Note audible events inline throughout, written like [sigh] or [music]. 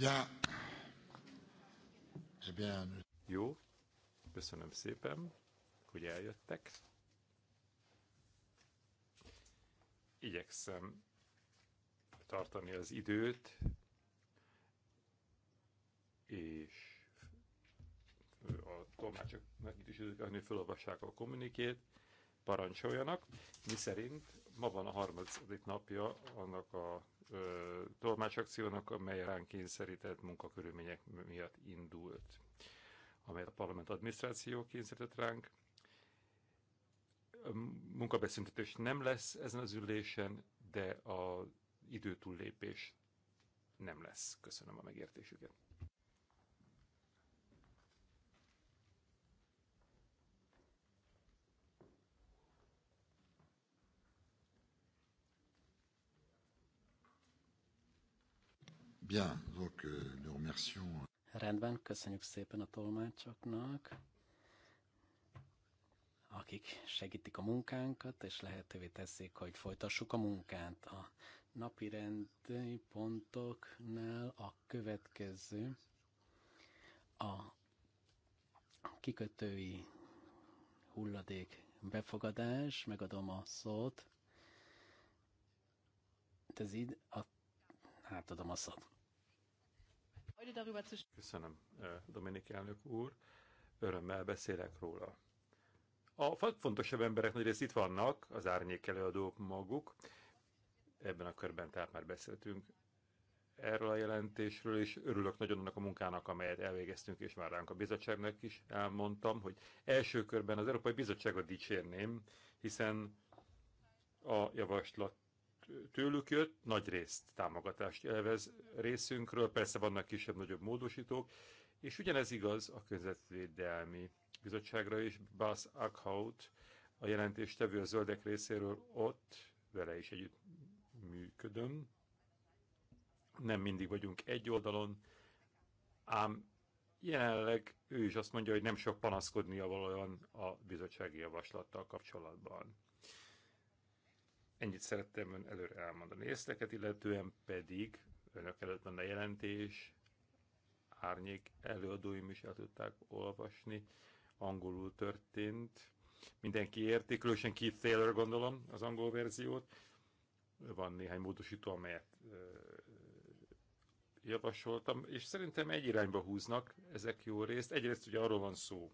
Bien. Eh bien. Jó, köszönöm szépen, hogy eljöttek. Igyekszem tartani az időt, és a tolmácsoknak is időt, hogy felolvassák a kommunikét, parancsoljanak, mi szerint ma van a harmadik napja annak a ö, tolmácsakciónak, amely ránk kényszerített munkakörülmények miatt indult, amelyet a parlament adminisztráció kényszerített ránk. Munkabeszüntetés nem lesz ezen az ülésen, de az időtúllépés nem lesz. Köszönöm a megértésüket. Bien, donc euh, nous remercions. Euh, Rendben, köszönjük szépen a tolmácsoknak, akik segítik a munkánkat, és lehetővé teszik, hogy folytassuk a munkát. A napi rendi pontoknál a következő a kikötői hulladék befogadás, megadom a szót. Ez így, a, átadom a szót. Köszönöm, Dominik elnök úr. Örömmel beszélek róla. A fontosabb emberek nagyrészt itt vannak, az árnyék előadók maguk. Ebben a körben tehát már beszéltünk erről a jelentésről, és örülök nagyon annak a munkának, amelyet elvégeztünk, és már ránk a bizottságnak is elmondtam, hogy első körben az Európai Bizottságot dicsérném, hiszen a javaslat tőlük jött, nagy részt támogatást elvez részünkről, persze vannak kisebb-nagyobb módosítók, és ugyanez igaz a Környezetvédelmi Bizottságra is, Bas Akhaut, a jelentéstevő a zöldek részéről ott, vele is együtt működöm. Nem mindig vagyunk egy oldalon, ám jelenleg ő is azt mondja, hogy nem sok panaszkodnia valóan a bizottsági javaslattal kapcsolatban. Ennyit szerettem ön előre elmondani. Észleket illetően pedig önök előtt van a jelentés, árnyék előadóim is el tudták olvasni, angolul történt. Mindenki érti, különösen Keith Taylor gondolom az angol verziót. Van néhány módosító, amelyet javasoltam, és szerintem egy irányba húznak ezek jó részt. Egyrészt ugye arról van szó,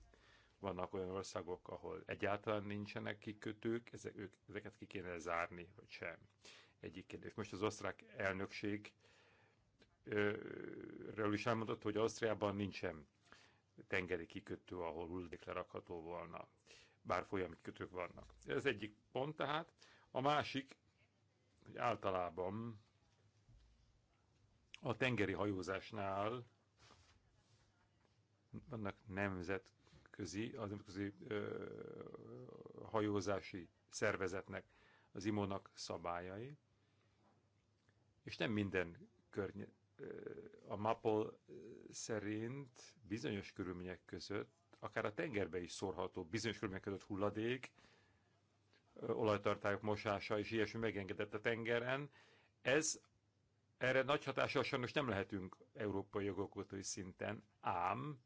vannak olyan országok, ahol egyáltalán nincsenek kikötők, ezek, ők, ezeket ki kéne zárni, vagy sem. Egyik kérdés. Most az osztrák elnökség ről is elmondott, hogy Ausztriában nincsen tengeri kikötő, ahol hulladék lerakható volna, bár folyami kikötők vannak. Ez egyik pont tehát. A másik, hogy általában a tengeri hajózásnál vannak nemzet nemzetközi, a nemzetközi ö, hajózási szervezetnek, az IMO-nak szabályai, és nem minden környe, a MAPOL szerint bizonyos körülmények között, akár a tengerbe is szórható bizonyos körülmények között hulladék, olajtartályok mosása és ilyesmi megengedett a tengeren. Ez erre nagy hatással sajnos nem lehetünk európai jogokotói szinten, ám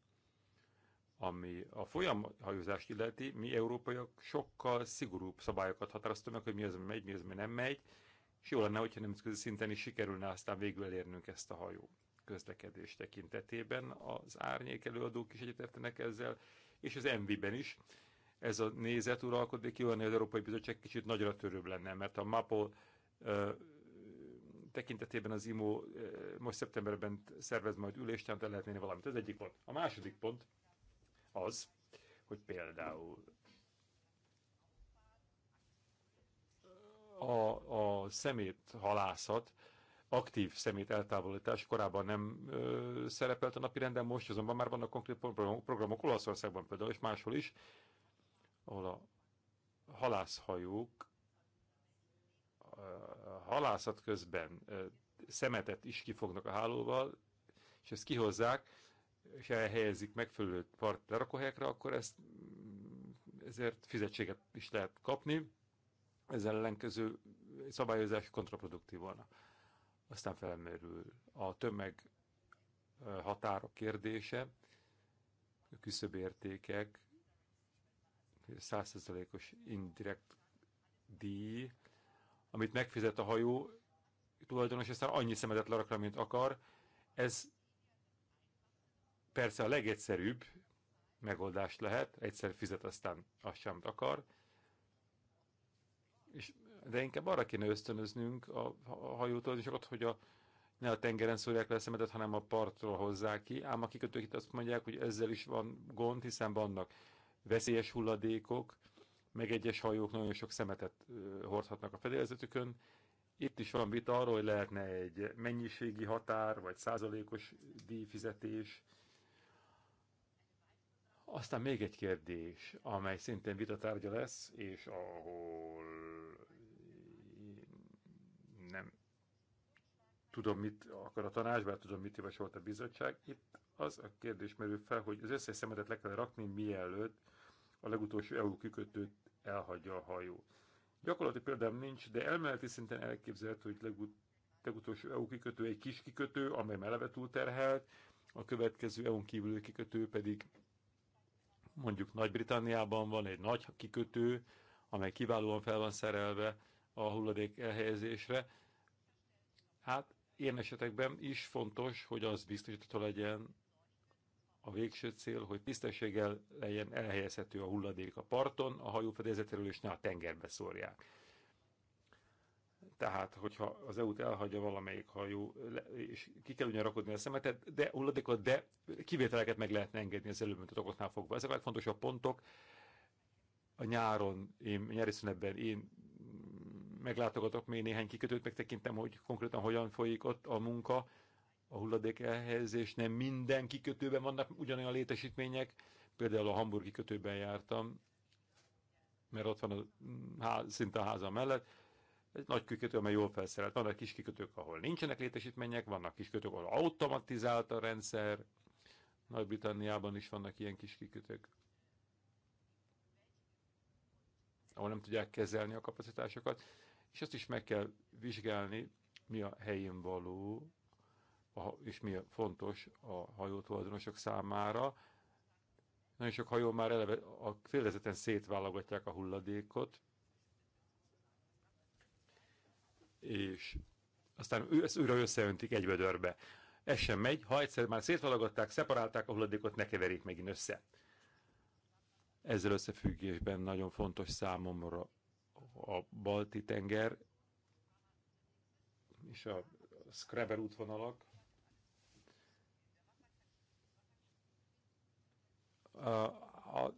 ami a folyamhajózást illeti, mi európaiak sokkal szigorúbb szabályokat határoztunk meg, hogy mi az, ami megy, mi az, ami nem megy, és jó lenne, hogyha nemzetközi szinten is sikerülne aztán végül elérnünk ezt a hajó közlekedés tekintetében. Az árnyék előadók is egyetértenek ezzel, és az MV-ben is ez a nézet uralkodik, jó lenne, az Európai Bizottság kicsit nagyra törőbb lenne, mert a MAPO ö, tekintetében az IMO ö, most szeptemberben szervez majd ülést, tehát el lehet valamit. Ez egyik pont. A második pont, az, hogy például a, a szemét halászat, aktív szemét eltávolítás korábban nem ö, szerepelt a renden, most azonban már vannak konkrét programok, programok Olaszországban például, és máshol is, ahol a halászhajók a halászat közben ö, szemetet is kifognak a hálóval, és ezt kihozzák, ha elhelyezik megfelelő part lerakóhelyekre, akkor ezt, mm, ezért fizetséget is lehet kapni, ezzel ellenkező szabályozás kontraproduktív volna. Aztán felmerül a tömeg határa kérdése, küszöbértékek, os indirekt díj, amit megfizet a hajó tulajdonos, aztán annyi szemetet lerakra, mint akar, ez persze a legegyszerűbb megoldás lehet, egyszer fizet, aztán azt sem akar, és, de inkább arra kéne ösztönöznünk a, a ott, hogy a, ne a tengeren szórják le a szemetet, hanem a partról hozzák ki. Ám a kikötők itt azt mondják, hogy ezzel is van gond, hiszen vannak veszélyes hulladékok, meg egyes hajók nagyon sok szemetet hordhatnak a fedélzetükön. Itt is van vita arról, hogy lehetne egy mennyiségi határ, vagy százalékos díjfizetés, aztán még egy kérdés, amely szintén vitatárgya lesz, és ahol nem tudom, mit akar a tanács, bár tudom, mit javasolt a bizottság. Itt az a kérdés merül fel, hogy az összes szemetet le kell rakni, mielőtt a legutolsó EU kikötőt elhagyja a hajó. Gyakorlati példám nincs, de elméleti szinten elképzelhető, hogy legut- legutolsó EU kikötő egy kis kikötő, amely meleve túlterhelt, a következő EU-n kívüli kikötő pedig Mondjuk Nagy-Britanniában van egy nagy kikötő, amely kiválóan fel van szerelve a hulladék elhelyezésre. Hát ilyen esetekben is fontos, hogy az biztosítható legyen a végső cél, hogy tisztességgel legyen elhelyezhető a hulladék a parton, a hajó fedezetéről és ne a tengerbe szórják. Tehát, hogyha az EU-t elhagyja valamelyik hajó, és ki kell ugyan rakodni a szemetet, de hulladékot, de kivételeket meg lehetne engedni az előbb, mint a okoknál fogva. Ezek a legfontosabb pontok. A nyáron, én nyári szünetben én meglátogatok még néhány kikötőt, megtekintem, hogy konkrétan hogyan folyik ott a munka, a hulladék elhelyezés. Nem minden kikötőben vannak ugyanolyan létesítmények. Például a hamburgi kikötőben jártam, mert ott van a ház, szinte a háza mellett egy nagy kikötő, amely jól felszerelt. Vannak kis kikötők, ahol nincsenek létesítmények, vannak kis kikötők, ahol automatizált a rendszer. Nagy-Britanniában is vannak ilyen kis kikötők, ahol nem tudják kezelni a kapacitásokat. És azt is meg kell vizsgálni, mi a helyén való, és mi a fontos a hajótulajdonosok számára. Nagyon sok hajó már eleve a félezeten szétválogatják a hulladékot, és aztán ő, ezt újra összeöntik egy vödörbe. Ez sem megy, ha egyszer már szétvalagatták, szeparálták a hulladékot, ne keverik megint össze. Ezzel összefüggésben nagyon fontos számomra a Balti tenger és a Scrabber útvonalak. A, a, a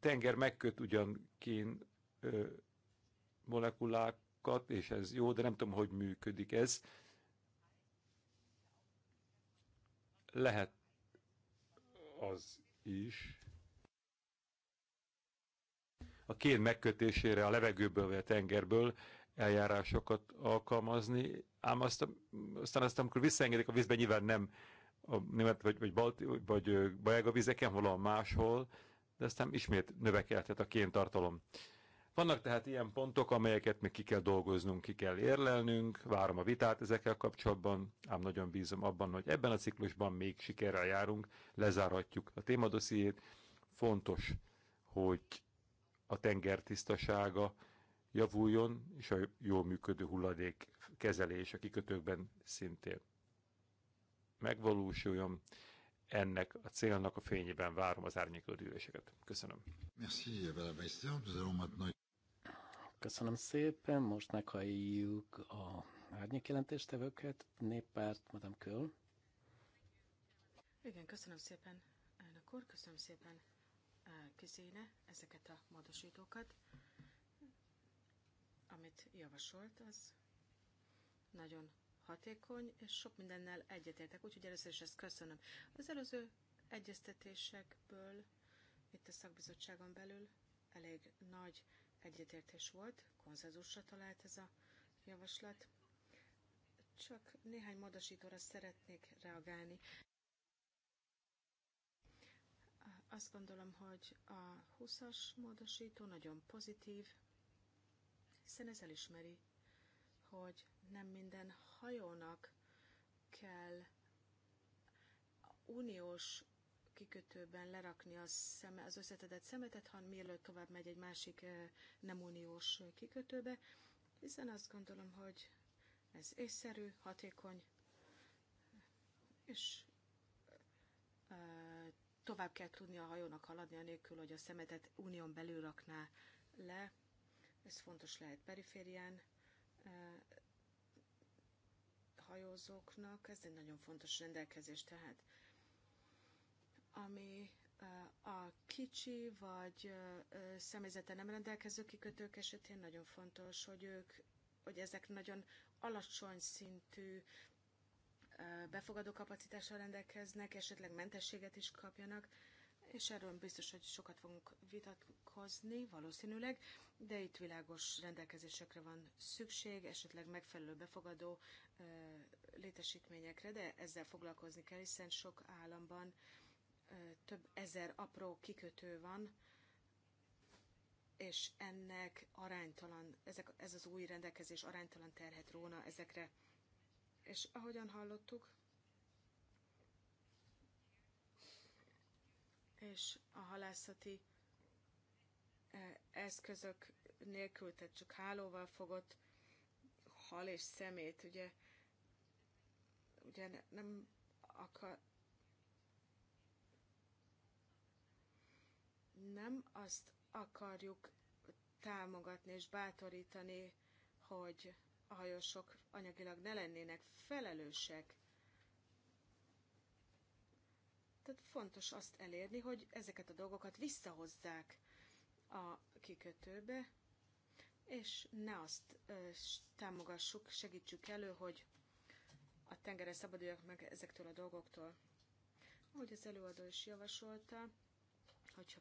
tenger megköt ugyan kín, ö, molekulákat, és ez jó, de nem tudom, hogy működik ez. Lehet az is. A kén megkötésére a levegőből vagy a tengerből eljárásokat alkalmazni, ám azt, aztán azt, amikor visszaengedik a vízbe, nyilván nem a német vagy, vagy, balti, vagy bajága vizeken, valahol máshol, de aztán ismét növekedhet a kéntartalom. tartalom vannak tehát ilyen pontok, amelyeket még ki kell dolgoznunk, ki kell érlelnünk, várom a vitát ezekkel kapcsolatban, ám nagyon bízom abban, hogy ebben a ciklusban még sikerrel járunk, lezárhatjuk a témadossziét. Fontos, hogy a tenger tisztasága javuljon, és a jól működő hulladék kezelés a kikötőkben szintén megvalósuljon. Ennek a célnak a fényében várom az árnyékolódüléseket. Köszönöm. Merci, Köszönöm szépen, most meghalljuk a jelentéstevőket, néppárt, Madame Köl. Igen, köszönöm szépen, elnök úr, köszönöm szépen eh, Kizéne ezeket a módosítókat, amit javasolt, az nagyon hatékony, és sok mindennel egyetértek, úgyhogy először is ezt köszönöm. Az előző egyeztetésekből itt a szakbizottságon belül elég nagy egyetértés volt, konszenzusra talált ez a javaslat. Csak néhány módosítóra szeretnék reagálni. Azt gondolom, hogy a 20-as módosító nagyon pozitív, hiszen ez elismeri, hogy nem minden hajónak kell uniós kikötőben lerakni az, szeme, az összetedett szemetet, hanem mielőtt tovább megy egy másik eh, nem uniós kikötőbe, hiszen azt gondolom, hogy ez észszerű, hatékony, és eh, tovább kell tudni a hajónak haladni, anélkül, hogy a szemetet unión belül rakná le. Ez fontos lehet periférián eh, hajózóknak, ez egy nagyon fontos rendelkezés tehát ami a kicsi vagy személyzete nem rendelkező kikötők esetén nagyon fontos, hogy ők, hogy ezek nagyon alacsony szintű befogadó kapacitással rendelkeznek, esetleg mentességet is kapjanak, és erről biztos, hogy sokat fogunk vitatkozni, valószínűleg, de itt világos rendelkezésekre van szükség, esetleg megfelelő befogadó létesítményekre, de ezzel foglalkozni kell, hiszen sok államban több ezer apró kikötő van, és ennek aránytalan, ezek, ez az új rendelkezés aránytalan terhet róna ezekre. És ahogyan hallottuk, és a halászati eszközök nélkül, tehát csak hálóval fogott hal és szemét, ugye, ugye nem akar, nem azt akarjuk támogatni és bátorítani, hogy a hajósok anyagilag ne lennének felelősek. Tehát fontos azt elérni, hogy ezeket a dolgokat visszahozzák a kikötőbe, és ne azt ö, támogassuk, segítsük elő, hogy a tengerre szabaduljak meg ezektől a dolgoktól. Ahogy az előadó is javasolta, hogyha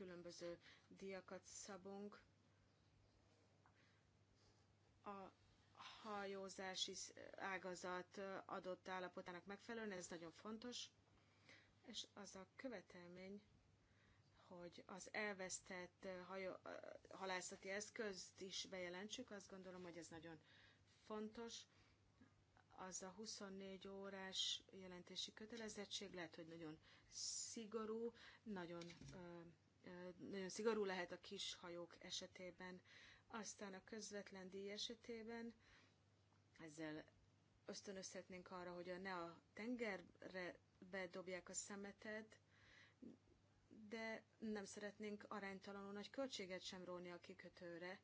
különböző díjakat szabunk a hajózási ágazat adott állapotának megfelelően, ez nagyon fontos, és az a követelmény, hogy az elvesztett hajó, halászati eszközt is bejelentsük, azt gondolom, hogy ez nagyon fontos. Az a 24 órás jelentési kötelezettség lehet, hogy nagyon szigorú, nagyon nagyon szigorú lehet a kis hajók esetében. Aztán a közvetlen díj esetében ezzel ösztönözhetnénk arra, hogy ne a tengerre bedobják a szemetet, de nem szeretnénk aránytalanul nagy költséget sem róni a kikötőre.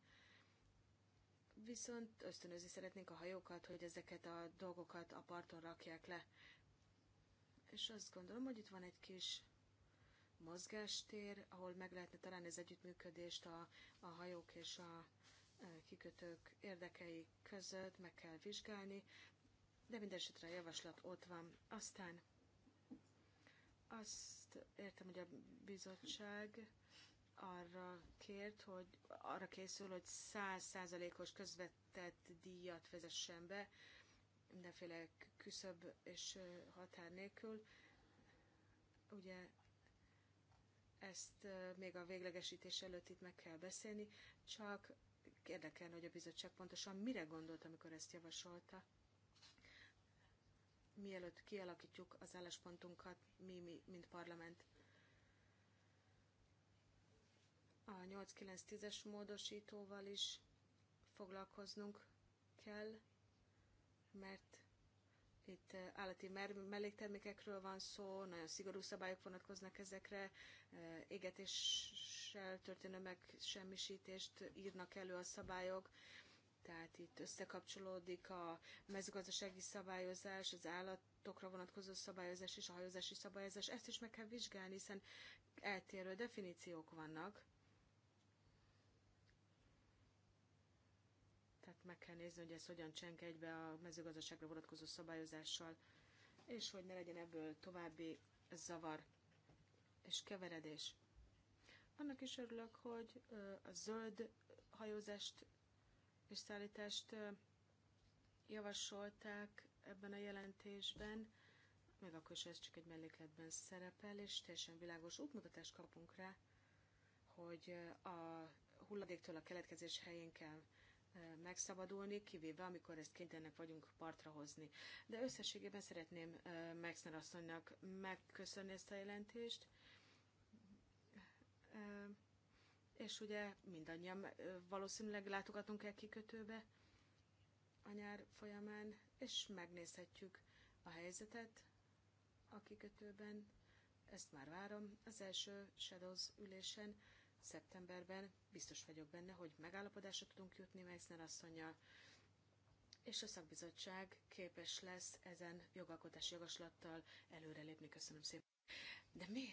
Viszont ösztönözni szeretnénk a hajókat, hogy ezeket a dolgokat a parton rakják le. És azt gondolom, hogy itt van egy kis mozgástér, ahol meg lehetne találni az együttműködést a, a hajók és a e, kikötők érdekei között, meg kell vizsgálni, de mindesetre a javaslat ott van. Aztán azt értem, hogy a bizottság arra kért, hogy arra készül, hogy száz százalékos közvetett díjat vezessen be, mindenféle küszöb és határ nélkül. Ugye ezt még a véglegesítés előtt itt meg kell beszélni, csak érdekelne, hogy a bizottság pontosan mire gondolt, amikor ezt javasolta. Mielőtt kialakítjuk az álláspontunkat, mi, mi mint parlament. A 8-9-10-es módosítóval is foglalkoznunk kell, mert itt eh, állati melléktermékekről van szó, nagyon szigorú szabályok vonatkoznak ezekre, eh, égetéssel történő megsemmisítést írnak elő a szabályok, tehát itt összekapcsolódik a mezőgazdasági szabályozás, az állatokra vonatkozó szabályozás és a hajózási szabályozás. Ezt is meg kell vizsgálni, hiszen eltérő definíciók vannak meg kell nézni, hogy ez hogyan csenk egybe a mezőgazdaságra vonatkozó szabályozással, és hogy ne legyen ebből további zavar és keveredés. Annak is örülök, hogy a zöld hajózást és szállítást javasolták ebben a jelentésben, meg akkor is ez csak egy mellékletben szerepel, és teljesen világos útmutatást kapunk rá, hogy a hulladéktól a keletkezés helyén kell megszabadulni, kivéve amikor ezt kénytelenek vagyunk partra hozni. De összességében szeretném Maxner asszonynak megköszönni ezt a jelentést, és ugye mindannyian valószínűleg látogatunk el kikötőbe a nyár folyamán, és megnézhetjük a helyzetet a kikötőben, ezt már várom az első Shadows ülésen szeptemberben. Biztos vagyok benne, hogy megállapodásra tudunk jutni Meissner asszonynal, és a szakbizottság képes lesz ezen jogalkotási javaslattal előrelépni. Köszönöm szépen. De mi?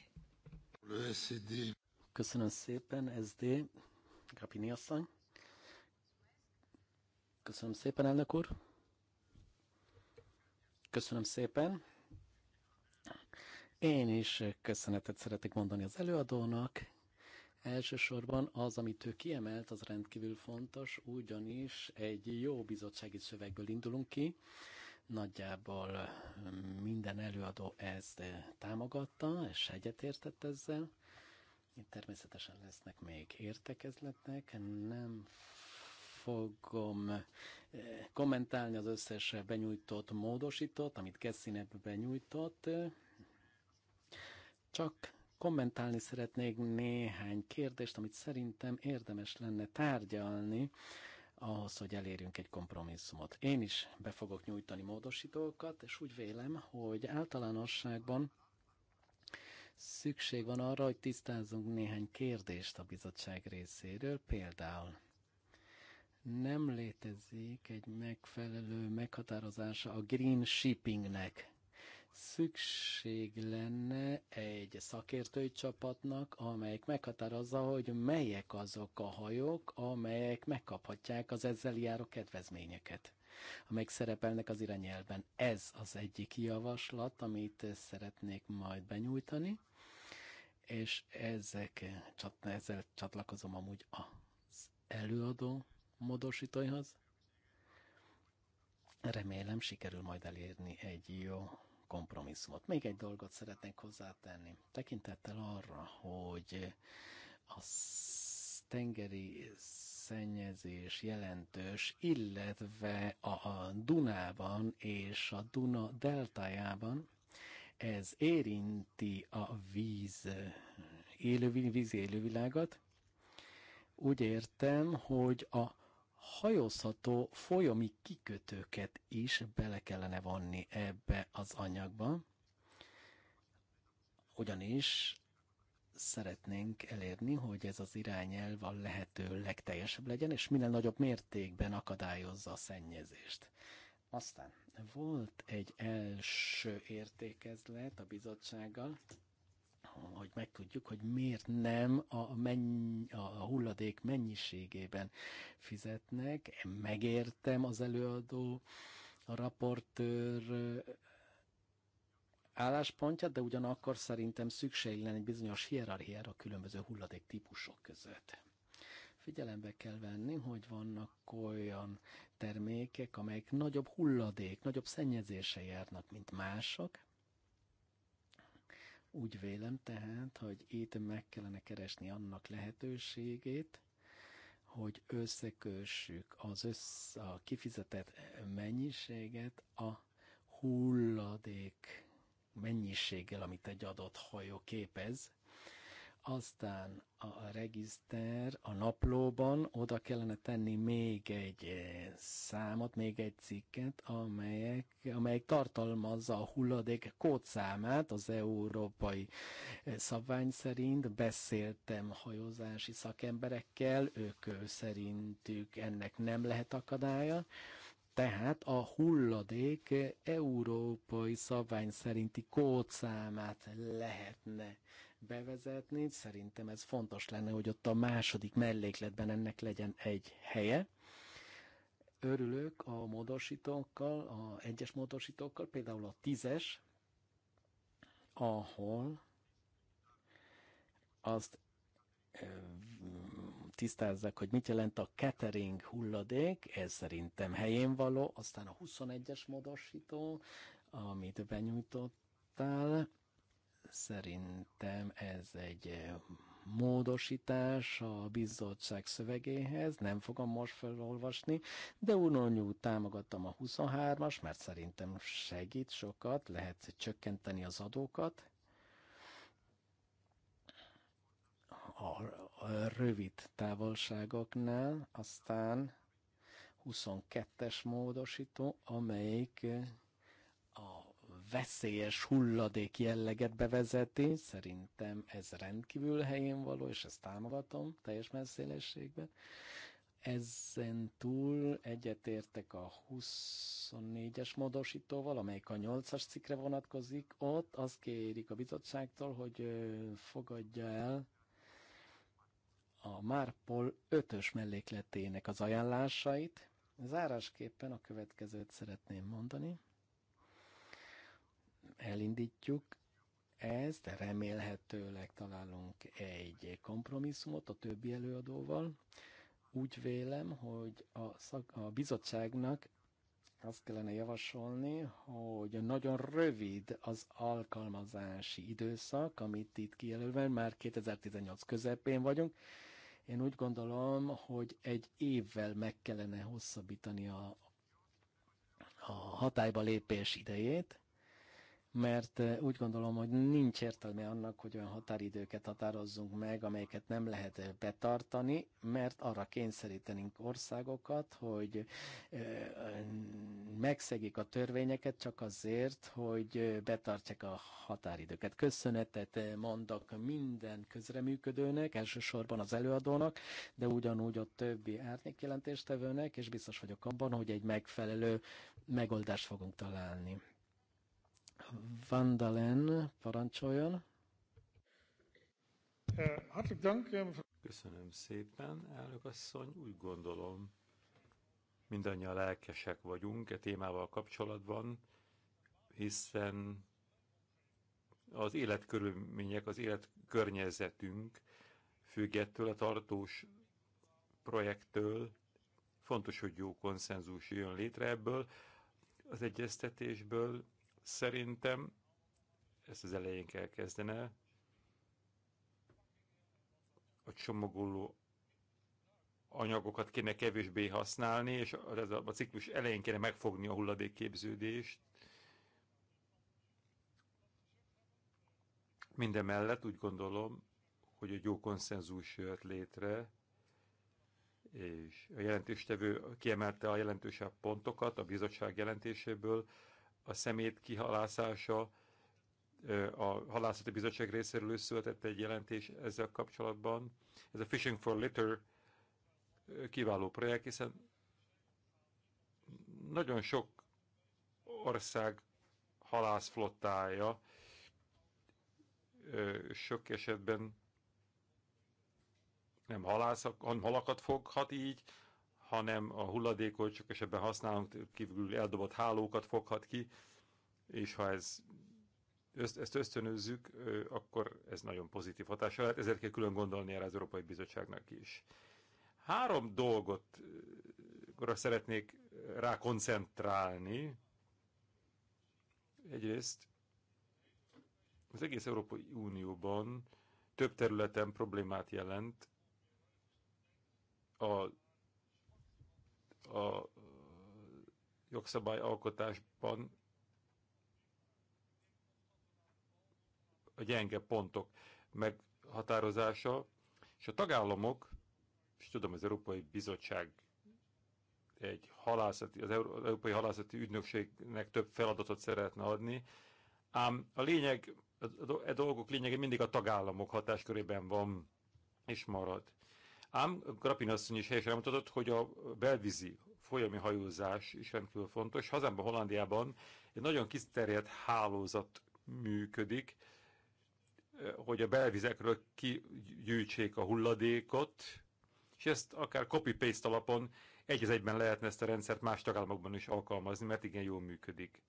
Köszönöm szépen, SD, Gapini asszony. Köszönöm szépen, elnök úr. Köszönöm szépen. Én is köszönetet szeretek mondani az előadónak, Elsősorban az, amit ő kiemelt, az rendkívül fontos, ugyanis egy jó bizottsági szövegből indulunk ki, nagyjából hm, minden előadó ezt eh, támogatta, és egyetértett ezzel. Természetesen lesznek még értekezletnek, nem fogom eh, kommentálni az összes benyújtott módosított, amit Kessinek benyújtott, csak kommentálni szeretnék néhány kérdést, amit szerintem érdemes lenne tárgyalni ahhoz, hogy elérjünk egy kompromisszumot. Én is be fogok nyújtani módosítókat, és úgy vélem, hogy általánosságban szükség van arra, hogy tisztázzunk néhány kérdést a bizottság részéről, például nem létezik egy megfelelő meghatározása a green shippingnek szükség lenne egy szakértői csapatnak, amelyik meghatározza, hogy melyek azok a hajók, amelyek megkaphatják az ezzel járó kedvezményeket amelyek szerepelnek az irányelben. Ez az egyik javaslat, amit szeretnék majd benyújtani, és ezek, ezzel csatlakozom amúgy az előadó módosítóihoz. Remélem sikerül majd elérni egy jó kompromisszumot. Még egy dolgot szeretnék hozzátenni. Tekintettel arra, hogy a tengeri szennyezés jelentős, illetve a Dunában és a Duna deltájában ez érinti a víz élő, víz élővilágat. Úgy értem, hogy a hajózható folyami kikötőket is bele kellene vonni ebbe az anyagba, ugyanis szeretnénk elérni, hogy ez az irányelv a lehető legteljesebb legyen, és minél nagyobb mértékben akadályozza a szennyezést. Aztán volt egy első értékezlet a bizottsággal, hogy megtudjuk, hogy miért nem a, mennyi, a hulladék mennyiségében fizetnek. Én megértem az előadó, a raportőr álláspontját, de ugyanakkor szerintem szükség lenne egy bizonyos hierarchiára a különböző hulladék típusok között. Figyelembe kell venni, hogy vannak olyan termékek, amelyek nagyobb hulladék, nagyobb szennyezése járnak, mint mások, úgy vélem tehát, hogy itt meg kellene keresni annak lehetőségét, hogy összekössük az össz, a kifizetett mennyiséget a hulladék mennyiséggel, amit egy adott hajó képez, aztán a regiszter, a naplóban oda kellene tenni még egy eh, számot, még egy cikket, amelyek, amelyik tartalmazza a hulladék kódszámát az európai eh, szabvány szerint. Beszéltem hajózási szakemberekkel, ők eh, szerintük ennek nem lehet akadálya. Tehát a hulladék európai szabvány szerinti kódszámát lehetne bevezetni. Szerintem ez fontos lenne, hogy ott a második mellékletben ennek legyen egy helye. Örülök a módosítókkal, a egyes módosítókkal, például a tízes, ahol azt tisztázzak, hogy mit jelent a catering hulladék, ez szerintem helyén való, aztán a 21-es módosító, amit benyújtottál, Szerintem ez egy eh, módosítás a bizottság szövegéhez, nem fogom most felolvasni, de unonyú támogattam a 23-as, mert szerintem segít sokat, lehet csökkenteni az adókat. A, a rövid távolságoknál, aztán 22-es módosító, amelyik eh, veszélyes hulladék jelleget bevezeti, szerintem ez rendkívül helyén való, és ezt támogatom teljes messzélességben. Ezen túl egyetértek a 24-es módosítóval, amelyik a 8-as cikkre vonatkozik. Ott azt kérik a bizottságtól, hogy fogadja el a Márpol 5-ös mellékletének az ajánlásait. Zárásképpen a következőt szeretném mondani elindítjuk ezt, remélhetőleg találunk egy kompromisszumot a többi előadóval. Úgy vélem, hogy a, szak, a bizottságnak azt kellene javasolni, hogy nagyon rövid az alkalmazási időszak, amit itt kijelölve, már 2018 közepén vagyunk. Én úgy gondolom, hogy egy évvel meg kellene hosszabbítani a, a hatályba lépés idejét, mert eh, úgy gondolom, hogy nincs értelme annak, hogy olyan határidőket határozzunk meg, amelyeket nem lehet eh, betartani, mert arra kényszerítenünk országokat, hogy eh, megszegik a törvényeket csak azért, hogy betartsák a határidőket. Köszönetet mondok minden közreműködőnek, elsősorban az előadónak, de ugyanúgy a többi árnyékjelentéstevőnek, és biztos vagyok abban, hogy egy megfelelő megoldást fogunk találni. Vandalen parancsoljon. Eh, Köszönöm szépen, elnök asszony. Úgy gondolom, mindannyian lelkesek vagyunk e témával kapcsolatban, hiszen az életkörülmények, az életkörnyezetünk függettől, a tartós projektől fontos, hogy jó konszenzus jön létre ebből, az egyeztetésből, Szerintem ezt az elején kell kezdene. A csomagoló anyagokat kéne kevésbé használni, és a ciklus elején kéne megfogni a hulladékképződést. mellett úgy gondolom, hogy egy jó konszenzus jött létre, és a jelentéstevő kiemelte a jelentősebb pontokat a bizottság jelentéséből, a szemét kihalászása, a halászati bizottság részéről is született egy jelentés ezzel kapcsolatban. Ez a Fishing for Litter kiváló projekt, hiszen nagyon sok ország halászflottája sok esetben nem halászak, hanem halakat foghat így, hanem a hulladékot csak esetben használunk, kívül eldobott hálókat foghat ki, és ha ez, ezt ösztönözzük, akkor ez nagyon pozitív hatása lehet, ezért kell külön gondolni erre az Európai Bizottságnak is. Három dolgot szeretnék rá koncentrálni. Egyrészt az egész Európai Unióban több területen problémát jelent a a jogszabályalkotásban a gyenge pontok meghatározása, és a tagállamok, és tudom, az Európai Bizottság egy halászati, az Európai Halászati Ügynökségnek több feladatot szeretne adni, ám a lényeg, a dolgok lényege mindig a tagállamok hatáskörében van és marad. Ám Grapin asszony is helyesen mutatott, hogy a belvízi folyami hajózás is rendkívül fontos. Hazámban, Hollandiában egy nagyon kiterjedt hálózat működik, hogy a belvizekről kigyűjtsék a hulladékot, és ezt akár copy-paste alapon egy egyben lehetne ezt a rendszert más tagállamokban is alkalmazni, mert igen jól működik.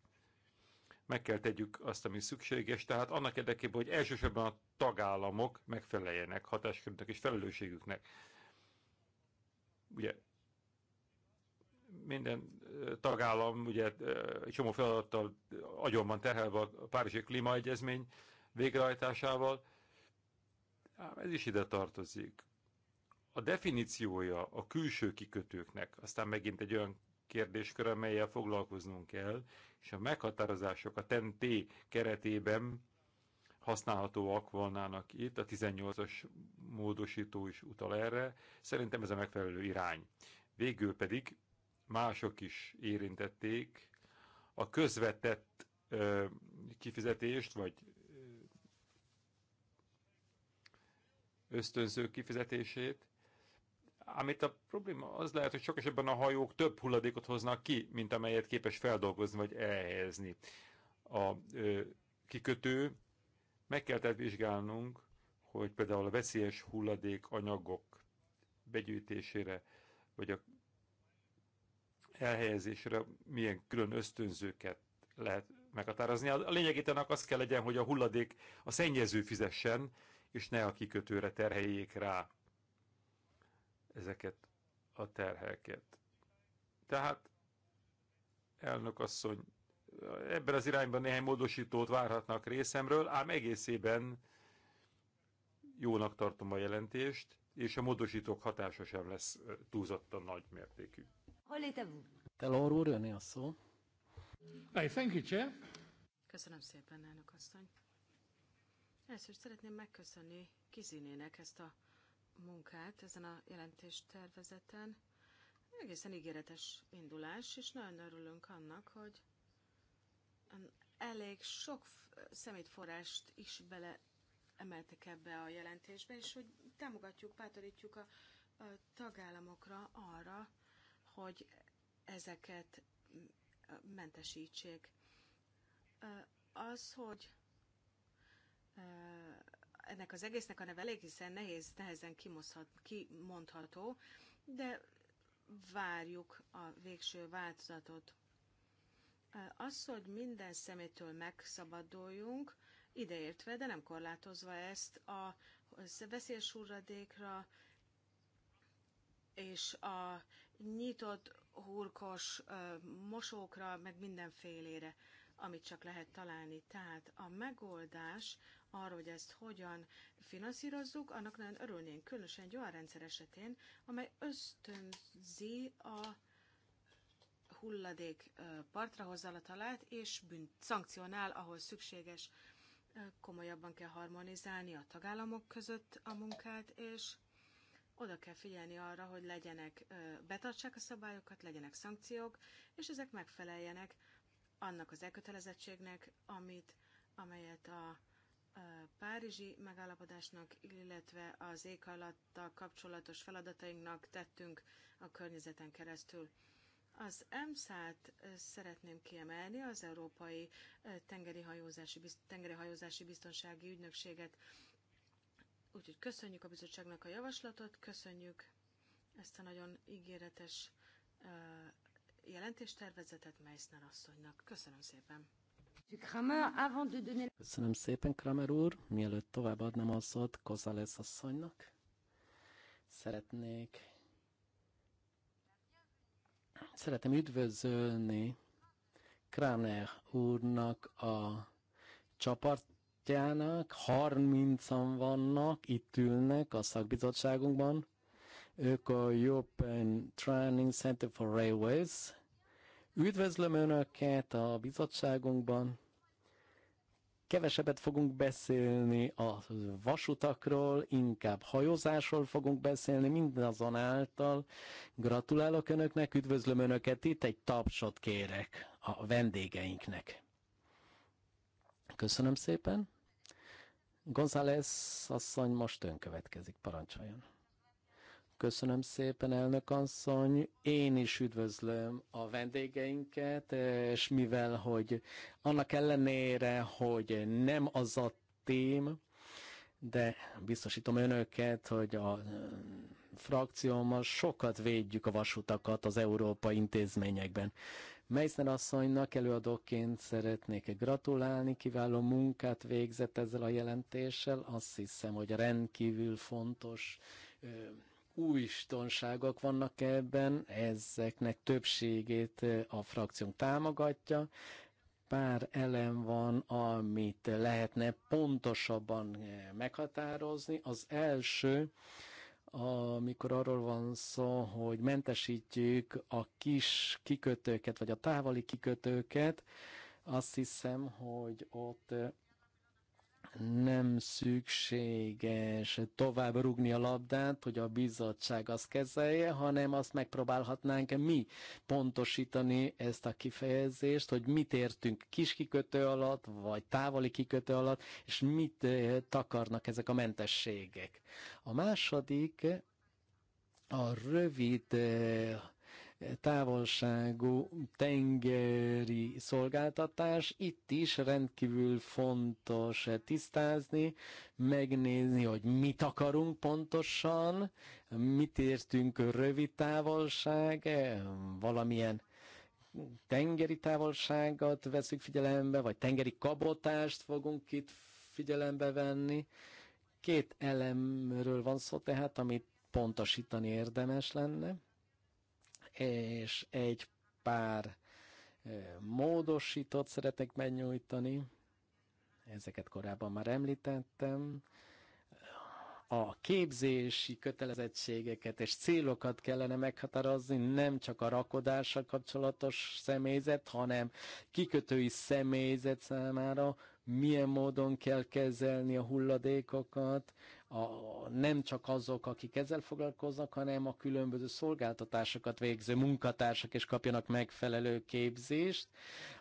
Meg kell tegyük azt, ami szükséges, tehát annak érdekében, hogy elsősorban a tagállamok megfeleljenek hatáskörüknek és felelősségüknek ugye minden tagállam ugye egy csomó feladattal agyonban terhelve a Párizsi Klímaegyezmény végrehajtásával, ám ez is ide tartozik. A definíciója a külső kikötőknek, aztán megint egy olyan kérdéskör, amelyel foglalkoznunk kell, és a meghatározások a TNT keretében használhatóak volnának itt, a 18-as módosító is utal erre. Szerintem ez a megfelelő irány. Végül pedig mások is érintették a közvetett ö, kifizetést, vagy ösztönző kifizetését. amit a probléma az lehet, hogy sok esetben a hajók több hulladékot hoznak ki, mint amelyet képes feldolgozni vagy elhelyezni. A ö, kikötő meg kell tehát vizsgálnunk, hogy például a veszélyes hulladék anyagok begyűjtésére, vagy a elhelyezésre milyen külön ösztönzőket lehet meghatározni. A lényeg ennek az kell legyen, hogy a hulladék a szennyező fizessen, és ne a kikötőre terheljék rá ezeket a terheket. Tehát elnök asszony ebben az irányban néhány módosítót várhatnak részemről, ám egészében jónak tartom a jelentést, és a módosítók hatása sem lesz túlzottan nagy mértékű. Telor úr, jönni a szó. Hey, thank you, Chair. Köszönöm szépen, elnök asszony. Először szeretném megköszönni Kizinének ezt a munkát ezen a jelentéstervezeten. Egészen ígéretes indulás, és nagyon örülünk annak, hogy elég sok szemétforrást is bele emeltek ebbe a jelentésbe, és hogy támogatjuk, bátorítjuk a, a tagállamokra arra, hogy ezeket mentesítsék. Az, hogy ennek az egésznek a neve elég, hiszen nehéz, nehezen kimoszhat, kimondható, de várjuk a végső változatot. Az, hogy minden szemétől megszabaduljunk, ideértve, de nem korlátozva ezt a veszélyes hurradékra és a nyitott hurkos mosókra, meg mindenfélére, amit csak lehet találni. Tehát a megoldás arra, hogy ezt hogyan finanszírozzuk, annak nagyon örülnénk, különösen egy olyan rendszer esetén, amely ösztönzi a hulladék partra talált, és bűnt szankcionál, ahol szükséges. Komolyabban kell harmonizálni a tagállamok között a munkát, és oda kell figyelni arra, hogy legyenek, betartsák a szabályokat, legyenek szankciók, és ezek megfeleljenek annak az elkötelezettségnek, amit, amelyet a Párizsi megállapodásnak, illetve az éghajlattal kapcsolatos feladatainknak tettünk a környezeten keresztül. Az EMSZ-t szeretném kiemelni, az Európai Tengeri Hajózási, Tengeri Hajózási Biztonsági Ügynökséget. Úgyhogy köszönjük a bizottságnak a javaslatot, köszönjük ezt a nagyon ígéretes jelentéstervezetet Meissner asszonynak. Köszönöm szépen! Köszönöm szépen, Kramer úr. Mielőtt továbbadnám a szót Kozalesz asszonynak, szeretnék Szeretem üdvözölni Kráner úrnak a csapatjának, 30-an vannak, itt ülnek a szakbizottságunkban. Ők a European Training Center for Railways. Üdvözlöm Önöket a bizottságunkban kevesebbet fogunk beszélni a vasutakról, inkább hajózásról fogunk beszélni, mindazonáltal gratulálok Önöknek, üdvözlöm Önöket itt, egy tapsot kérek a vendégeinknek. Köszönöm szépen. González asszony most ön következik, parancsoljon. Köszönöm szépen, elnök asszony. Én is üdvözlöm a vendégeinket, és mivel, hogy annak ellenére, hogy nem az a tém, de biztosítom önöket, hogy a frakciómmal sokat védjük a vasutakat az Európa intézményekben. Meissner asszonynak előadóként szeretnék gratulálni, kiváló munkát végzett ezzel a jelentéssel. Azt hiszem, hogy rendkívül fontos újstonságok vannak ebben, ezeknek többségét a frakciónk támogatja. Pár elem van, amit lehetne pontosabban meghatározni. Az első, amikor arról van szó, hogy mentesítjük a kis kikötőket, vagy a távoli kikötőket, azt hiszem, hogy ott nem szükséges tovább rugni a labdát, hogy a bizottság azt kezelje, hanem azt megpróbálhatnánk mi pontosítani ezt a kifejezést, hogy mit értünk kis kikötő alatt, vagy távoli kikötő alatt, és mit eh, takarnak ezek a mentességek. A második a rövid eh, távolságú tengeri szolgáltatás. Itt is rendkívül fontos tisztázni, megnézni, hogy mit akarunk pontosan, mit értünk rövid távolság, e, valamilyen tengeri távolságot veszük figyelembe, vagy tengeri kabotást fogunk itt figyelembe venni. Két elemről van szó tehát, amit pontosítani érdemes lenne és egy pár módosítót szeretnék megnyújtani. Ezeket korábban már említettem. A képzési kötelezettségeket és célokat kellene meghatározni, nem csak a rakodással kapcsolatos személyzet, hanem kikötői személyzet számára milyen módon kell kezelni a hulladékokat, a, nem csak azok, akik ezzel foglalkoznak, hanem a különböző szolgáltatásokat végző munkatársak is kapjanak megfelelő képzést,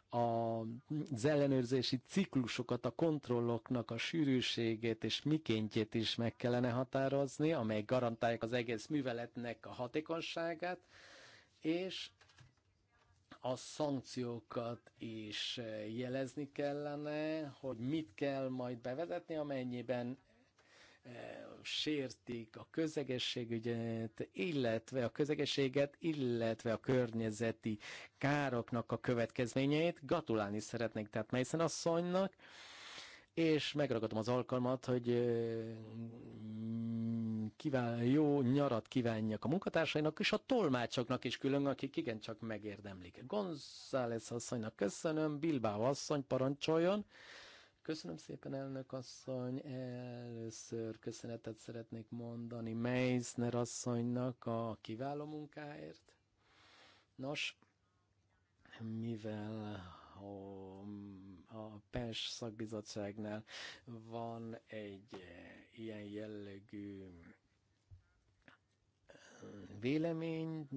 az ellenőrzési ciklusokat, a kontrolloknak a sűrűségét és mikéntjét is meg kellene határozni, amely garantálják az egész műveletnek a hatékonyságát, és a szankciókat is eh, jelezni kellene, hogy mit kell majd bevezetni, amennyiben eh, sértik a közegességügyet, illetve a közegességet, illetve a környezeti károknak a következményeit. Gratulálni szeretnék tehát Mason asszonynak, és megragadom az alkalmat, hogy eh, kíván, jó nyarat kívánjak a munkatársainak és a tolmácsoknak is külön, akik igencsak megérdemlik. González asszonynak köszönöm, Bilbao asszony parancsoljon. Köszönöm szépen, elnök asszony. Először köszönetet szeretnék mondani Meisner asszonynak a kiváló munkáért. Nos, mivel a PES szakbizottságnál van egy ilyen jellegű vélemény,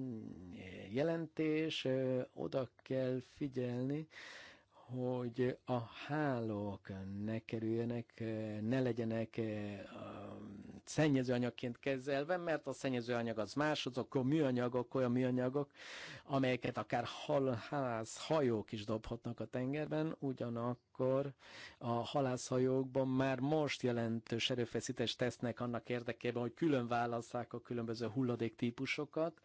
jelentés, oda kell figyelni, hogy a hálók ne kerüljenek, ne legyenek szennyezőanyagként kezelve, mert a szennyezőanyag az más, azok a műanyagok, olyan műanyagok, amelyeket akár hal, halász, hajók is dobhatnak a tengerben, ugyanakkor a halászhajókban már most jelentős erőfeszítést tesznek annak érdekében, hogy külön válasszák a különböző hulladék típusokat,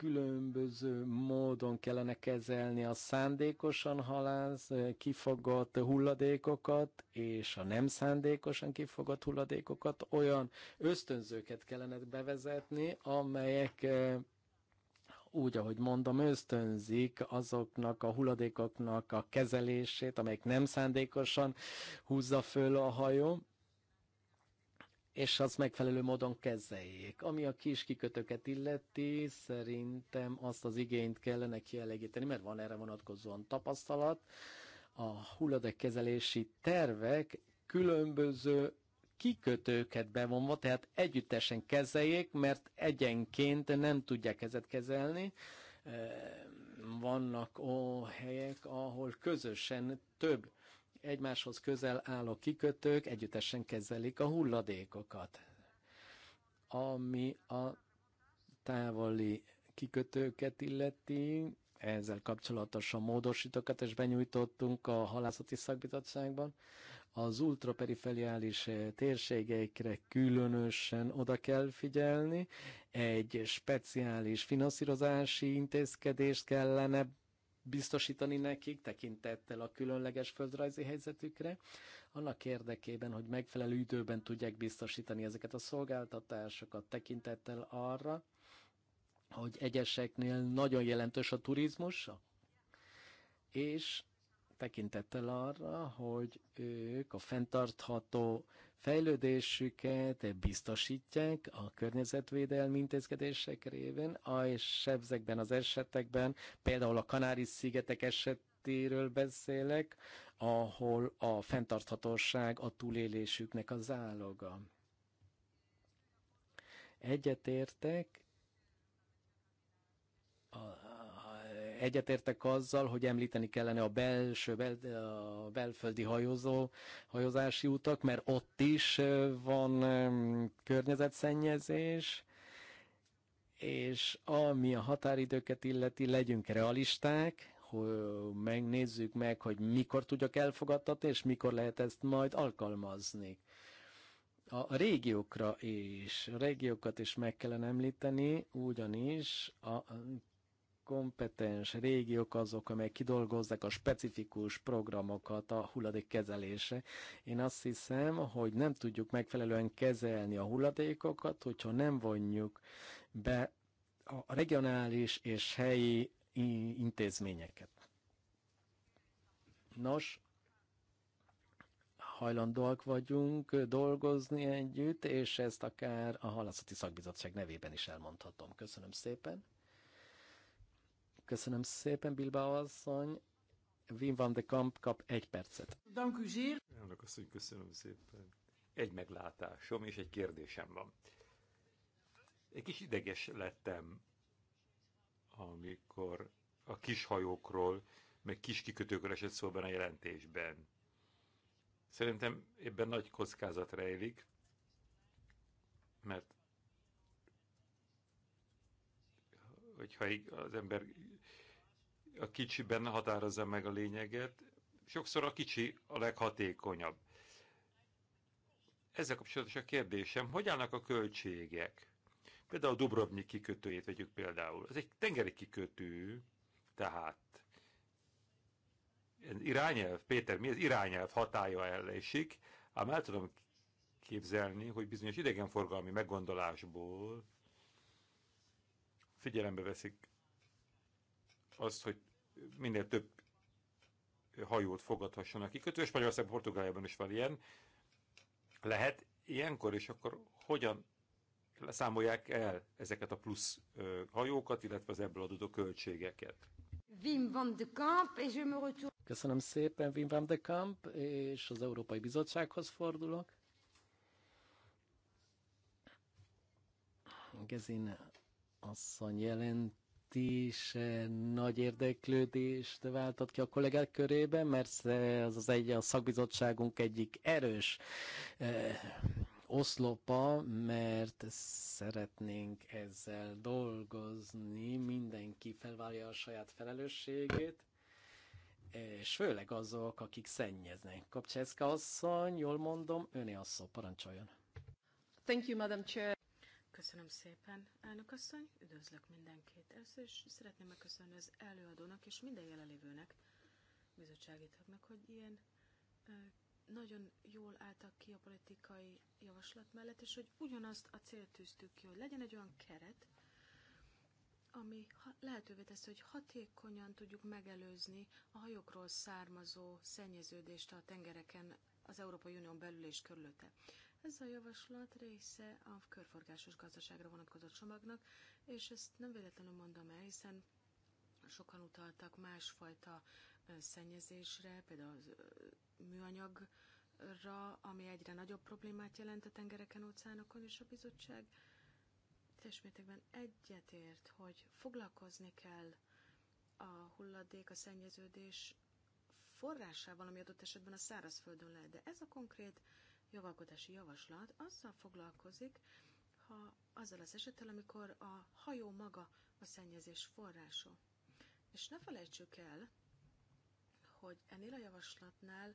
különböző módon kellene kezelni a szándékosan halász kifogott hulladékokat és a nem szándékosan kifogott hulladékokat, olyan ösztönzőket kellene bevezetni, amelyek úgy, ahogy mondom, ösztönzik azoknak a hulladékoknak a kezelését, amelyek nem szándékosan húzza föl a hajó, és azt megfelelő módon kezeljék. Ami a kis kikötőket illeti, szerintem azt az igényt kellene kielégíteni, mert van erre vonatkozóan tapasztalat. A hulladékkezelési tervek különböző kikötőket bevonva, tehát együttesen kezeljék, mert egyenként nem tudják ezet kezelni. Ehm, vannak ó helyek, ahol közösen több egymáshoz közel álló kikötők együttesen kezelik a hulladékokat, ami a távoli kikötőket illeti, ezzel kapcsolatosan módosítókat is benyújtottunk a halászati szakbizottságban. Az ultraperiferiális térségeikre különösen oda kell figyelni, egy speciális finanszírozási intézkedést kellene biztosítani nekik, tekintettel a különleges földrajzi helyzetükre, annak érdekében, hogy megfelelő időben tudják biztosítani ezeket a szolgáltatásokat, tekintettel arra, hogy egyeseknél nagyon jelentős a turizmus, és tekintettel arra, hogy ők a fenntartható fejlődésüket biztosítják a környezetvédelmi intézkedések révén, a és ezekben az esetekben, például a Kanári-szigetek esetéről beszélek, ahol a fenntarthatóság a túlélésüknek az áloga. Egyetértek egyetértek azzal, hogy említeni kellene a belső, bel, a belföldi hajózó, hajózási utak, mert ott is van környezetszennyezés, és ami a határidőket illeti, legyünk realisták, hogy megnézzük meg, hogy mikor tudjak elfogadtatni, és mikor lehet ezt majd alkalmazni. A régiókra is, a régiókat is meg kellene említeni, ugyanis a kompetens régiók azok, amelyek kidolgozzák a specifikus programokat a hulladék kezelése. Én azt hiszem, hogy nem tudjuk megfelelően kezelni a hulladékokat, hogyha nem vonjuk be a regionális és helyi intézményeket. Nos, hajlandóak vagyunk dolgozni együtt, és ezt akár a halászati szakbizottság nevében is elmondhatom. Köszönöm szépen! Köszönöm szépen, Bilbao asszony. Wim van de Kamp kap egy percet. Dank u zeer. asszony, köszönöm szépen. Egy meglátásom és egy kérdésem van. Egy kis ideges lettem, amikor a kis hajókról, meg kis kikötőkről esett szó a jelentésben. Szerintem ebben nagy kockázat rejlik, mert hogyha az ember a kicsiben határozza meg a lényeget, sokszor a kicsi a leghatékonyabb. Ezzel kapcsolatos a kérdésem, hogy állnak a költségek? Például a Dubrovnik kikötőjét vegyük például. Ez egy tengeri kikötő, tehát irányelv, Péter, mi az irányelv hatája ellesik, ám el tudom képzelni, hogy bizonyos idegenforgalmi meggondolásból figyelembe veszik az, hogy minél több hajót a kikötő, és Magyarország Portugáliában is van ilyen. Lehet ilyenkor, és akkor hogyan számolják el ezeket a plusz hajókat, illetve az ebből adódó költségeket? Wim van de Kamp, és je me retour... Köszönöm szépen, Wim van de Kamp, és az Európai Bizottsághoz fordulok. Gezin asszony jelent is eh, nagy érdeklődést váltott ki a kollégák körében, mert az az egy a szakbizottságunk egyik erős eh, oszlopa, mert szeretnénk ezzel dolgozni, mindenki felvállja a saját felelősségét, és főleg azok, akik szennyeznek. Kapcseszka asszony, jól mondom, öné asszó, parancsoljon. Thank you, Madam Chair. Köszönöm szépen, elnök asszony, üdvözlök mindenkit. Először is szeretném megköszönni az előadónak és minden jelenlévőnek, bizottsági tagnak, hogy ilyen nagyon jól álltak ki a politikai javaslat mellett, és hogy ugyanazt a célt tűztük ki, hogy legyen egy olyan keret, ami lehetővé teszi, hogy hatékonyan tudjuk megelőzni a hajókról származó szennyeződést a tengereken az Európai Unión belül és körülötte. Ez a javaslat része a körforgásos gazdaságra vonatkozó csomagnak, és ezt nem véletlenül mondom el, hiszen sokan utaltak másfajta szennyezésre, például az műanyagra, ami egyre nagyobb problémát jelent a tengereken, óceánokon, és a bizottság teljes mértékben egyetért, hogy foglalkozni kell a hulladék, a szennyeződés forrásával, ami adott esetben a szárazföldön lehet. De ez a konkrét jogalkotási javaslat azzal foglalkozik, ha azzal az esettel, amikor a hajó maga a szennyezés forrása. És ne felejtsük el, hogy ennél a javaslatnál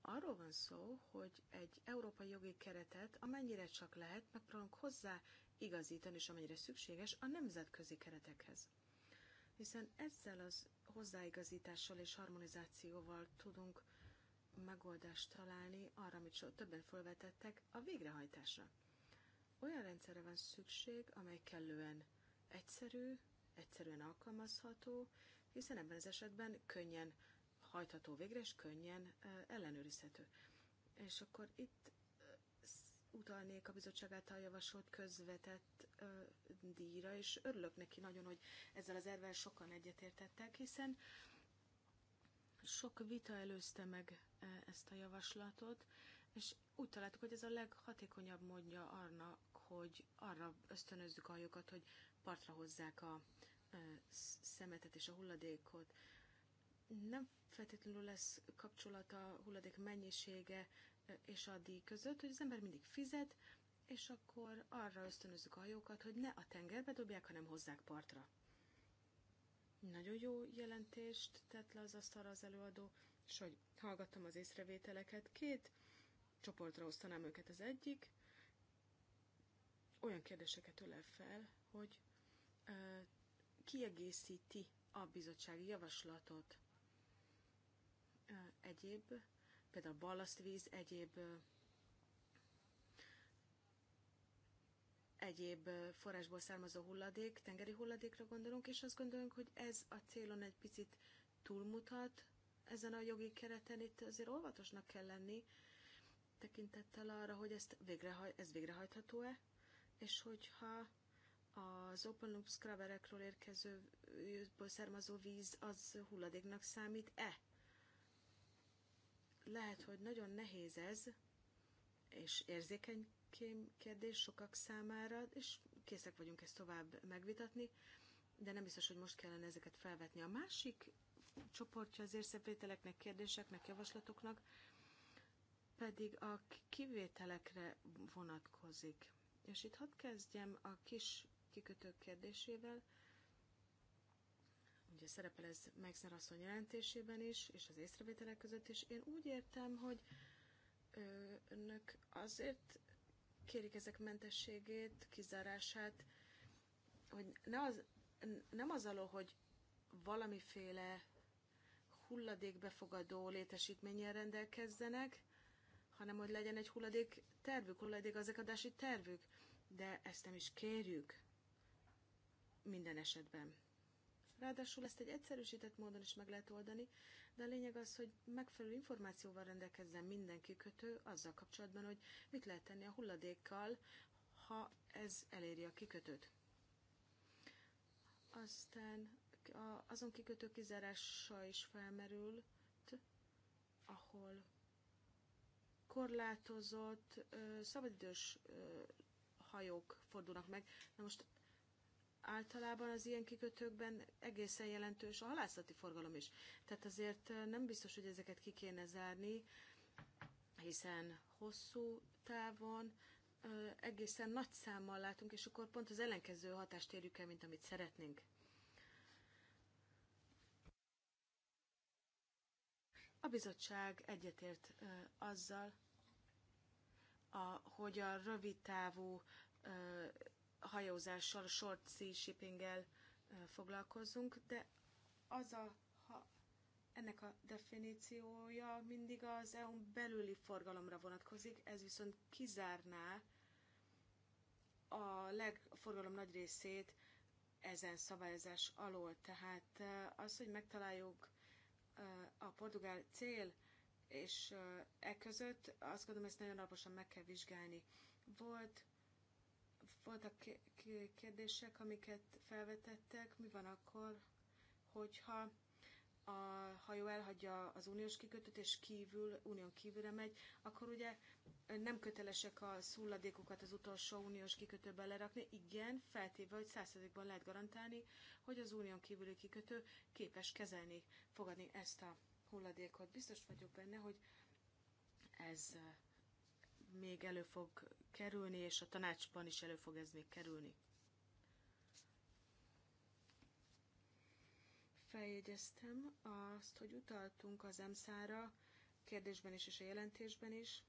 arról van szó, hogy egy európai jogi keretet amennyire csak lehet, megpróbálunk hozzá igazítani, és amennyire szükséges a nemzetközi keretekhez. Hiszen ezzel az hozzáigazítással és harmonizációval tudunk megoldást találni arra, amit so többen felvetettek, a végrehajtásra. Olyan rendszerre van szükség, amely kellően egyszerű, egyszerűen alkalmazható, hiszen ebben az esetben könnyen hajtható végre, és könnyen ellenőrizhető. És akkor itt utalnék a bizottság által javasolt közvetett díjra, és örülök neki nagyon, hogy ezzel az ervel sokan egyetértettek, hiszen sok vita előzte meg e, ezt a javaslatot, és úgy találtuk, hogy ez a leghatékonyabb módja annak, hogy arra ösztönözzük a hajókat, hogy partra hozzák a e, szemetet és a hulladékot. Nem feltétlenül lesz kapcsolata a hulladék mennyisége e, és a díj között, hogy az ember mindig fizet, és akkor arra ösztönözzük a hajókat, hogy ne a tengerbe dobják, hanem hozzák partra. Nagyon jó jelentést tett le az asztalra az előadó, és hogy hallgattam az észrevételeket, két csoportra osztanám őket. Az egyik olyan kérdéseket ölel fel, hogy uh, kiegészíti a bizottsági javaslatot. uh, egyéb, például ballasztvíz, egyéb egyéb forrásból származó hulladék, tengeri hulladékra gondolunk, és azt gondolunk, hogy ez a célon egy picit túlmutat ezen a jogi kereten, itt azért óvatosnak kell lenni, tekintettel arra, hogy ezt végrehaj, ez végrehajtható-e, és hogyha az open loop scrubberekről érkező származó víz az hulladéknak számít-e? Lehet, hogy nagyon nehéz ez, és érzékeny kérdés sokak számára, és készek vagyunk ezt tovább megvitatni, de nem biztos, hogy most kellene ezeket felvetni. A másik csoportja az érszepvételeknek, kérdéseknek, javaslatoknak pedig a kivételekre vonatkozik. És itt hadd kezdjem a kis kikötők kérdésével. Ugye szerepel ez Megszer asszony jelentésében is, és az észrevételek között is. Én úgy értem, hogy önök azért kérik ezek mentességét, kizárását, hogy ne az, nem az alól, hogy valamiféle hulladékbefogadó létesítménnyel rendelkezzenek, hanem hogy legyen egy hulladék tervük, hulladékgazdálkodási tervük, de ezt nem is kérjük minden esetben. Ráadásul ezt egy egyszerűsített módon is meg lehet oldani, de a lényeg az, hogy megfelelő információval rendelkezzen minden kikötő azzal kapcsolatban, hogy mit lehet tenni a hulladékkal, ha ez eléri a kikötőt. Aztán azon kikötő kizárása is felmerült, ahol korlátozott, szabadidős hajók fordulnak meg. Na most általában az ilyen kikötőkben egészen jelentős a halászati forgalom is. Tehát azért eh, nem biztos, hogy ezeket ki kéne zárni, hiszen hosszú távon eh, egészen nagy számmal látunk, és akkor pont az ellenkező hatást érjük el, mint amit szeretnénk. A bizottság egyetért eh, azzal, a, hogy a rövid távú hajózással, short sea shipping foglalkozunk, de az a, ha ennek a definíciója mindig az eu belüli forgalomra vonatkozik, ez viszont kizárná a, legforgalom nagy részét ezen szabályozás alól. Tehát az, hogy megtaláljuk a portugál cél és e között, azt gondolom, ezt nagyon alaposan meg kell vizsgálni. Volt voltak kérdések, amiket felvetettek. Mi van akkor, hogyha a hajó elhagyja az uniós kikötőt, és kívül, unión kívülre megy, akkor ugye nem kötelesek a szulladékokat az utolsó uniós kikötőbe lerakni. Igen, feltéve, hogy százszerzékban lehet garantálni, hogy az unión kívüli kikötő képes kezelni, fogadni ezt a hulladékot. Biztos vagyok benne, hogy ez még elő fog kerülni, és a tanácsban is elő fog ez még kerülni. Feljegyeztem azt, hogy utaltunk az EMSZ-ra, kérdésben is és a jelentésben is.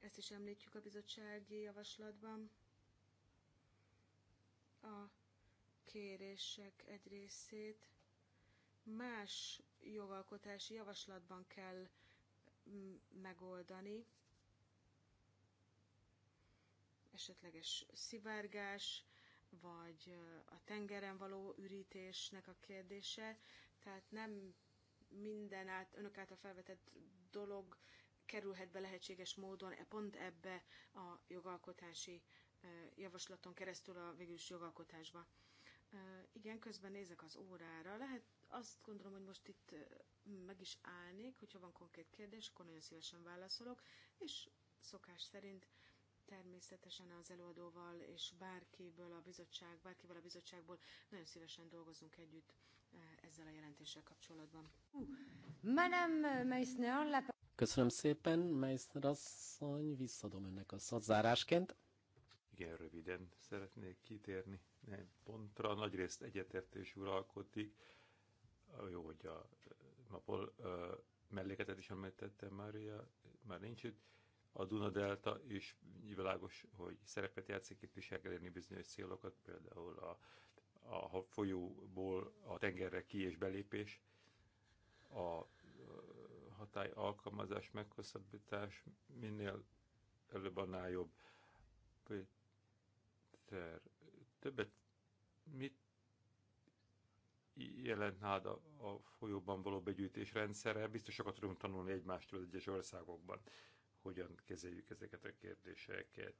Ezt is említjük a bizottsági javaslatban. A kérések egy részét más jogalkotási javaslatban kell mm, megoldani, esetleges szivárgás, vagy a tengeren való ürítésnek a kérdése. Tehát nem minden át, önök által felvetett dolog kerülhet be lehetséges módon e pont ebbe a jogalkotási javaslaton keresztül a végülis jogalkotásba. Igen, közben nézek az órára. Lehet, azt gondolom, hogy most itt meg is állnék, hogyha van konkrét kérdés, akkor nagyon szívesen válaszolok, és szokás szerint Természetesen az előadóval és bárkiből a bizottság, bárkivel a bizottságból nagyon szívesen dolgozunk együtt eh, ezzel a jelentéssel kapcsolatban. Meissner, Köszönöm szépen, Meissner asszony, visszadom önnek a szadzárásként. Igen, röviden szeretnék kitérni egy pontra. Nagyrészt egyetértés uralkodik. Jó, hogy a napol melléketet is említettem, Mária, már nincs itt a Delta is világos, hogy szerepet játszik itt is elérni bizonyos célokat, például a, a folyóból a tengerre ki- és belépés, a hatály alkalmazás meghosszabbítás minél előbb annál jobb. Péter, többet mit jelent nád a, a folyóban való begyűjtés rendszere? Biztos sokat tudunk tanulni egymástól egyes országokban hogyan kezeljük ezeket a kérdéseket.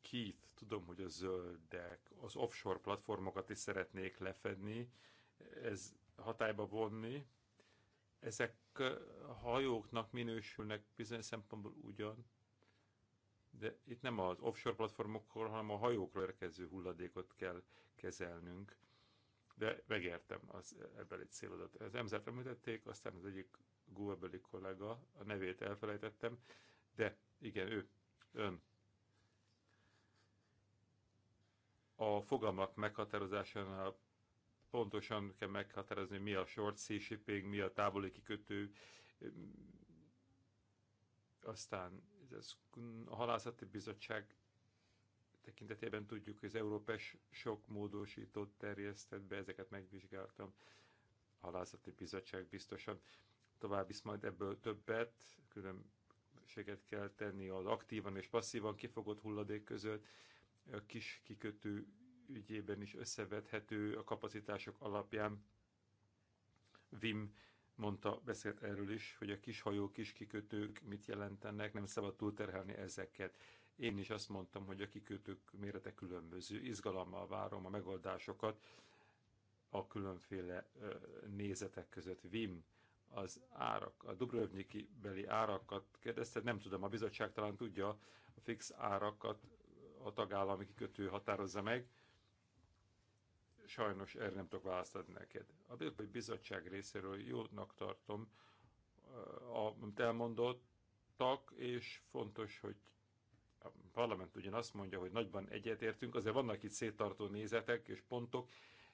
Keith, tudom, hogy a zöldek az offshore platformokat is szeretnék lefedni, ez hatályba vonni. Ezek hajóknak minősülnek bizonyos szempontból ugyan, de itt nem az offshore platformokról, hanem a hajókról érkező hulladékot kell kezelnünk. De megértem az ebbeli célodat. Az emzert említették, aztán az egyik Guabeli kollega, a nevét elfelejtettem, de igen, ő, ön. A fogalmak meghatározásánál pontosan kell meghatározni, mi a short sea shipping, mi a távoli kikötő, aztán ez a halászati bizottság tekintetében tudjuk, hogy az Európes sok módosított terjesztett be, ezeket megvizsgáltam. A halászati bizottság biztosan tovább visz majd ebből többet, különbséget kell tenni az aktívan és passzívan kifogott hulladék között, a kis kikötő ügyében is összevethető a kapacitások alapján. Vim mondta, beszélt erről is, hogy a kis hajók, kis kikötők mit jelentenek, nem szabad túlterhelni ezeket. Én is azt mondtam, hogy a kikötők mérete különböző. Izgalommal várom a megoldásokat a különféle nézetek között. Vim az árak, a Dubrovniki beli árakat kérdezte, nem tudom, a bizottság talán tudja, a fix árakat a tagállami kikötő határozza meg, sajnos erre nem tudok választ adni neked. A Bizottság részéről jónak tartom, eh, amit elmondottak, és fontos, hogy a parlament ugyan azt mondja, hogy nagyban egyetértünk, azért vannak itt széttartó nézetek és pontok,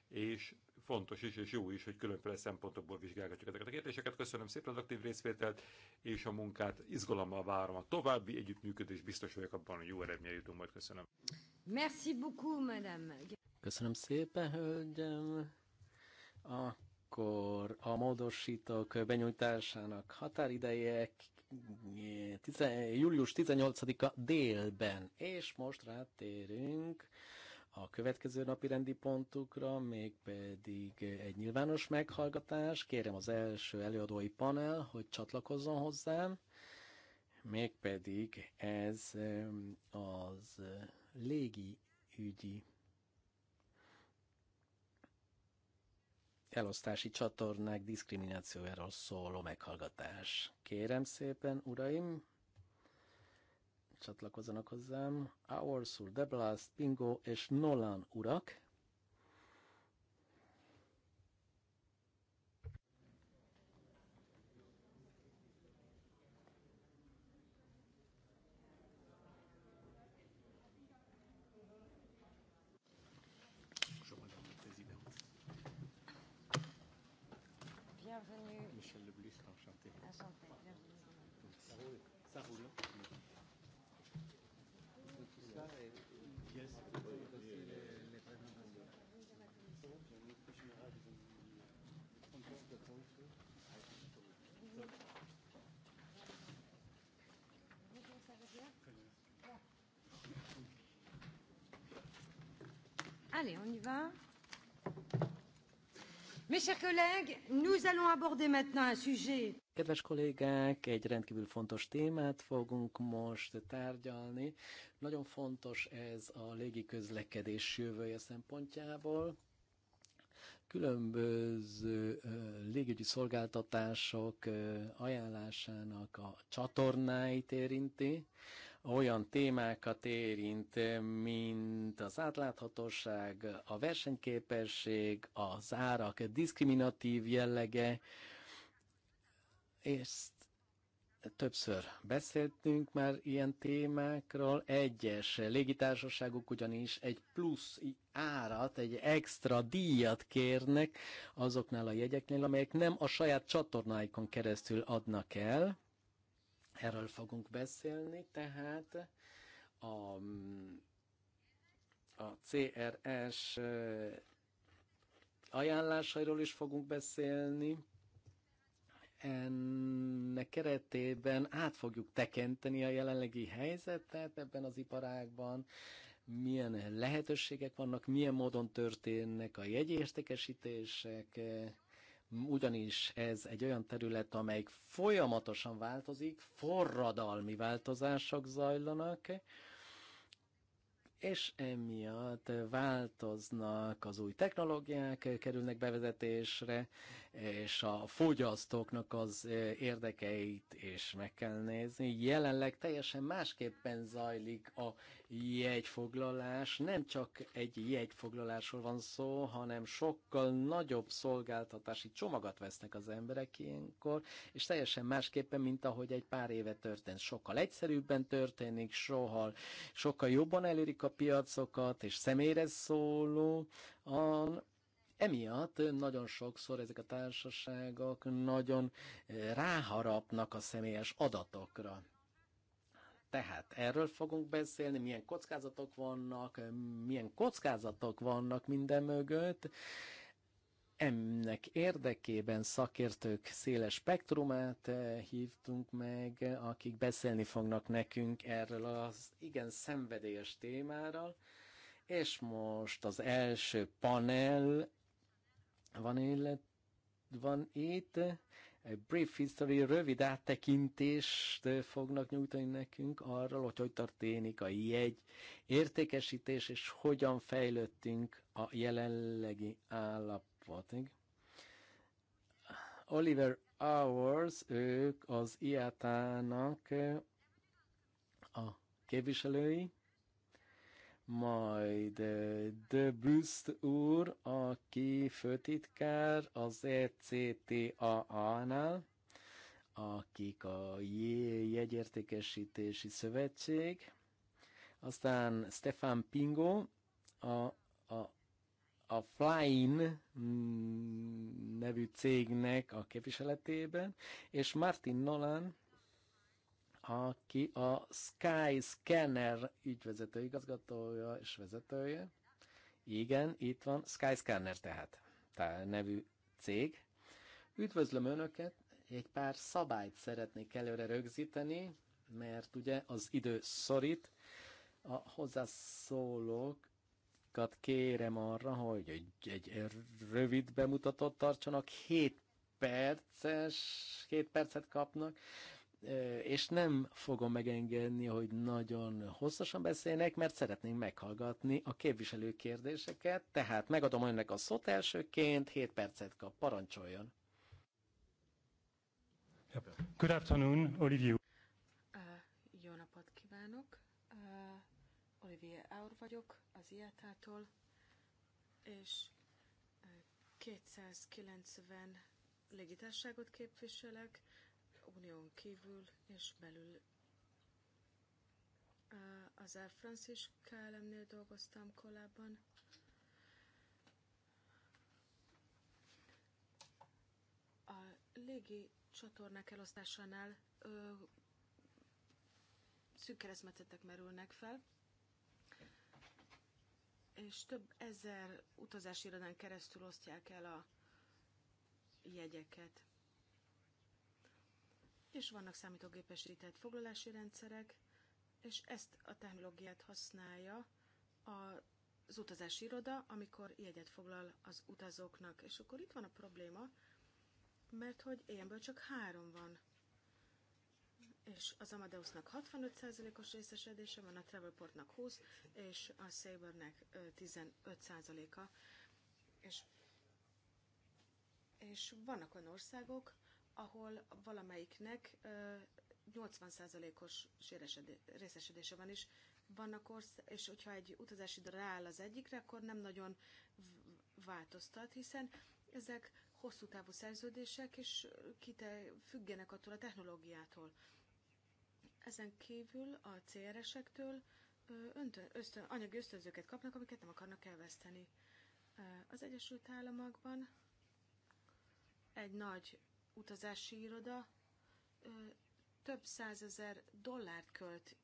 és fontos is, és jó is, hogy különféle szempontokból vizsgálgatjuk ezeket a kérdéseket. Köszönöm szépen az aktív részvételt és a munkát. Izgalommal várom a további együttműködés. Biztos vagyok abban, hogy jó eredményre jutunk majd. Köszönöm. Merci beaucoup, madame. Köszönöm szépen, hölgyem. Akkor a módosítók benyújtásának határideje július 18-a délben, és most rátérünk a következő napi rendi pontukra, mégpedig egy nyilvános meghallgatás. Kérem az első előadói panel, hogy csatlakozzon hozzám. Mégpedig ez az légi ügyi elosztási csatornák diszkriminációjáról szóló meghallgatás. Kérem szépen, uraim, csatlakozzanak hozzám. Hours úr, Deblast, Pingo és Nolan urak. chers collègues, nous allons aborder maintenant un sujet. Kedves kollégák, egy rendkívül fontos témát fogunk most tárgyalni. Nagyon fontos ez a közlekedés jövője szempontjából. Különböző légügyi szolgáltatások ajánlásának a csatornáit érinti olyan témákat érint, mint az átláthatóság, a versenyképesség, az árak diszkriminatív jellege, és többször beszéltünk már ilyen témákról. Egyes légitársaságok ugyanis egy plusz árat, egy extra díjat kérnek azoknál a jegyeknél, amelyek nem a saját csatornáikon keresztül adnak el. Erről fogunk beszélni, tehát a, a CRS eh, ajánlásairól is fogunk beszélni. Ennek keretében át fogjuk tekinteni a jelenlegi helyzetet ebben az iparágban, milyen lehetőségek vannak, milyen módon történnek a jegyértékesítések, eh, ugyanis ez egy olyan terület, amelyik folyamatosan változik, forradalmi változások zajlanak, és emiatt változnak az új technológiák, kerülnek bevezetésre, és a fogyasztóknak az érdekeit is meg kell nézni. Jelenleg teljesen másképpen zajlik a jegyfoglalás. Nem csak egy jegyfoglalásról van szó, hanem sokkal nagyobb szolgáltatási csomagat vesznek az emberek ilyenkor, és teljesen másképpen, mint ahogy egy pár éve történt. Sokkal egyszerűbben történik, sokkal, sokkal jobban elérik a a piacokat, és személyre szóló, a, emiatt nagyon sokszor ezek a társaságok nagyon eh, ráharapnak a személyes adatokra. Tehát erről fogunk beszélni, milyen kockázatok vannak, eh, milyen kockázatok vannak minden mögött, ennek érdekében szakértők széles spektrumát eh, hívtunk meg, akik beszélni fognak nekünk erről az igen szenvedélyes témáról. És most az első panel van, illet, van itt. A brief history, rövid áttekintést eh, fognak nyújtani nekünk arról, hogy hogy történik a jegy értékesítés, és hogyan fejlődtünk a jelenlegi állapotban votig. Oliver Hours, ők az IATA-nak a képviselői, majd De Bust úr, aki főtitkár az ECTA-nál, akik a Jegyértékesítési Szövetség, aztán Stefan Pingo, a, a a Flyin mm, nevű cégnek a képviseletében, és Martin Nolan, aki a Sky Scanner ügyvezető igazgatója és vezetője. Igen, itt van, Sky Scanner tehát, tehát nevű cég. Üdvözlöm Önöket, egy pár szabályt szeretnék előre rögzíteni, mert ugye az idő szorít, a hozzászólók kollégákat kérem arra, hogy egy, egy rövid bemutatót tartsanak, 7 perces, 7 percet kapnak, és nem fogom megengedni, hogy nagyon hosszasan beszélnek, mert szeretnénk meghallgatni a képviselő kérdéseket, tehát megadom önnek a szót elsőként, 7 percet kap, parancsoljon. Good afternoon, Olivier. Uh, jó napot kívánok! Olivier Aur vagyok, az IATA-tól, és 290 légitárságot képviselek, unión kívül és belül. Az Air France is KLM-nél dolgoztam korábban. A légi csatornák elosztásánál szűk keresztmetszetek merülnek fel, és több ezer utazási irodán keresztül osztják el a jegyeket. És vannak számítógépesített foglalási rendszerek, és ezt a technológiát használja az utazási iroda, amikor jegyet foglal az utazóknak. És akkor itt van a probléma, mert hogy ilyenből csak három van és az Amadeusnak 65%-os részesedése van, a Travelportnak 20, és a Sabernek 15%-a. És, és vannak olyan országok, ahol valamelyiknek 80%-os részesedése van is, vannak ország, és hogyha egy utazási időre áll az egyikre, akkor nem nagyon változtat, hiszen ezek hosszú távú szerződések, és kite függenek attól a technológiától. Ezen kívül a CRS-ektől ösztön, anyagi ösztönzőket kapnak, amiket nem akarnak elveszteni. Az Egyesült Államokban egy nagy utazási iroda több százezer dollárt költ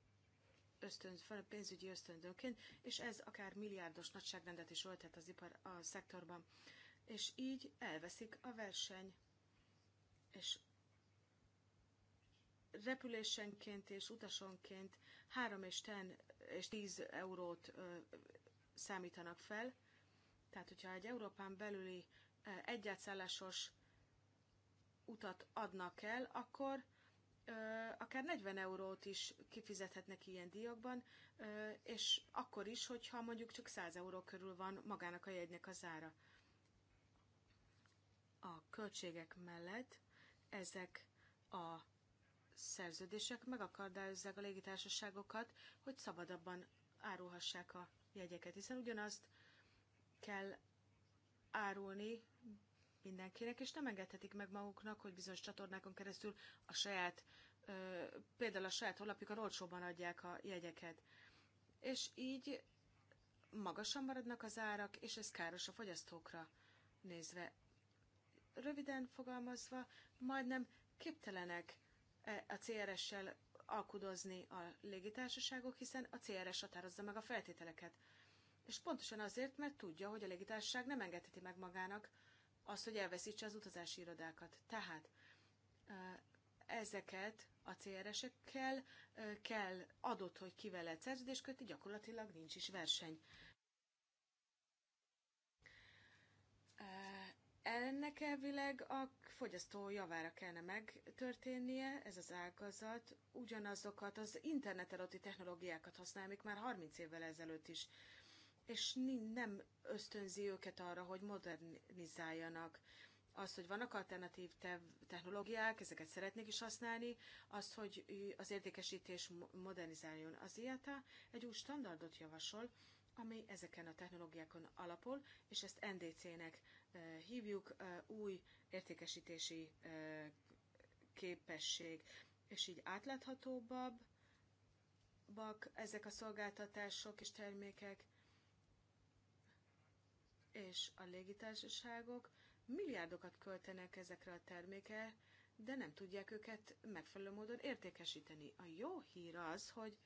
ösztönz, pénzügyi ösztöndőként, és ez akár milliárdos nagyságrendet is ölthet az ipar a szektorban. És így elveszik a verseny, és repülésenként és utasonként 3 és 10, és 10 eurót számítanak fel. Tehát, hogyha egy Európán belüli egyátszállásos utat adnak el, akkor ö, akár 40 eurót is kifizethetnek ilyen díjakban, ö, és akkor is, hogyha mondjuk csak 100 euró körül van magának a jegynek az ára. A költségek mellett ezek a szerződések megakadályozzák a légitársaságokat, hogy szabadabban árulhassák a jegyeket, hiszen ugyanazt kell árulni mindenkinek, és nem engedhetik meg maguknak, hogy bizonyos csatornákon keresztül a saját, például a saját honlapjukon olcsóban adják a jegyeket. És így magasan maradnak az árak, és ez káros a fogyasztókra nézve. Röviden fogalmazva, majdnem képtelenek E, a CRS-sel alkudozni a légitársaságok, hiszen a CRS határozza meg a feltételeket. És pontosan azért, mert tudja, hogy a légitársaság nem engedheti meg magának azt, hogy elveszítse az utazási irodákat. Tehát e, ezeket a CRS-ekkel e, kell adott, hogy kivel lehet szerződést kötni, gyakorlatilag nincs is verseny. ennek elvileg a fogyasztó javára kellene megtörténnie, ez az ágazat ugyanazokat az internet előtti technológiákat használ, amik már 30 évvel ezelőtt is, és nem ösztönzi őket arra, hogy modernizáljanak. az, hogy vannak alternatív technológiák, ezeket szeretnék is használni, azt, hogy az értékesítés modernizáljon. Az IATA egy új standardot javasol, ami ezeken a technológiákon alapul, és ezt NDC-nek E, hívjuk, e, új értékesítési e, képesség, és így átláthatóbbak ezek a szolgáltatások és termékek, és a légitársaságok milliárdokat költenek ezekre a termékre, de nem tudják őket megfelelő módon értékesíteni. A jó hír az, hogy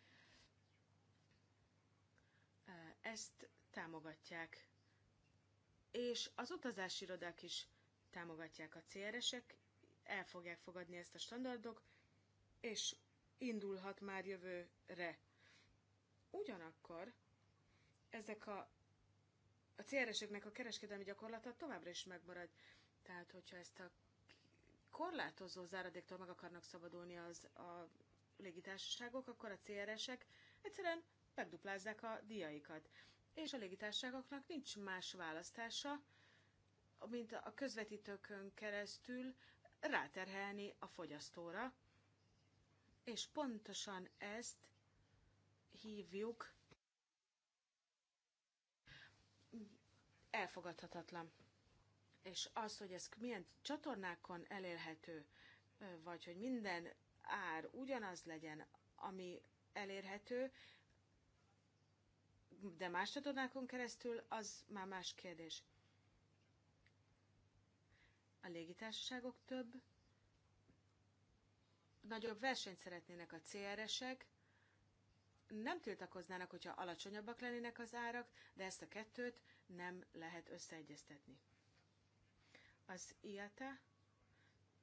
ezt támogatják és az utazási irodák is támogatják a CRS-ek, er el fogják fogadni ezt a standardok, és indulhat már jövőre. Ugyanakkor ezek a, a CRS-eknek er a kereskedelmi gyakorlata továbbra is megmarad. Tehát, hogyha ezt a korlátozó záradéktól meg akarnak szabadulni az a légitársaságok, akkor a CRS-ek er egyszerűen megduplázzák a díjaikat és a légitársaságoknak nincs más választása, mint a közvetítőkön keresztül ráterhelni a fogyasztóra, és pontosan ezt hívjuk elfogadhatatlan. És az, hogy ez milyen csatornákon elérhető, vagy hogy minden ár ugyanaz legyen, ami elérhető, de más csatornákon keresztül, az már más kérdés. A légitársaságok több, nagyobb versenyt szeretnének a CRS-ek, er nem tiltakoznának, hogyha alacsonyabbak lennének az árak, de ezt a kettőt nem lehet összeegyeztetni. Az IATA e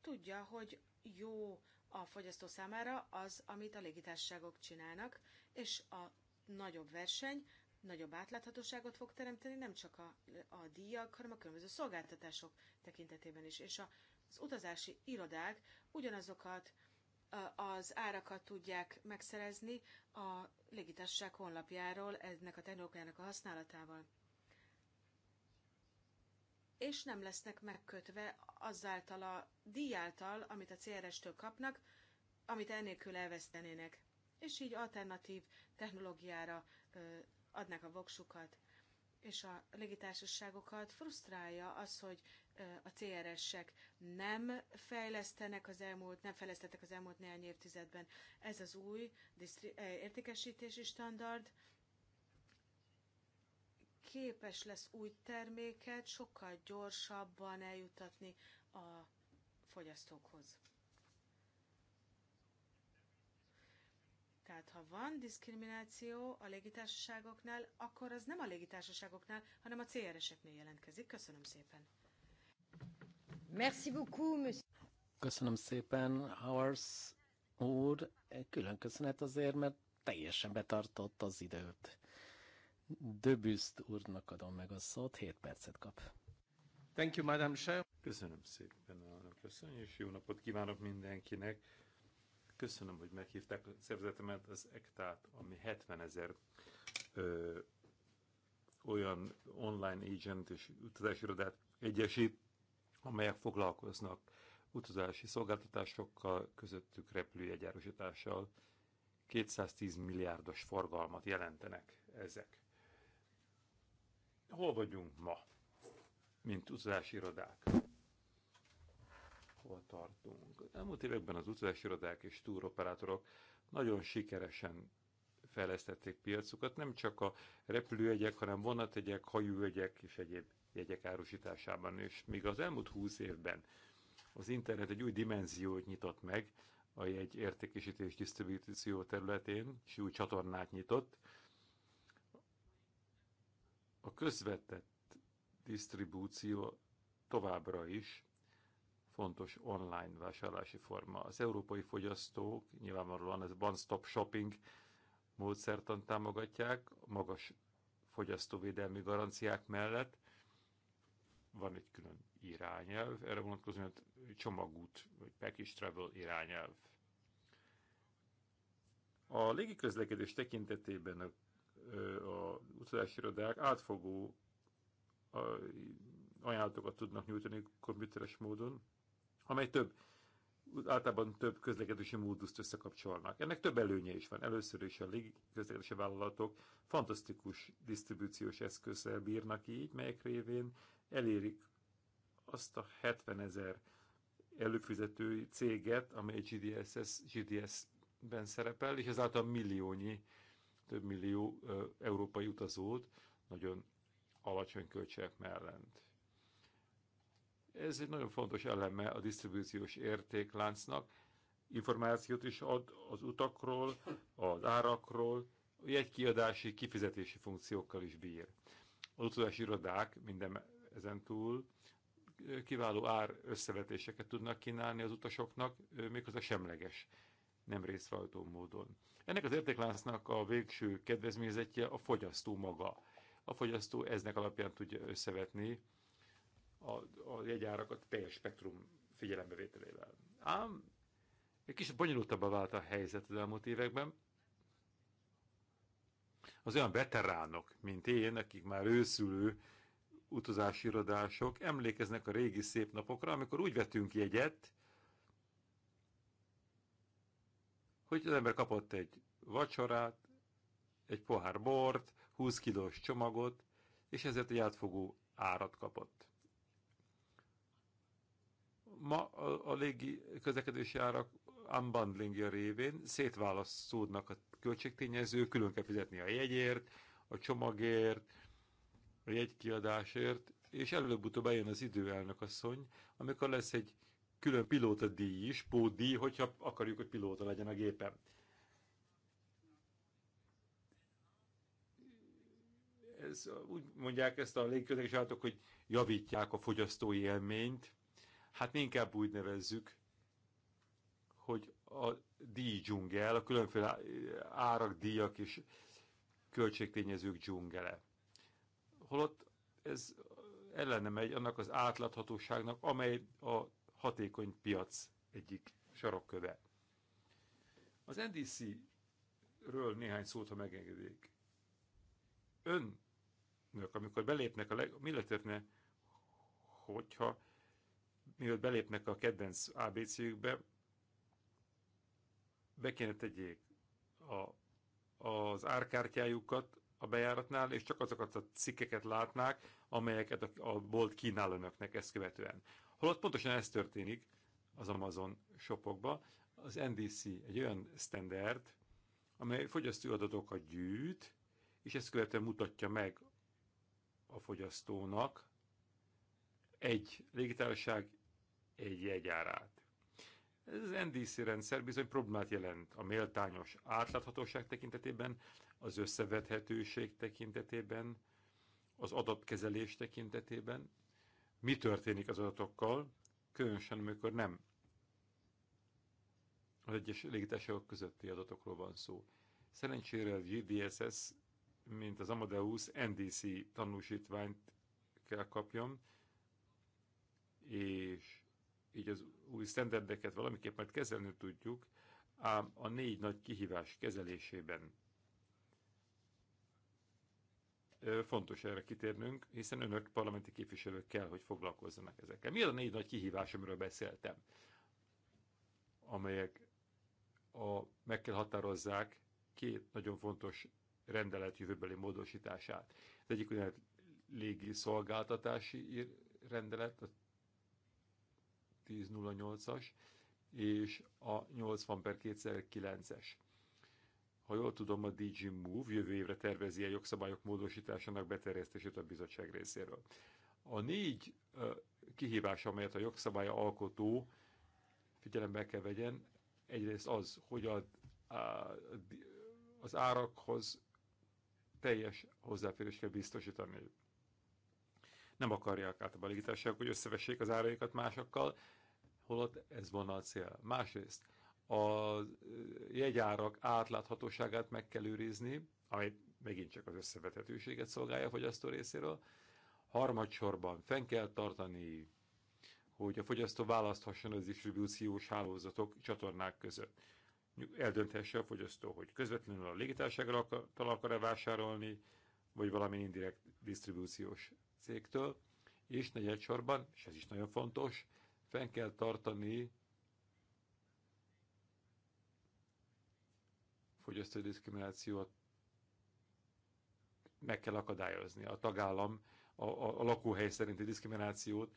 tudja, hogy jó a fogyasztó számára az, amit a légitársaságok csinálnak, és a nagyobb verseny nagyobb átláthatóságot fog teremteni, nem csak a, a díjak, hanem a különböző szolgáltatások tekintetében is. És a, az utazási irodák ugyanazokat az árakat tudják megszerezni a légitársaság honlapjáról ennek a technológiának a használatával. És nem lesznek megkötve azáltal a díjáltal, amit a CRS-től kapnak, amit ennélkül elvesztenének. És így alternatív technológiára adnák a voksukat, és a légitársaságokat frusztrálja az, hogy a CRS-ek er nem fejlesztenek az elmúlt, nem fejlesztettek az elmúlt néhány évtizedben. Ez az új értékesítési standard képes lesz új terméket sokkal gyorsabban eljutatni a fogyasztókhoz. Tehát ha van diszkrimináció a légitársaságoknál, akkor az nem a légitársaságoknál, hanem a CRS-eknél er jelentkezik. Köszönöm szépen. Merci beaucoup, monsieur. Köszönöm szépen, Howard. úr. Külön köszönet azért, mert teljesen betartott az időt. Döbüszt úrnak adom meg a szót, 7 percet kap. Thank you, Madam Chair. Köszönöm szépen, elnök asszony, és jó napot kívánok mindenkinek. Köszönöm, hogy meghívták a szervezetemet, az ektát, ami 70 ezer olyan online agent és utazási irodát egyesít, amelyek foglalkoznak utazási szolgáltatásokkal, közöttük repülőjegyárosítással. 210 milliárdos forgalmat jelentenek ezek. Hol vagyunk ma, mint utazási irodák? hol tartunk. Az elmúlt években az utazásirodák és túroperátorok nagyon sikeresen fejlesztették piacukat, nem csak a repülőjegyek, hanem vonatjegyek, hajóegyek és egyéb jegyek árusításában. És még az elmúlt húsz évben az internet egy új dimenziót nyitott meg a egy értékesítés disztribúció területén, és új csatornát nyitott. A közvetett disztribúció továbbra is fontos online vásárlási forma. Az európai fogyasztók nyilvánvalóan ez one-stop shopping módszertan támogatják, magas fogyasztóvédelmi garanciák mellett. Van egy külön irányelv, erre vonatkozóan csomagút, vagy package travel irányelv. A légiközlekedés tekintetében a, a utazási irodák átfogó ajánlatokat tudnak nyújtani komputeres módon, amely több, általában több közlekedési móduszt összekapcsolnak. Ennek több előnye is van. Először is a légiközlekedési vállalatok fantasztikus disztribúciós eszközzel bírnak így, melyek révén elérik azt a 70 ezer előfizetői céget, amely GDSS, GDS-ben szerepel, és ezáltal milliónyi, több millió ö, európai utazót nagyon alacsony költségek mellett. Ez egy nagyon fontos eleme a disztribúciós értékláncnak. Információt is ad az utakról, az árakról, jegykiadási, kifizetési funkciókkal is bír. Az utazási irodák minden ezen túl kiváló ár összevetéseket tudnak kínálni az utasoknak, méghozzá semleges, nem részfajtó módon. Ennek az értékláncnak a végső kedvezményezetje a fogyasztó maga. A fogyasztó eznek alapján tudja összevetni a, a jegyárakat teljes spektrum figyelembevételével. Ám egy kis bonyolultabbá vált a helyzet az elmúlt években. Az olyan veteránok, mint én, akik már őszülő utazási irodások, emlékeznek a régi szép napokra, amikor úgy vetünk jegyet, hogy az ember kapott egy vacsorát, egy pohár bort, 20 kilós csomagot, és ezért egy átfogó árat kapott ma a, a légi közlekedési árak unbundlingja révén szétválasztódnak a költségtényező, külön kell fizetni a jegyért, a csomagért, a jegykiadásért, és előbb-utóbb eljön az időelnök asszony, amikor lesz egy külön pilóta díj is, pódíj, hogyha akarjuk, hogy pilóta legyen a gépem. Ez, úgy mondják ezt a légközlekedési állatok, hogy javítják a fogyasztói élményt, hát mi inkább úgy nevezzük, hogy a díj dzsungel, a különféle árak, díjak és költségtényezők dzsungele. Holott ez ellene megy annak az átláthatóságnak, amely a hatékony piac egyik sarokköve. Az NDC-ről néhány szót, ha megengedik. Önök, amikor belépnek a leg... Mi lehetne, hogyha mielőtt belépnek a kedvenc ABC-jükbe, be kéne tegyék a, az árkártyájukat a bejáratnál, és csak azokat a cikkeket látnák, amelyeket a, a bolt kínál önöknek ezt követően. Holott pontosan ez történik az Amazon shopokba. Az NDC egy olyan standard, amely fogyasztó adatokat gyűjt, és ezt követően mutatja meg a fogyasztónak egy légitársaság egy jegyárát. Ez az NDC rendszer bizony problémát jelent a méltányos átláthatóság tekintetében, az összevethetőség tekintetében, az adatkezelés tekintetében. Mi történik az adatokkal, különösen amikor nem az egyes légitársaságok közötti adatokról van szó. Szerencsére a GDSS, mint az Amadeus NDC tanúsítványt kell kapjam, és így az új standardeket majd kezelni tudjuk, ám a négy nagy kihívás kezelésében fontos erre kitérnünk, hiszen önök parlamenti képviselők kell, hogy foglalkozzanak ezekkel. Mi az a négy nagy kihívás, amiről beszéltem, amelyek a, meg kell határozzák két nagyon fontos rendelet jövőbeli módosítását. Az egyik olyan légi szolgáltatási rendelet, a 1008-as és a 80 per 2009-es. Ha jól tudom, a DG Move jövő évre tervezi a jogszabályok módosításának beterjesztését a bizottság részéről. A négy kihívás, amelyet a jogszabálya alkotó figyelembe kell vegyen, egyrészt az, hogy a, a, az árakhoz teljes hozzáférést kell biztosítani nem akarják általában a légitársaságok, hogy összevessék az áraikat másokkal, holott ez volna a cél. Másrészt a jegyárak átláthatóságát meg kell őrizni, ami megint csak az összevethetőséget szolgálja a fogyasztó részéről. Harmadsorban fenn kell tartani, hogy a fogyasztó választhasson az distribúciós hálózatok csatornák között. Eldönthesse a fogyasztó, hogy közvetlenül a légitársággal akar, e vásárolni, vagy valamilyen indirekt distribúciós cégtől, és negyedsorban, és ez is nagyon fontos, fenn kell tartani fogyasztói diszkriminációt meg kell akadályozni. A tagállam a, a, a lakóhely szerinti diszkriminációt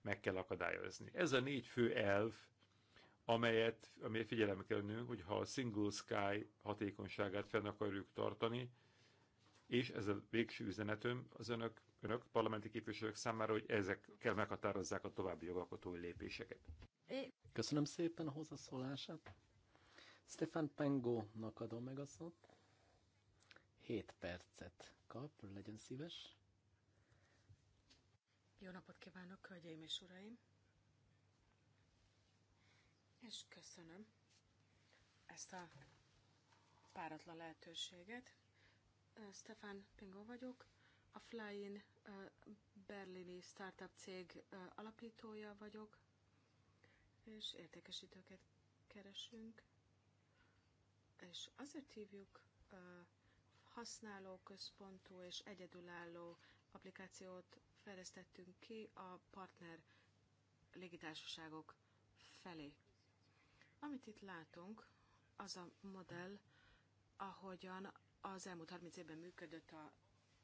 meg kell akadályozni. Ez a négy fő elv, amelyet, amelyet figyelembe kell nőnk, hogy ha a single sky hatékonyságát fenn akarjuk tartani, és ez a végső üzenetem az önök, önök parlamenti képviselők számára, hogy ezek kell meghatározzák a további jogalkotói lépéseket. Köszönöm szépen a hozzászólását. Stefan Pengónak adom meg a szót. 7 percet kap, legyen szíves. Jó napot kívánok, hölgyeim és uraim! És köszönöm ezt a páratlan lehetőséget, Stefan Pingo vagyok, a Flyin berlini startup cég alapítója vagyok, és értékesítőket keresünk, és azért hívjuk központú és egyedülálló applikációt fejlesztettünk ki a partner légitársaságok felé. Amit itt látunk, az a modell, ahogyan az elmúlt 30 évben működött a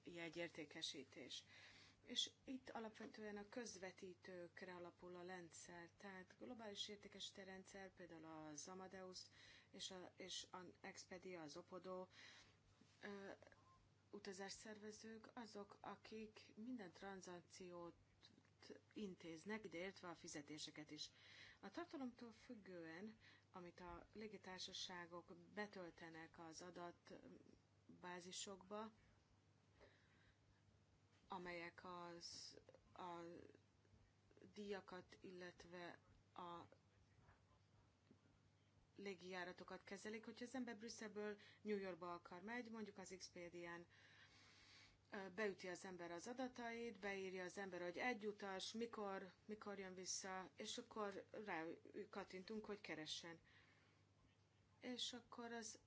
jegyértékesítés. És itt alapvetően a közvetítőkre alapul a rendszer, tehát globális értékesítő rendszer, például az Amadeus és, a, és az Expedia, az Opodo, ö, utazásszervezők azok, akik minden tranzakciót intéznek, ideértve a fizetéseket is. A tartalomtól függően, amit a légitársaságok betöltenek az adat adatbázisokba, amelyek az, a díjakat, illetve a légijáratokat kezelik. Hogyha az ember Brüsszelből New Yorkba akar megy, mondjuk az Expedia-n beüti az ember az adatait, beírja az ember, hogy egy utas, mikor, mikor jön vissza, és akkor rá kattintunk, hogy keressen. És akkor az,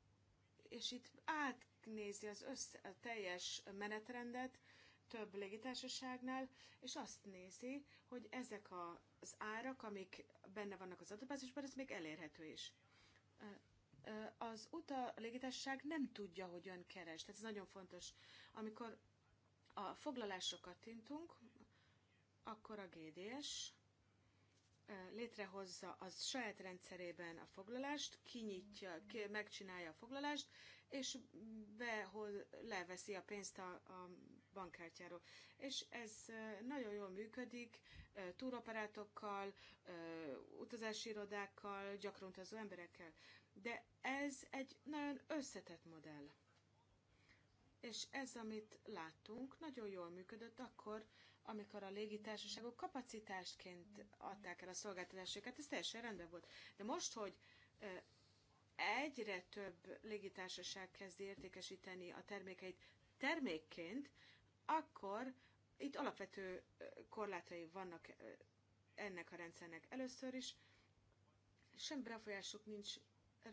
és itt át megnézi az össz a teljes menetrendet több légitársaságnál, és azt nézi, hogy ezek a az árak, amik benne vannak az adatbázisban, ez még elérhető is. Az UTA légitársaság nem tudja, hogy ön keres, tehát ez nagyon fontos. Amikor a foglalásra kattintunk, akkor a GDS létrehozza az saját rendszerében a foglalást, kinyitja, megcsinálja a foglalást, és behoz, leveszi a pénzt a, a bankkártyáról. És ez nagyon jól működik, túroperátokkal, utazási irodákkal, gyakran utazó emberekkel. De ez egy nagyon összetett modell. És ez, amit láttunk, nagyon jól működött akkor, amikor a légitársaságok kapacitásként adták el a szolgáltatásokat, ez teljesen rendben volt. De most, hogy egyre több légitársaság kezdi értékesíteni a termékeit termékként, akkor itt alapvető korlátai vannak ennek a rendszernek. Először is sem befolyásuk nincs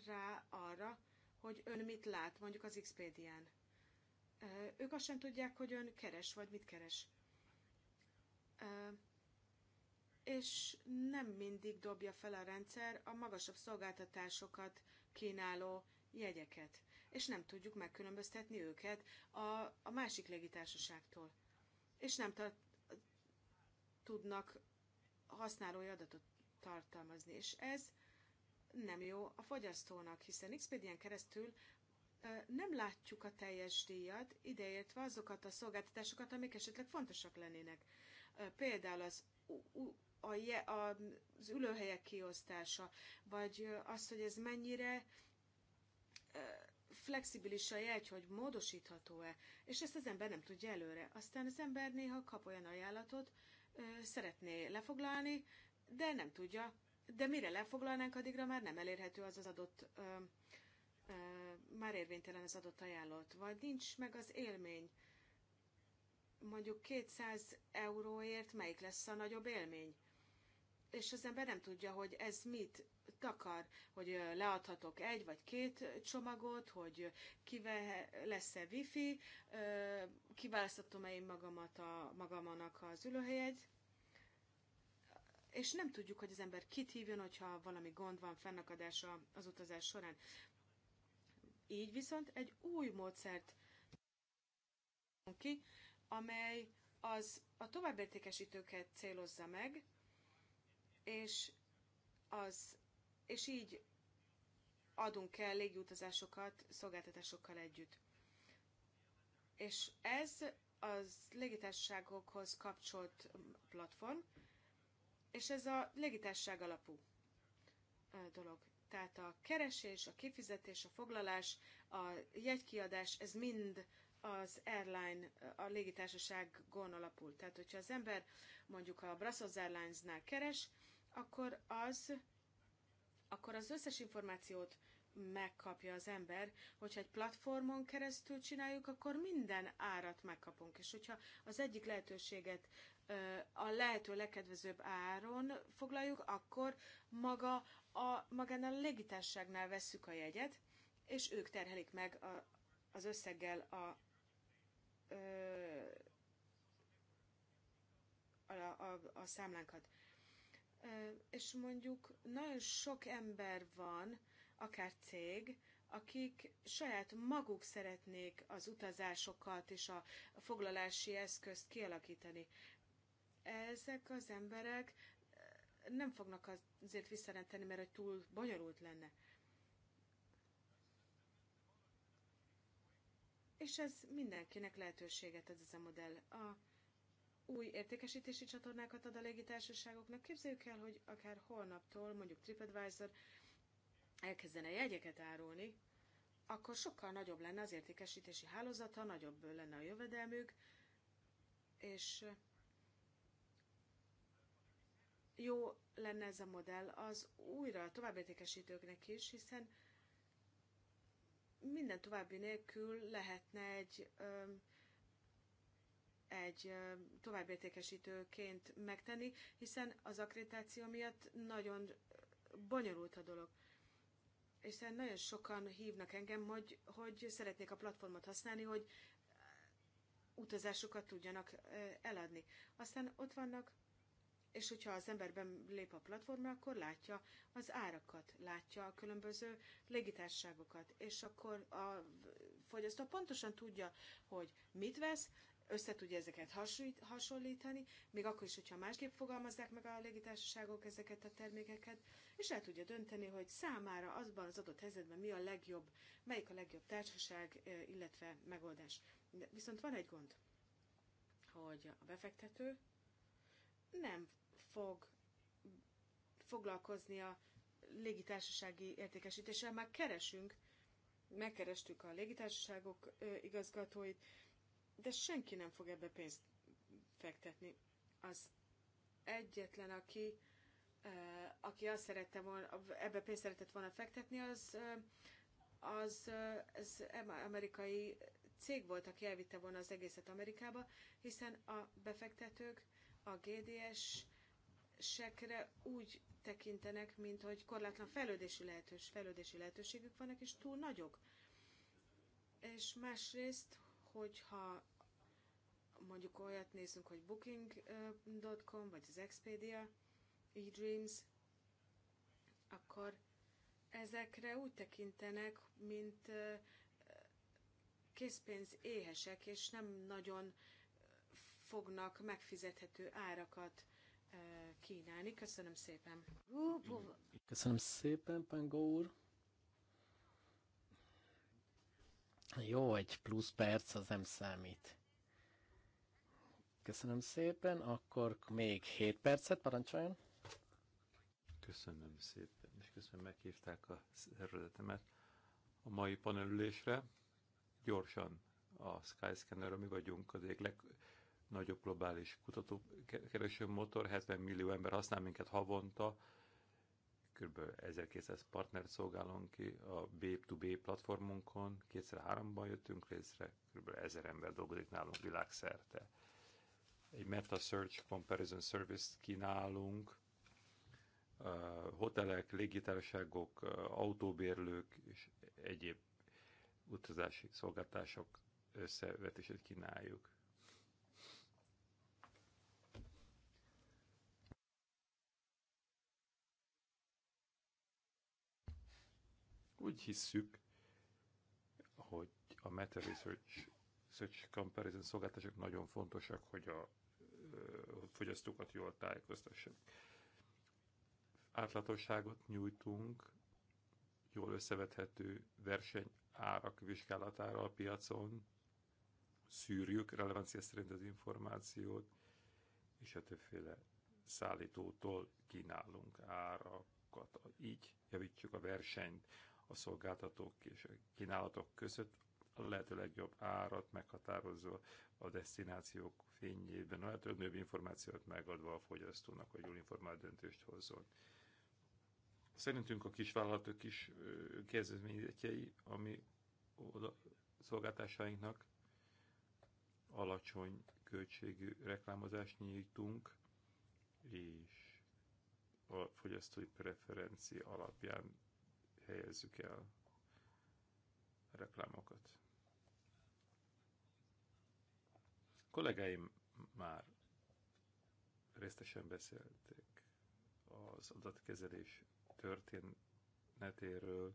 rá arra, hogy ön mit lát, mondjuk az Xpédián. Ők azt sem tudják, hogy ön keres, vagy mit keres. És nem mindig dobja fel a rendszer a magasabb szolgáltatásokat kínáló jegyeket, és nem tudjuk megkülönböztetni őket a, a másik légitársaságtól. És nem tart, tudnak használói adatot tartalmazni, és ez nem jó a fogyasztónak, hiszen Expedien keresztül nem látjuk a teljes díjat, ideértve azokat a szolgáltatásokat, amik esetleg fontosak lennének. Például az a, a, az ülőhelyek kiosztása, vagy az, hogy ez mennyire flexibilis a jegy, hogy módosítható-e, és ezt az ember nem tudja előre. Aztán az ember néha kap olyan ajánlatot, szeretné lefoglalni, de nem tudja. De mire lefoglalnánk, addigra már nem elérhető az az adott, ö, ö, már érvénytelen az adott ajánlat, vagy nincs meg az élmény. Mondjuk 200 euróért melyik lesz a nagyobb élmény? és az ember nem tudja, hogy ez mit takar, hogy leadhatok egy vagy két csomagot, hogy kivel lesz-e wifi, kiválasztottam-e én magamat a, magamanak az ülőhelyet, és nem tudjuk, hogy az ember kit hívjon, hogyha valami gond van, fennakadása az utazás során. Így viszont egy új módszert ki, amely az a továbbértékesítőket célozza meg, és, az, és így adunk el légiutazásokat szolgáltatásokkal együtt. És ez az légitársaságokhoz kapcsolt platform, és ez a légitársaság alapú dolog. Tehát a keresés, a kifizetés, a foglalás, a jegykiadás, ez mind az airline, a légitársaság gon alapul. Tehát, hogyha az ember mondjuk a Brussels Airlines-nál keres, akkor az, akkor az összes információt megkapja az ember. Hogyha egy platformon keresztül csináljuk, akkor minden árat megkapunk. És hogyha az egyik lehetőséget a lehető legkedvezőbb áron foglaljuk, akkor maga a, magán a légitárságnál vesszük a jegyet, és ők terhelik meg a, az összeggel a, a, a, a számlánkat és mondjuk nagyon sok ember van, akár cég, akik saját maguk szeretnék az utazásokat és a foglalási eszközt kialakítani. Ezek az emberek nem fognak azért visszarenteni, mert hogy túl bonyolult lenne. És ez mindenkinek lehetőséget ad ez a modell. A, új értékesítési csatornákat ad a légitársaságoknak. Képzeljük el, hogy akár holnaptól mondjuk TripAdvisor elkezdene jegyeket árulni, akkor sokkal nagyobb lenne az értékesítési hálózata, nagyobb lenne a jövedelmük, és jó lenne ez a modell az újra a továbbértékesítőknek is, hiszen minden további nélkül lehetne egy ö, egy továbbértékesítőként megtenni, hiszen az akkreditáció miatt nagyon bonyolult a dolog. Hiszen nagyon sokan hívnak engem, hogy, hogy szeretnék a platformot használni, hogy utazásokat tudjanak eladni. Aztán ott vannak, és hogyha az emberben lép a platformra, akkor látja az árakat, látja a különböző légitárságokat, és akkor a fogyasztó pontosan tudja, hogy mit vesz, összetudja ezeket hasonlítani, még akkor is, hogyha másképp fogalmazzák meg a légitársaságok ezeket a termékeket, és el tudja dönteni, hogy számára azban az adott helyzetben mi a legjobb, melyik a legjobb társaság, illetve megoldás. De viszont van egy gond, hogy a befektető nem fog foglalkozni a légitársasági értékesítéssel, már keresünk, megkerestük a légitársaságok igazgatóit, de senki nem fog ebbe pénzt fektetni. Az egyetlen, aki, aki azt szerette volna, ebbe pénzt szeretett volna fektetni, az, az, az amerikai cég volt, aki elvitte volna az egészet Amerikába, hiszen a befektetők a GDS sekre úgy tekintenek, mint hogy korlátlan fejlődési, lehetős, fejlődési lehetőségük vannak, és túl nagyok. És másrészt, hogyha mondjuk olyat nézünk, hogy booking.com, vagy az Expedia, eDreams, akkor ezekre úgy tekintenek, mint készpénz éhesek, és nem nagyon fognak megfizethető árakat kínálni. Köszönöm szépen. Köszönöm szépen, Pangó úr. Jó, egy plusz perc az nem számít. Köszönöm szépen, akkor még 7 percet parancsoljon. Köszönöm szépen, és köszönöm, meghívták a szervezetemet a mai panelülésre. Gyorsan a Skyscanner, mi vagyunk az egyik legnagyobb globális kutatókereső motor, 70 millió ember használ minket havonta, kb. 1200 partnert szolgálunk ki a B2B platformunkon, Kétszer háromban jöttünk részre, kb. 1000 ember dolgozik nálunk világszerte. Egy Meta Search Comparison service kínálunk, hotelek, légitársaságok, autóbérlők és egyéb utazási szolgáltások összevetését kínáljuk. Úgy hisszük, hogy a Meta Research, Research Comparison szolgáltatások nagyon fontosak, hogy a fogyasztókat jól tájékoztassuk. Átlatosságot nyújtunk, jól összevethető verseny árak vizsgálatára a piacon, szűrjük relevancia szerint az információt, és a többféle szállítótól kínálunk árakat. Így javítjuk a versenyt a szolgáltatók és a kínálatok között a lehető legjobb árat meghatározva a destinációk fényében, a lehető legnagyobb információt megadva a fogyasztónak, hogy jól informált döntést hozzon. Szerintünk a kisvállalatok is kezdeményezetjei, ami oda szolgáltásainknak alacsony költségű reklámozást nyújtunk, és a fogyasztói preferencia alapján helyezzük el a reklámokat. A kollégáim már résztesen beszélték az adatkezelés történetéről,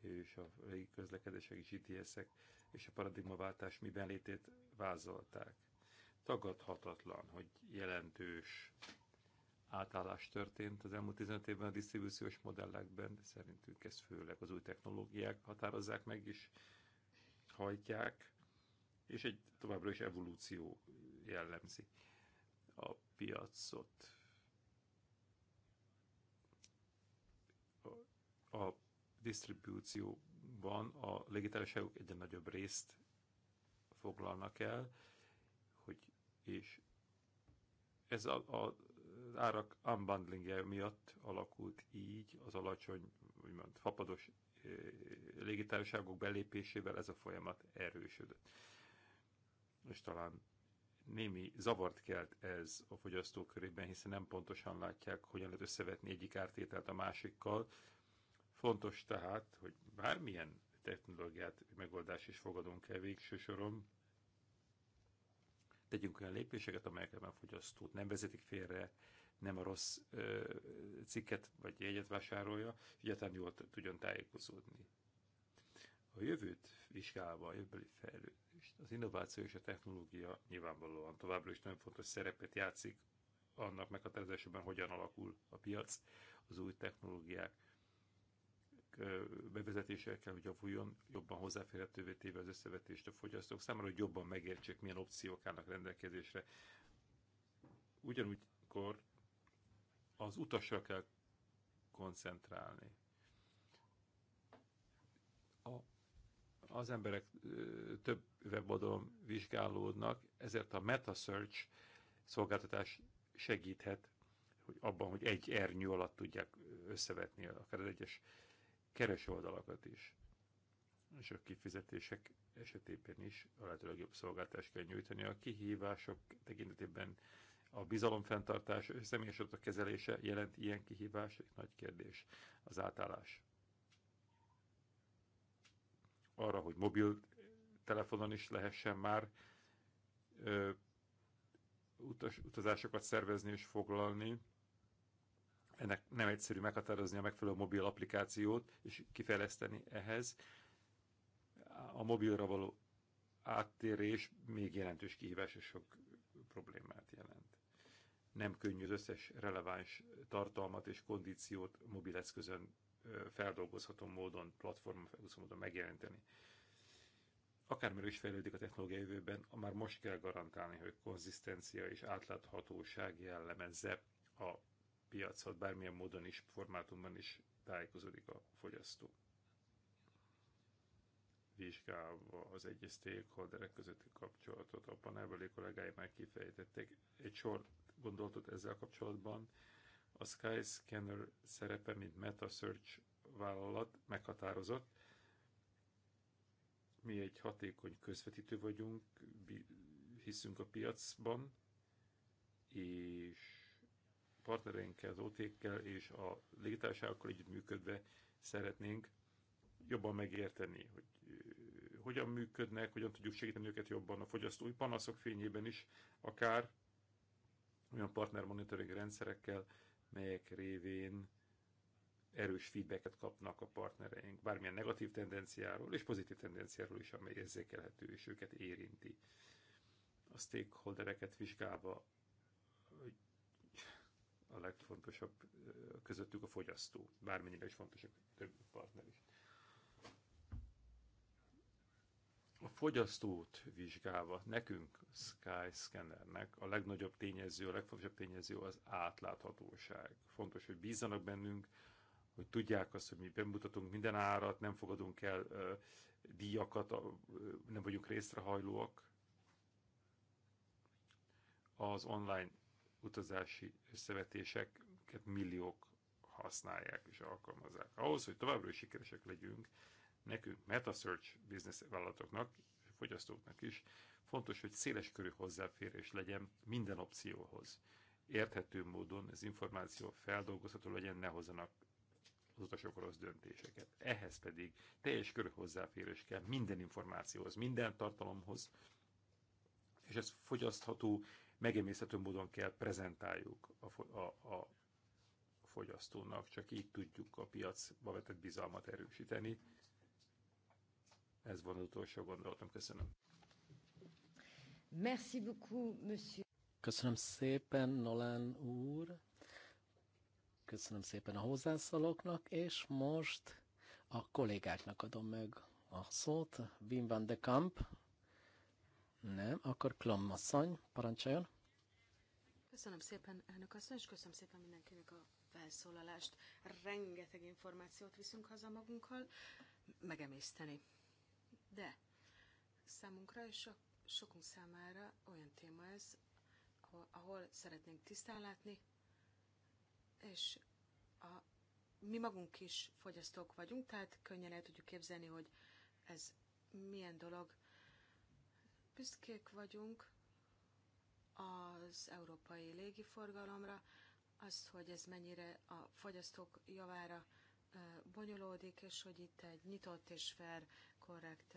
és a régi közlekedések, GTS-ek és a paradigmaváltás miben létét vázolták. Tagadhatatlan, hogy jelentős átállás történt az elmúlt 15 évben a disztribúciós modellekben, de szerintünk ezt főleg az új technológiák határozzák meg és hajtják, és egy továbbra is evolúció jellemzi a piacot. A, a disztribúcióban a légitársaságok egyre nagyobb részt foglalnak el, hogy és ez a, a az árak unbundlingje miatt alakult így az alacsony, úgymond fapados eh, légitársaságok belépésével ez a folyamat erősödött. És talán némi zavart kelt ez a fogyasztók körében, hiszen nem pontosan látják, hogyan lehet összevetni egyik ártételt a másikkal. Fontos tehát, hogy bármilyen technológiát, megoldás is fogadunk el végső soron, Tegyünk olyan lépéseket, amelyeket a fogyasztót nem vezetik félre, nem a rossz ö, cikket vagy jegyet vásárolja, egyáltalán jól tudjon tájékozódni. A jövőt vizsgálva, a jövőbeli fejlődést, az innováció és a technológia nyilvánvalóan továbbra is nagyon fontos szerepet játszik annak meghatározásában, hogyan alakul a piac, az új technológiák bevezetése kell, hogy javuljon, jobban hozzáférhetővé téve az összevetést a fogyasztók számára, hogy jobban megértsék, milyen opciók állnak rendelkezésre. Ugyanúgykor az utasra kell koncentrálni. A, az emberek ö, több weboldalon vizsgálódnak, ezért a MetaSearch szolgáltatás segíthet hogy abban, hogy egy ernyő alatt tudják összevetni akár az egyes kereső oldalakat is. És a kifizetések esetében is a lehető legjobb szolgáltást kell nyújtani. A kihívások tekintetében a bizalom fenntartása és személyes adatok kezelése jelent ilyen kihívás, egy nagy kérdés az átállás. Arra, hogy mobil telefonon is lehessen már ö, utas, utazásokat szervezni és foglalni, ennek nem egyszerű meghatározni a megfelelő mobil applikációt és kifejleszteni ehhez. A mobilra való áttérés még jelentős kihívás és sok problémát jelent. Nem könnyű az összes releváns tartalmat és kondíciót eszközön feldolgozható módon, platformon feldolgozható módon megjelenteni. Akármilyen is fejlődik a technológia jövőben, már most kell garantálni, hogy konzisztencia és átláthatóság jellemezze a piacot bármilyen módon is, formátumban is tájékozódik a fogyasztó. Vizsgálva az egyes stakeholderek közötti kapcsolatot, a panelbeli kollégái már kifejtették egy sor gondolatot ezzel kapcsolatban. A Skyscanner szerepe, mint MetaSearch vállalat meghatározott. Mi egy hatékony közvetítő vagyunk, hiszünk a piacban, és partnereinkkel, az OT-kkel és a légitársákkal együttműködve szeretnénk jobban megérteni, hogy hogyan működnek, hogyan tudjuk segíteni őket jobban a fogyasztói panaszok fényében is, akár olyan partner monitoring rendszerekkel, melyek révén erős feedbacket kapnak a partnereink, bármilyen negatív tendenciáról és pozitív tendenciáról is, amely érzékelhető és őket érinti. A stakeholdereket vizsgálva a legfontosabb közöttük a fogyasztó, bármennyire is fontos a több partner is. A fogyasztót vizsgálva nekünk, Skyscannernek a legnagyobb tényező, a legfontosabb tényező az átláthatóság. Fontos, hogy bízzanak bennünk, hogy tudják azt, hogy mi bemutatunk minden árat, nem fogadunk el ö, díjakat, ö, nem vagyunk részrehajlóak. Az online utazási összevetéseket milliók használják és alkalmazzák. Ahhoz, hogy továbbra is sikeresek legyünk, nekünk, MetaSearch biznisz vállalatoknak, fogyasztóknak is, fontos, hogy széles körű hozzáférés legyen minden opcióhoz. Érthető módon az információ feldolgozható legyen, ne hozzanak az utasok rossz döntéseket. Ehhez pedig teljes körű hozzáférés kell minden információhoz, minden tartalomhoz, és ez fogyasztható, megemészhető módon kell prezentáljuk a, a, a fogyasztónak, csak így tudjuk a piacba vetett bizalmat erősíteni. Ez van az utolsó gondolatom. Köszönöm. Merci beaucoup, monsieur. Köszönöm szépen, Nolan úr. Köszönöm szépen a hozzászólóknak, és most a kollégáknak adom meg a szót. Wim van de Kamp nem, akkor Klammasszony, parancsoljon. Köszönöm szépen, elnök asszony, és köszönöm szépen mindenkinek a felszólalást. Rengeteg információt viszünk haza magunkkal megemészteni. De számunkra és a sokunk számára olyan téma ez, ahol, ahol szeretnénk tisztán látni, és a, mi magunk is fogyasztók vagyunk, tehát könnyen el tudjuk képzelni, hogy ez milyen dolog, Büszkék vagyunk az európai légiforgalomra, azt, hogy ez mennyire a fogyasztók javára bonyolódik, és hogy itt egy nyitott és fair, korrekt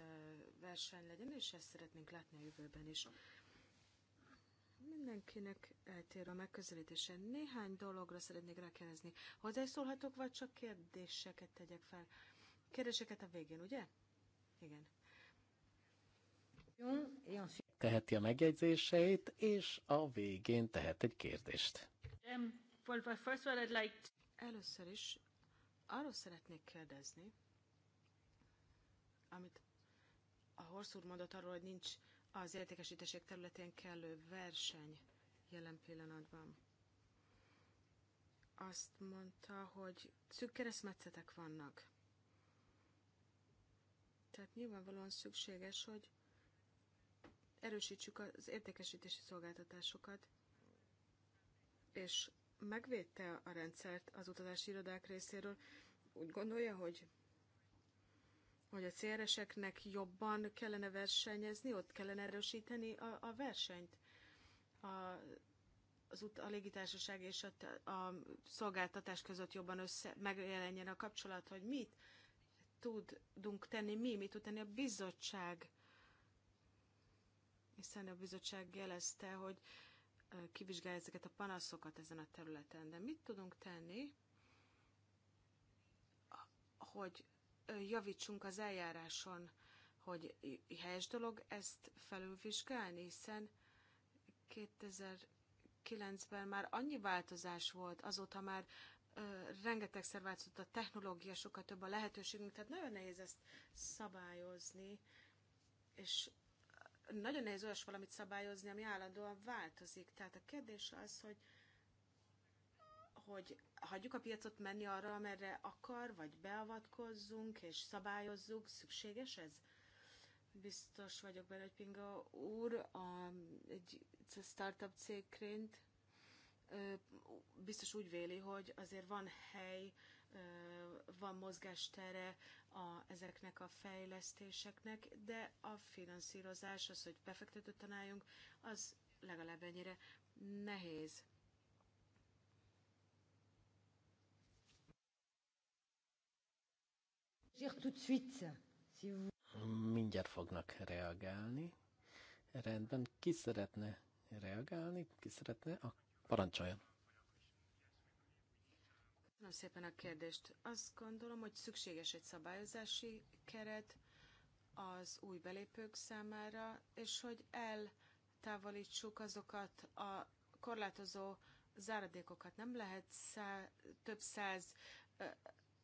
verseny legyen, és ezt szeretnénk látni a jövőben is. Mindenkinek eltér a megközelítése. Néhány dologra szeretnék rákérdezni. Hozzászólhatok, vagy csak kérdéseket tegyek fel? Kérdéseket a végén, ugye? Igen teheti a megjegyzéseit, és a végén tehet egy kérdést. Először is arról szeretnék kérdezni, amit a Horsz mondott arról, hogy nincs az értékesítések területén kellő verseny jelen pillanatban. Azt mondta, hogy szűk keresztmetszetek vannak. Tehát nyilvánvalóan szükséges, hogy erősítsük az értékesítési szolgáltatásokat, és megvédte a rendszert az utazási irodák részéről. Úgy gondolja, hogy hogy a CRS-eknek er jobban kellene versenyezni, ott kellene erősíteni a, a versenyt a, az ut, a légitársaság és a, a szolgáltatás között jobban össze, megjelenjen a kapcsolat, hogy mit tudunk tenni mi, mit tud tenni a bizottság hiszen a bizottság jelezte, hogy kivizsgálja ezeket a panaszokat ezen a területen. De mit tudunk tenni, hogy javítsunk az eljáráson, hogy helyes dolog ezt felülvizsgálni, hiszen 2009-ben már annyi változás volt, azóta már rengetegszer változott a technológia, sokkal több a lehetőségünk, tehát nagyon nehéz ezt szabályozni, és nagyon nehéz olyas valamit szabályozni, ami állandóan változik. Tehát a kérdés az, hogy, hogy hagyjuk a piacot menni arra, amerre akar, vagy beavatkozzunk és szabályozzuk. Szükséges ez? Biztos vagyok benne, hogy Pinga úr a, egy startup cégként biztos úgy véli, hogy azért van hely van mozgástere a, ezeknek a fejlesztéseknek, de a finanszírozás, az, hogy befektetőt tanáljunk, az legalább ennyire nehéz. Mindjárt fognak reagálni. Rendben, ki szeretne reagálni? Ki szeretne? Ah, parancsoljon! Köszönöm szépen a kérdést. Azt gondolom, hogy szükséges egy szabályozási keret az új belépők számára, és hogy eltávolítsuk azokat a korlátozó záradékokat. Nem lehet szá, több száz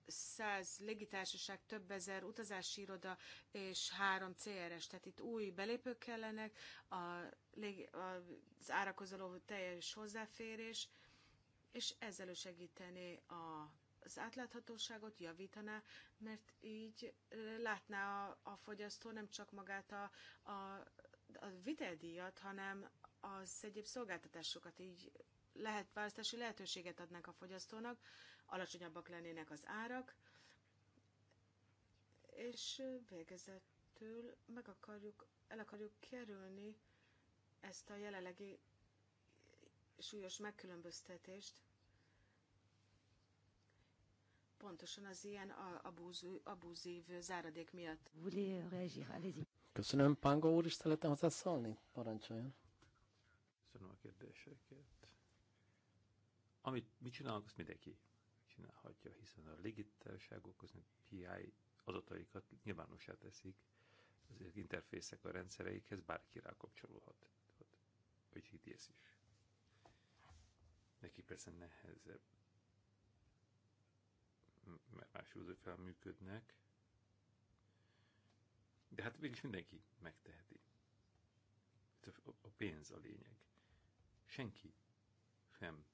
száz légitársaság, több ezer utazási iroda és három CRS, tehát itt új belépők kellenek, a, az árakozoló teljes hozzáférés, és ezzel ő segítené a az átláthatóságot javítaná, mert így látná a, a fogyasztó nem csak magát a, a, a viteldíjat, hanem az egyéb szolgáltatásokat így lehet választási lehetőséget adnak a fogyasztónak, alacsonyabbak lennének az árak, és végezetül meg akarjuk, el akarjuk kerülni ezt a jelenlegi súlyos megkülönböztetést pontosan az ilyen abúzú, abúzív záradék miatt. Euh, Köszönöm, Pango úr is szeretne hozzászólni. Parancsoljon. Köszönöm a kérdéseket. Amit mi csinálunk, azt mindenki csinálhatja, hiszen a légitárságok az PI adataikat nyilvánossá teszik, az interfészek a rendszereikhez bárki rákapcsolódhat, vagy GTS is neki persze nehezebb, mert más filozófiával működnek, de hát mégis mindenki megteheti. A pénz a lényeg. Senki sem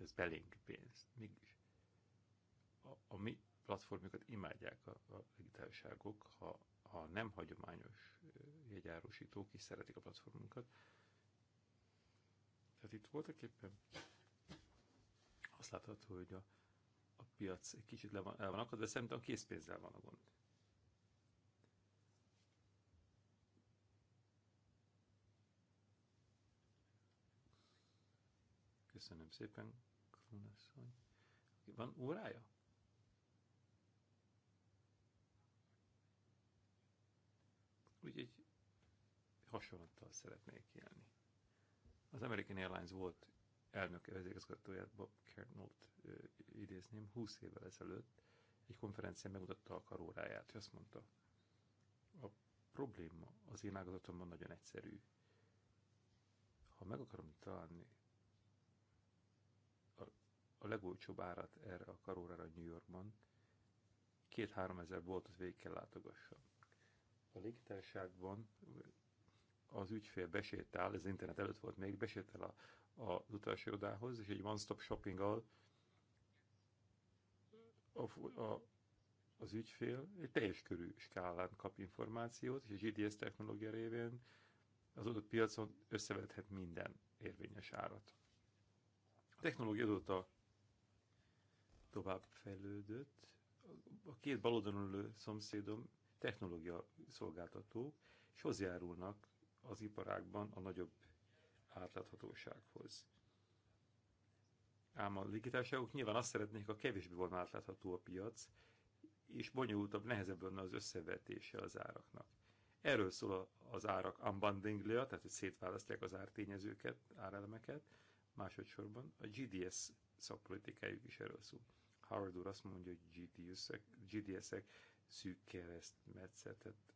ez belénk pénz. Mégis. A, a mi platformjukat imádják a, a digitálságok, ha, ha nem hagyományos jegyárusítók is szeretik a platformunkat, tehát itt voltak éppen azt látható, hogy a, a piac egy kicsit le van, el van akad, de szerintem a készpénzzel van a gond. Köszönöm szépen, Krunasszony. Van órája? Úgyhogy hasonlattal szeretnék élni. Az American Airlines volt elnök vezérigazgatóját, Bob Kernold idézném, 20 évvel ezelőtt egy konferencián megmutatta a karóráját, és azt mondta, a probléma az én ágazatomban nagyon egyszerű. Ha meg akarom találni a, a legolcsóbb árat erre a karórára New Yorkban, két-három ezer boltot végig kell látogassam. A légitárságban az ügyfél besétál, ez internet előtt volt még, besétál a, a, az utasirodához, és egy one-stop shopping a, a, az ügyfél egy teljes körű skálán kap információt, és a GDS technológia révén az adott piacon összevethet minden érvényes árat. A technológia azóta tovább fejlődött. A két baloldalon ülő szomszédom technológia szolgáltatók, és hozzájárulnak az iparákban a nagyobb átláthatósághoz. Ám a légitársaságok nyilván azt szeretnék, ha kevésbé volna átlátható a piac, és bonyolultabb, nehezebb lenne az összevetése az áraknak. Erről szól az árak unbundling tehát hogy szétválasztják az ártényezőket, árelemeket, másodszorban a GDS szakpolitikájuk is erről szól. Howard úr azt mondja, hogy GDS-ek, gds szűk keresztmetszetet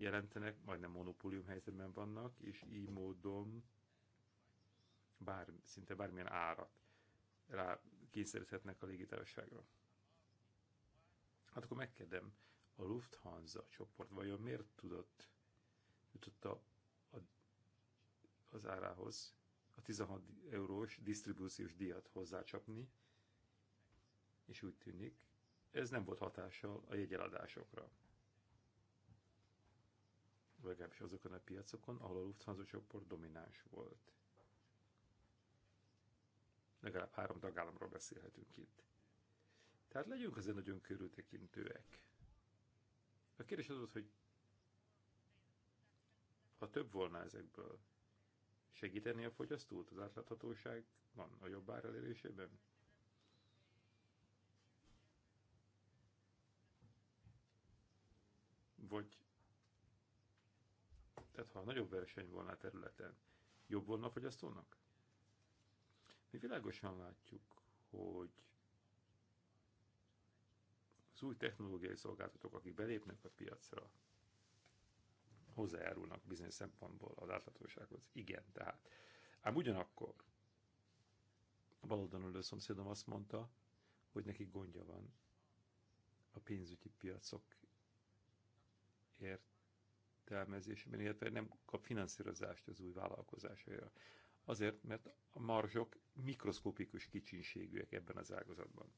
jelentenek, majdnem monopólium helyzetben vannak, és így módon bár, szinte bármilyen árat rá kényszeríthetnek a légitársaságra. Hát akkor megkérdem, a Lufthansa csoport vajon miért tudott, jutott a, a, az árához a 16 eurós disztribúciós díjat hozzácsapni, és úgy tűnik, ez nem volt hatással a jegyeladásokra legalábbis azokon a piacokon, ahol a Lufthansa csoport domináns volt. Legalább három tagállamról beszélhetünk itt. Tehát legyünk azért nagyon körültekintőek. A kérdés az volt, hogy ha több volna ezekből, segíteni a fogyasztót az átláthatóság van a jobb ár elérésében? Vagy tehát ha nagyobb verseny volna a területen, jobb volna a fogyasztónak? Mi világosan látjuk, hogy az új technológiai szolgáltatók, akik belépnek a piacra, hozzájárulnak bizonyos szempontból az átláthatósághoz. Igen, tehát. Ám ugyanakkor a baloldalon ülő szomszédom azt mondta, hogy neki gondja van a pénzügyi piacok ért értelmezésében, illetve nem kap finanszírozást az új vállalkozásaira. Azért, mert a marzsok mikroszkopikus kicsinségűek ebben az ágazatban.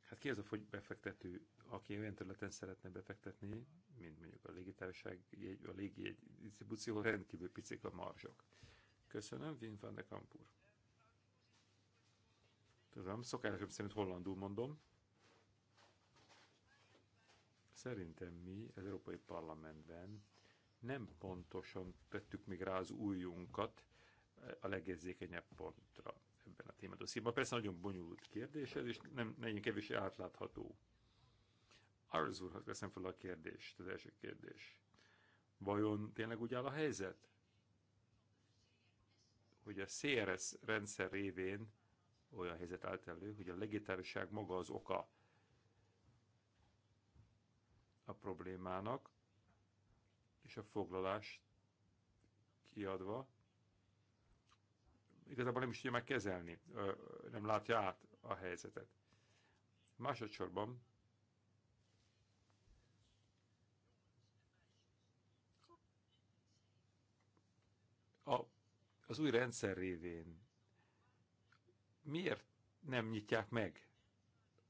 Hát ki az a fogy befektető, aki olyan területen szeretne befektetni, mint mondjuk a légitárság, a légi distribúció, rendkívül picik a marzsok. Köszönöm, Wim van de Kampur. Tudom, szokásom szerint hollandul mondom. Szerintem mi az Európai Parlamentben nem pontosan tettük még rá az újunkat a legérzékenyebb pontra ebben a témadosszíban. Persze nagyon bonyolult kérdés ez, és nem, nagyon kevés átlátható. Arz úrhoz veszem fel a kérdést, az első kérdés. Vajon tényleg úgy áll a helyzet? Hogy a CRS rendszer révén olyan helyzet állt elő, hogy a legitárság maga az oka a problémának, és a foglalást kiadva, igazából nem is tudja már kezelni, nem látja át a helyzetet. Másodszorban a, az új rendszer révén miért nem nyitják meg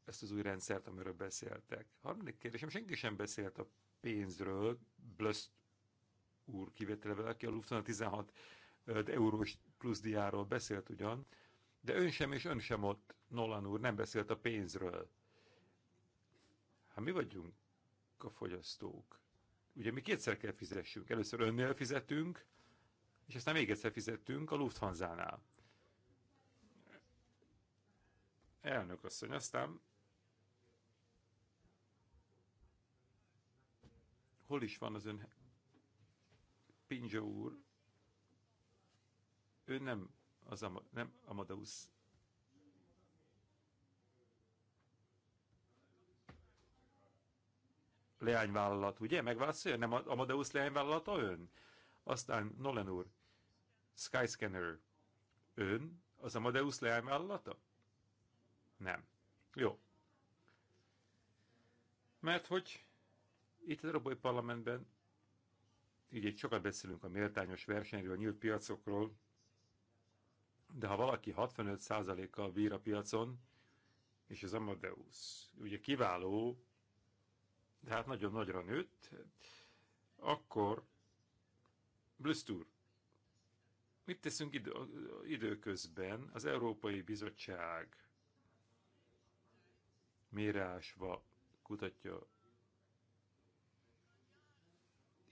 ezt az új rendszert, amiről beszéltek. Harmadik kérdésem, senki sem beszélt a pénzről, Blöszt úr kivételével, aki a Lufthansa 16 eurós plusz diáról beszélt ugyan, de ön sem és ön sem ott, Nolan úr, nem beszélt a pénzről. Hát mi vagyunk a fogyasztók. Ugye mi kétszer kell fizessünk. Először önnél fizetünk, és aztán még egyszer fizettünk a Lufthansa-nál. Elnök asszony, aztán Hol is van az ön Pinja úr? Ő nem az Am nem Amadeus. Leányvállalat, ugye? Megválaszolja? Nem Amadeus leányvállalata ön? Aztán Nolan úr, Skyscanner, ön az Amadeus leányvállalata? Nem. Jó. Mert hogy itt az Európai Parlamentben így egy sokat beszélünk a méltányos versenyről, a nyílt piacokról, de ha valaki 65%-kal bír a piacon, és az Amadeus ugye kiváló, de hát nagyon nagyra nőtt, akkor Blüstur, mit teszünk idő, időközben az Európai Bizottság mérásva kutatja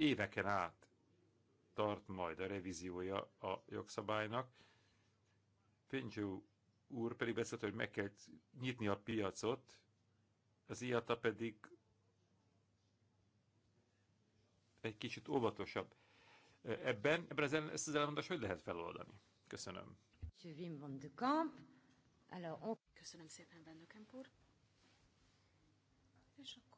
éveken át tart majd a revíziója a jogszabálynak. Pincsó úr pedig beszélt, hogy meg kell nyitni a piacot, az IATA pedig egy kicsit óvatosabb. Ebben, ebben az, ezt az elmondást hogy lehet feloldani? Köszönöm. Köszönöm szépen, úr. És akkor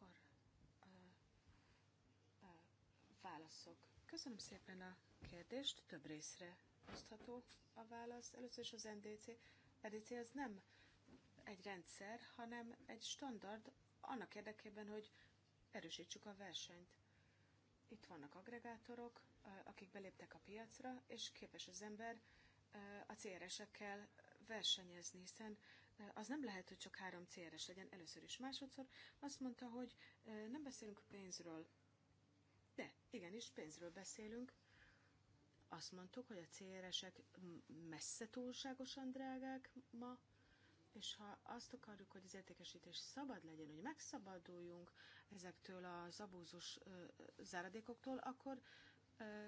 válaszok. Köszönöm szépen a kérdést, több részre osztható a válasz. Először is az NDC. NDC az nem egy rendszer, hanem egy standard annak érdekében, hogy erősítsük a versenyt. Itt vannak agregátorok, akik beléptek a piacra, és képes az ember a CRS-ekkel versenyezni, hiszen az nem lehet, hogy csak három CRS legyen először is. Másodszor azt mondta, hogy nem beszélünk pénzről, Igenis, pénzről beszélünk. Azt mondtuk, hogy a CRS-ek messze túlságosan drágák ma, és ha azt akarjuk, hogy az értékesítés szabad legyen, hogy megszabaduljunk ezektől az abúzus záradékoktól, akkor ö,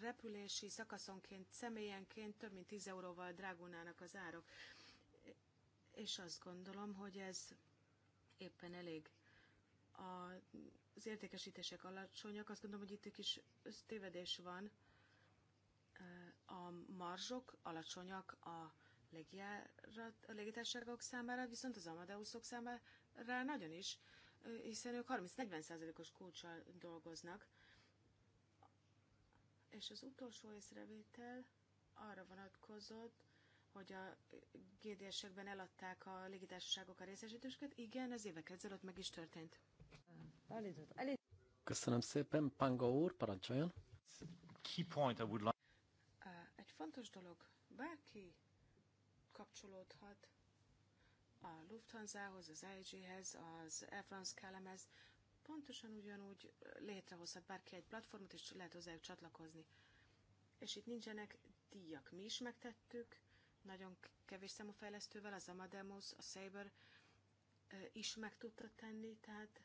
repülési szakaszonként, személyenként több mint 10 euróval drágulnának az árak. És azt gondolom, hogy ez éppen elég a az értékesítések alacsonyak, azt gondolom, hogy itt egy kis tévedés van. A marzsok alacsonyak a, a légitársaságok számára, viszont az amadeuszok számára nagyon is, hiszen ők 30-40%-os kulcsal dolgoznak. És az utolsó észrevétel arra vonatkozott, hogy a GDS-ekben eladták a légitársaságok a részesítősket. Igen, ez évek ezelőtt meg is történt. Köszönöm szépen, Pango úr, parancsoljon. Key point I would like... Egy fontos dolog, bárki kapcsolódhat a Lufthansa-hoz, az AIG-hez, az Air France KLM-hez, pontosan ugyanúgy létrehozhat bárki egy platformot, és lehet hozzájuk csatlakozni. És itt nincsenek díjak. Mi is megtettük, nagyon kevés számú fejlesztővel, az Amadeus, a Saber is meg tudta tenni, tehát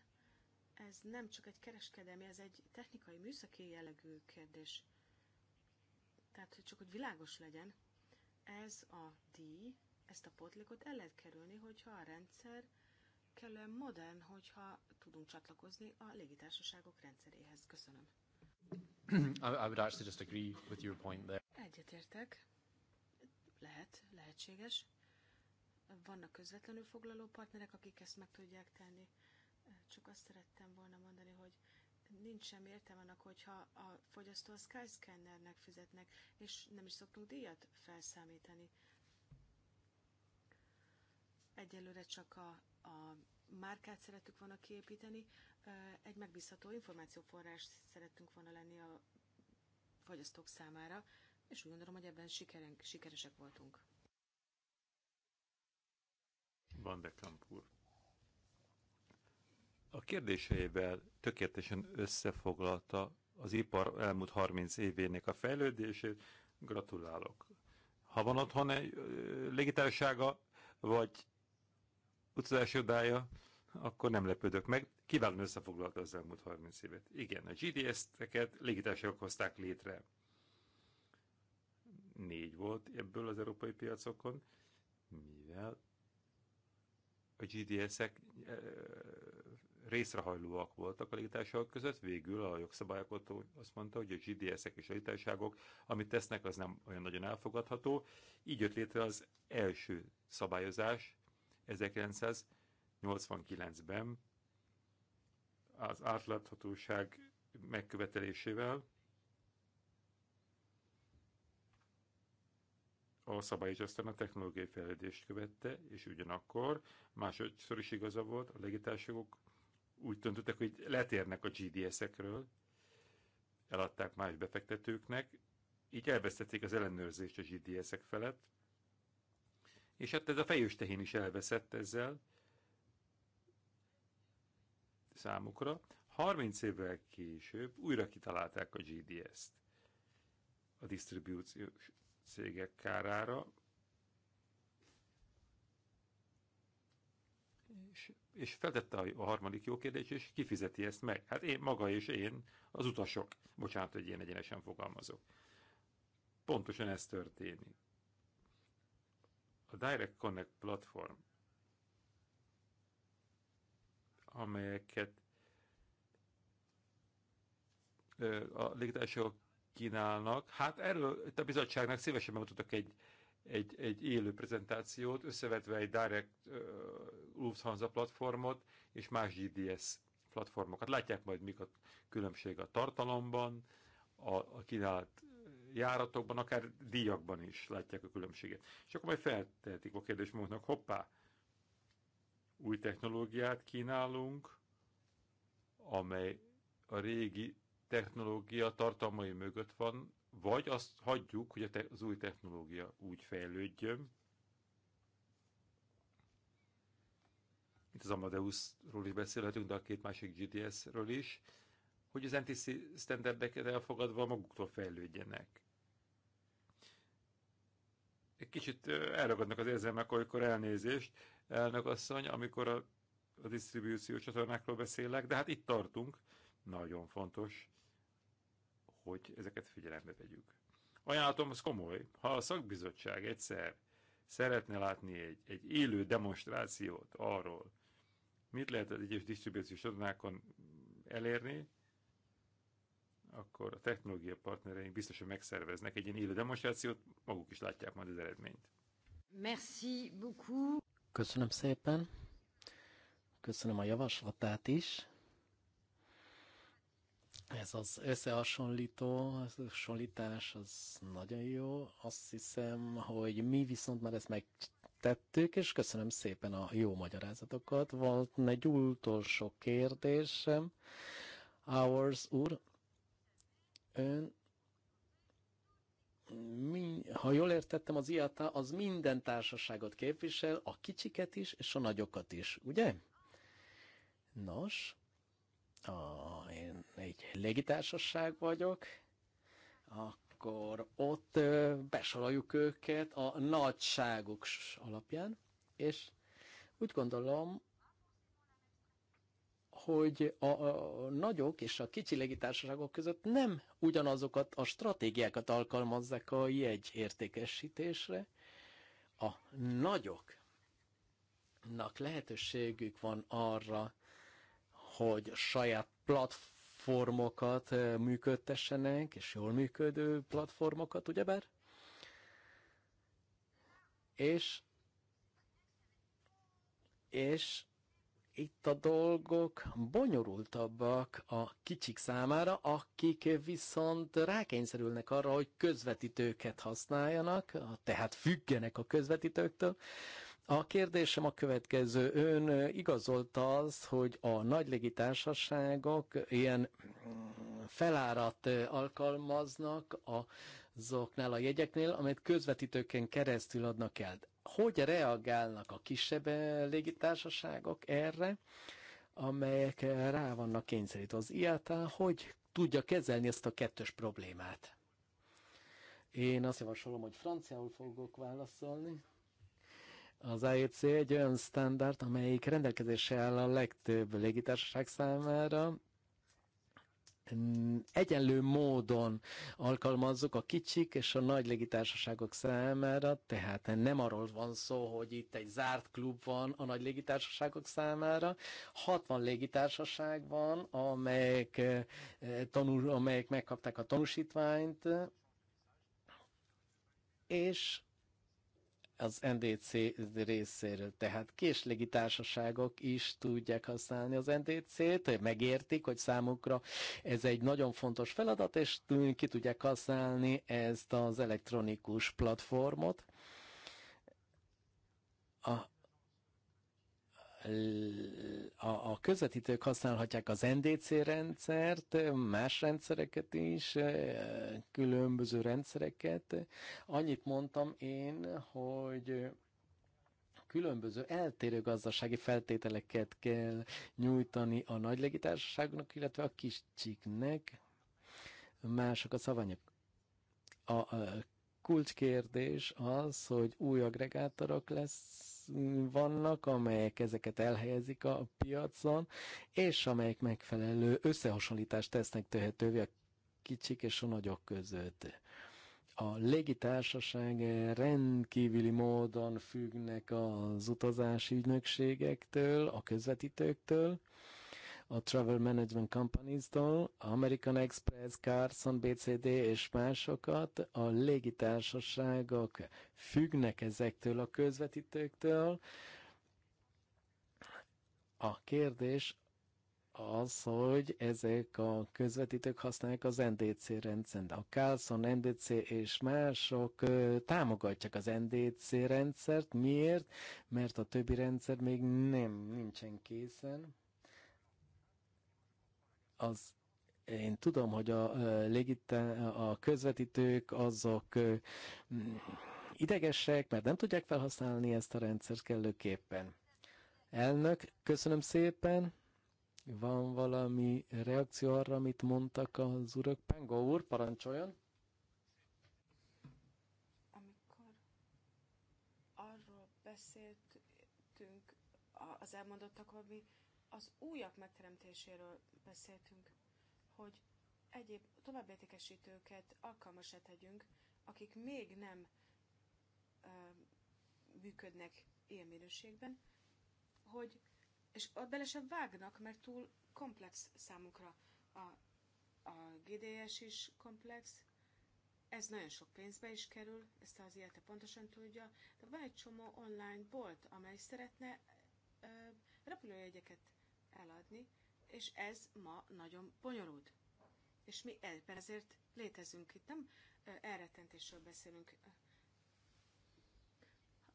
ez nem csak egy kereskedelmi, ez egy technikai, műszaki jellegű kérdés. Tehát, hogy csak hogy világos legyen, ez a díj, ezt a potlikot el lehet kerülni, hogyha a rendszer kellően modern, hogyha tudunk csatlakozni a légitársaságok rendszeréhez. Köszönöm. I would actually just agree with your point there. Egyetértek. Lehet, lehetséges. Vannak közvetlenül foglaló partnerek, akik ezt meg tudják tenni csak azt szerettem volna mondani, hogy nincs sem értelme annak, hogyha a fogyasztó a Skyscannernek fizetnek, és nem is szoktunk díjat felszámítani. Egyelőre csak a, a márkát szerettük volna kiépíteni, egy megbízható információforrás szerettünk volna lenni a fogyasztók számára, és úgy gondolom, hogy ebben sikeren, sikeresek voltunk. Van de Kampur. A kérdéseivel tökéletesen összefoglalta az ipar elmúlt 30 évének a fejlődését. Gratulálok. Ha van otthon egy légitársága, vagy utazási odája, akkor nem lepődök meg. Kiválóan összefoglalta az elmúlt 30 évet. Igen, a GDS-teket légitársaságok hozták létre. Négy volt ebből az európai piacokon, mivel a GDS-ek részrehajlóak voltak a légitársaságok között, végül a jogszabályokató azt mondta, hogy a GDS-ek és a légitársaságok, amit tesznek, az nem olyan nagyon elfogadható. Így jött létre az első szabályozás 1989-ben az átláthatóság megkövetelésével a szabály is aztán a technológiai fejlődést követte, és ugyanakkor másodszor is igaza volt, a légitársaságok úgy döntöttek, hogy letérnek a GDS-ekről, eladták más befektetőknek, így elvesztették az ellenőrzést a GDS-ek felett, és hát ez a fejős tehén is elveszett ezzel számukra. 30 évvel később újra kitalálták a GDS-t a disztribúciós cégek kárára, és és feltette a harmadik jó kérdés, és kifizeti ezt meg. Hát én maga és én, az utasok. Bocsánat, hogy ilyen egyenesen fogalmazok. Pontosan ez történik. A Direct Connect platform, amelyeket a légitársaságok kínálnak, hát erről itt a bizottságnak szívesen bemutatok egy, egy, egy élő prezentációt, összevetve egy direct Lufthansa platformot és más GDS platformokat. Látják majd, mik a különbség a tartalomban, a, a kínált járatokban, akár díjakban is látják a különbséget. És akkor majd feltehetik a kérdés magunknak, hoppá, új technológiát kínálunk, amely a régi technológia tartalmai mögött van, vagy azt hagyjuk, hogy az új technológia úgy fejlődjön, mint az Amadeusról is beszélhetünk, de a két másik GDS-ről is, hogy az NTC standardeket elfogadva maguktól fejlődjenek. Egy kicsit elragadnak az érzelmek, amikor elnézést, elnök asszony, amikor a, a disztribúció csatornákról beszélek, de hát itt tartunk, nagyon fontos, hogy ezeket figyelembe vegyük. Ajánlatom, az komoly, ha a szakbizottság egyszer szeretne látni egy, egy élő demonstrációt arról, mit lehet az egyes distribúciós csatornákon elérni, akkor a technológia partnereink biztosan megszerveznek egy ilyen élő demonstrációt, maguk is látják majd az eredményt. Merci beaucoup. Köszönöm szépen. Köszönöm a javaslatát is. Ez az összehasonlító, az hasonlítás, az nagyon jó. Azt hiszem, hogy mi viszont már ezt meg tettük, és köszönöm szépen a jó magyarázatokat. Volt egy utolsó kérdésem. Hours úr, ön mi, ha jól értettem, az IATA az minden társaságot képvisel, a kicsiket is, és a nagyokat is, ugye? Nos, a, én egy légitársaság vagyok, a akkor ott besoroljuk őket a nagyságuk alapján, és úgy gondolom, hogy a, a nagyok és a kicsi légitársaságok között nem ugyanazokat a stratégiákat alkalmazzák a jegy értékesítésre. A nagyoknak lehetőségük van arra, hogy saját platform platformokat eh, működtessenek, és jól működő platformokat, ugyebár? És, és itt a dolgok bonyolultabbak a kicsik számára, akik viszont rákényszerülnek arra, hogy közvetítőket használjanak, tehát függenek a közvetítőktől, a kérdésem a következő. Ön igazolta az, hogy a nagy légitársaságok ilyen mm, felárat alkalmaznak azoknál a jegyeknél, amelyet közvetítőken keresztül adnak el. Hogy reagálnak a kisebb légitársaságok erre, amelyek rá vannak kényszerítve az IATA, hogy tudja kezelni ezt a kettős problémát? Én azt javasolom, hogy franciául fogok válaszolni. Az IEC egy olyan standard, amelyik rendelkezésre áll a legtöbb légitársaság számára, egyenlő módon alkalmazzuk a kicsik és a nagy légitársaságok számára, tehát nem arról van szó, hogy itt egy zárt klub van a nagy légitársaságok számára. 60 légitársaság van, amelyek, eh, tanul, amelyek megkapták a tanúsítványt, és az NDC részéről. Tehát késlegi társaságok is tudják használni az NDC-t, megértik, hogy számukra ez egy nagyon fontos feladat, és ki tudják használni ezt az elektronikus platformot. A a, a közvetítők használhatják az NDC rendszert, más rendszereket is, különböző rendszereket. Annyit mondtam én, hogy különböző eltérő gazdasági feltételeket kell nyújtani a nagy légitársaságnak, illetve a kicsiknek. Mások a szavanyok. A, a kulcskérdés az, hogy új agregátorok lesz, vannak, amelyek ezeket elhelyezik a piacon, és amelyek megfelelő összehasonlítást tesznek tehetővé a kicsik és a nagyok között a légitársaság rendkívüli módon függnek az utazási ügynökségektől, a közvetítőktől, a Travel Management Companies-tól, American Express, Carson, BCD és másokat. A légitársaságok függnek ezektől a közvetítőktől. A kérdés az, hogy ezek a közvetítők használják az NDC rendszert. A Carlson, NDC és mások támogatják az NDC rendszert. Miért? Mert a többi rendszer még nem nincsen készen az én tudom, hogy a, a közvetítők azok idegesek, mert nem tudják felhasználni ezt a rendszert kellőképpen. Elnök, köszönöm szépen. Van valami reakció arra, amit mondtak az urak? Pengó úr, parancsoljon. Amikor arról beszéltünk az elmondottakról, mi az újak megteremtéséről beszéltünk, hogy egyéb továbbértékesítőket alkalmasra tegyünk, akik még nem ö, működnek ilyen minőségben, hogy, és bele sem vágnak, mert túl komplex számukra. A, a GDS is komplex, ez nagyon sok pénzbe is kerül, ezt az illetve pontosan tudja, de van egy csomó online bolt, amely szeretne ö, repülőjegyeket eladni, és ez ma nagyon bonyolult. És mi ebben ezért létezünk itt, nem elretentésről beszélünk.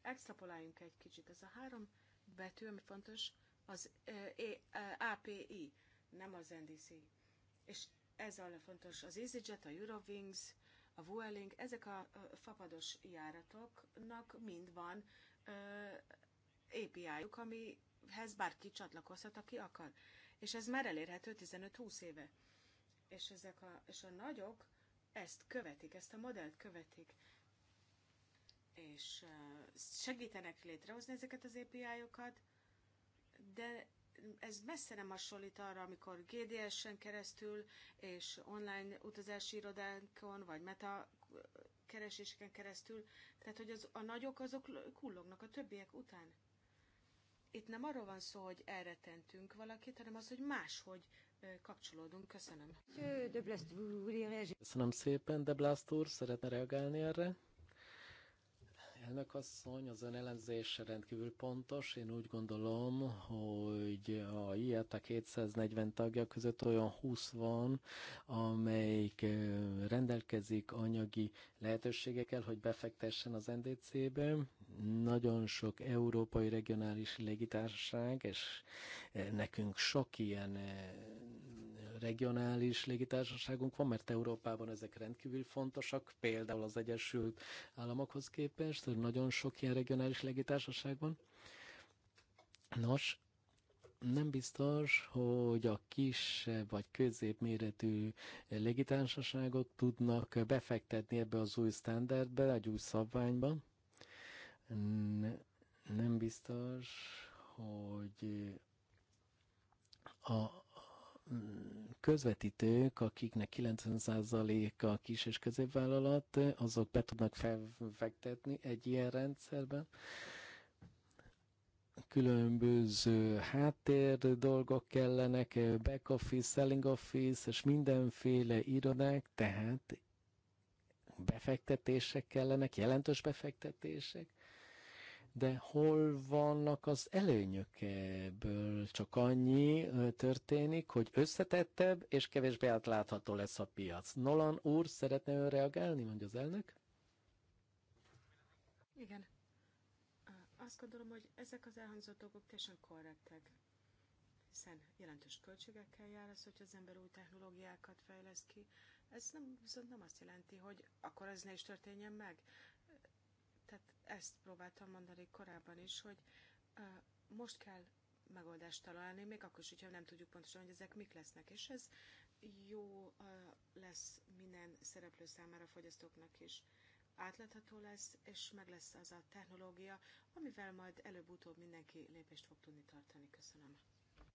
Extrapoláljunk egy kicsit, ez a három betű, ami fontos, az API, nem az NDC. És ez a fontos, az EasyJet, a Eurowings, a Vueling, ezek a fapados járatoknak mind van API-juk, ami amihez bárki csatlakozhat, aki akar. És ez már elérhető 15-20 éve. És, ezek a, és a nagyok ezt követik, ezt a modellt követik. És segítenek létrehozni ezeket az API-okat, de ez messze nem hasonlít arra, amikor GDS-en keresztül és online utazási irodánkon, vagy meta kereséseken keresztül, tehát hogy az, a nagyok azok kullognak a többiek után itt nem arról van szó, hogy elretentünk valakit, hanem az, hogy máshogy kapcsolódunk. Köszönöm. Köszönöm szépen, de úr, szeretne reagálni erre? Elnök asszony, az ön elemzés rendkívül pontos. Én úgy gondolom, hogy a IATA 240 tagja között olyan 20 van, amelyik rendelkezik anyagi lehetőségekkel, hogy befektessen az NDC-be. Nagyon sok európai regionális légitársaság, és nekünk sok ilyen regionális légitársaságunk van, mert Európában ezek rendkívül fontosak, például az Egyesült Államokhoz képest, nagyon sok ilyen regionális légitársaság van. Nos, nem biztos, hogy a kisebb vagy középméretű légitársaságok tudnak befektetni ebbe az új standardbe, egy új szabványba. Nem biztos, hogy a, közvetítők, akiknek 90%-a kis és középvállalat, azok be tudnak felvegtetni egy ilyen rendszerben. Különböző háttér dolgok kellenek, back office, selling office, és mindenféle irodák, tehát befektetések kellenek, jelentős befektetések, de hol vannak az előnyök ebből? Csak annyi történik, hogy összetettebb és kevésbé átlátható lesz a piac. Nolan úr, szeretne ön reagálni, mondja az elnök? Igen. Azt gondolom, hogy ezek az elhangzott dolgok teljesen korrektek, hiszen jelentős költségekkel jár az, hogy az ember új technológiákat fejleszt ki. Ez nem, viszont nem azt jelenti, hogy akkor ez ne is történjen meg ezt próbáltam mondani korábban is, hogy most kell megoldást találni, még akkor is, hogyha nem tudjuk pontosan, hogy ezek mik lesznek, és ez jó lesz minden szereplő számára, a fogyasztóknak is átlátható lesz, és meg lesz az a technológia, amivel majd előbb-utóbb mindenki lépést fog tudni tartani. Köszönöm.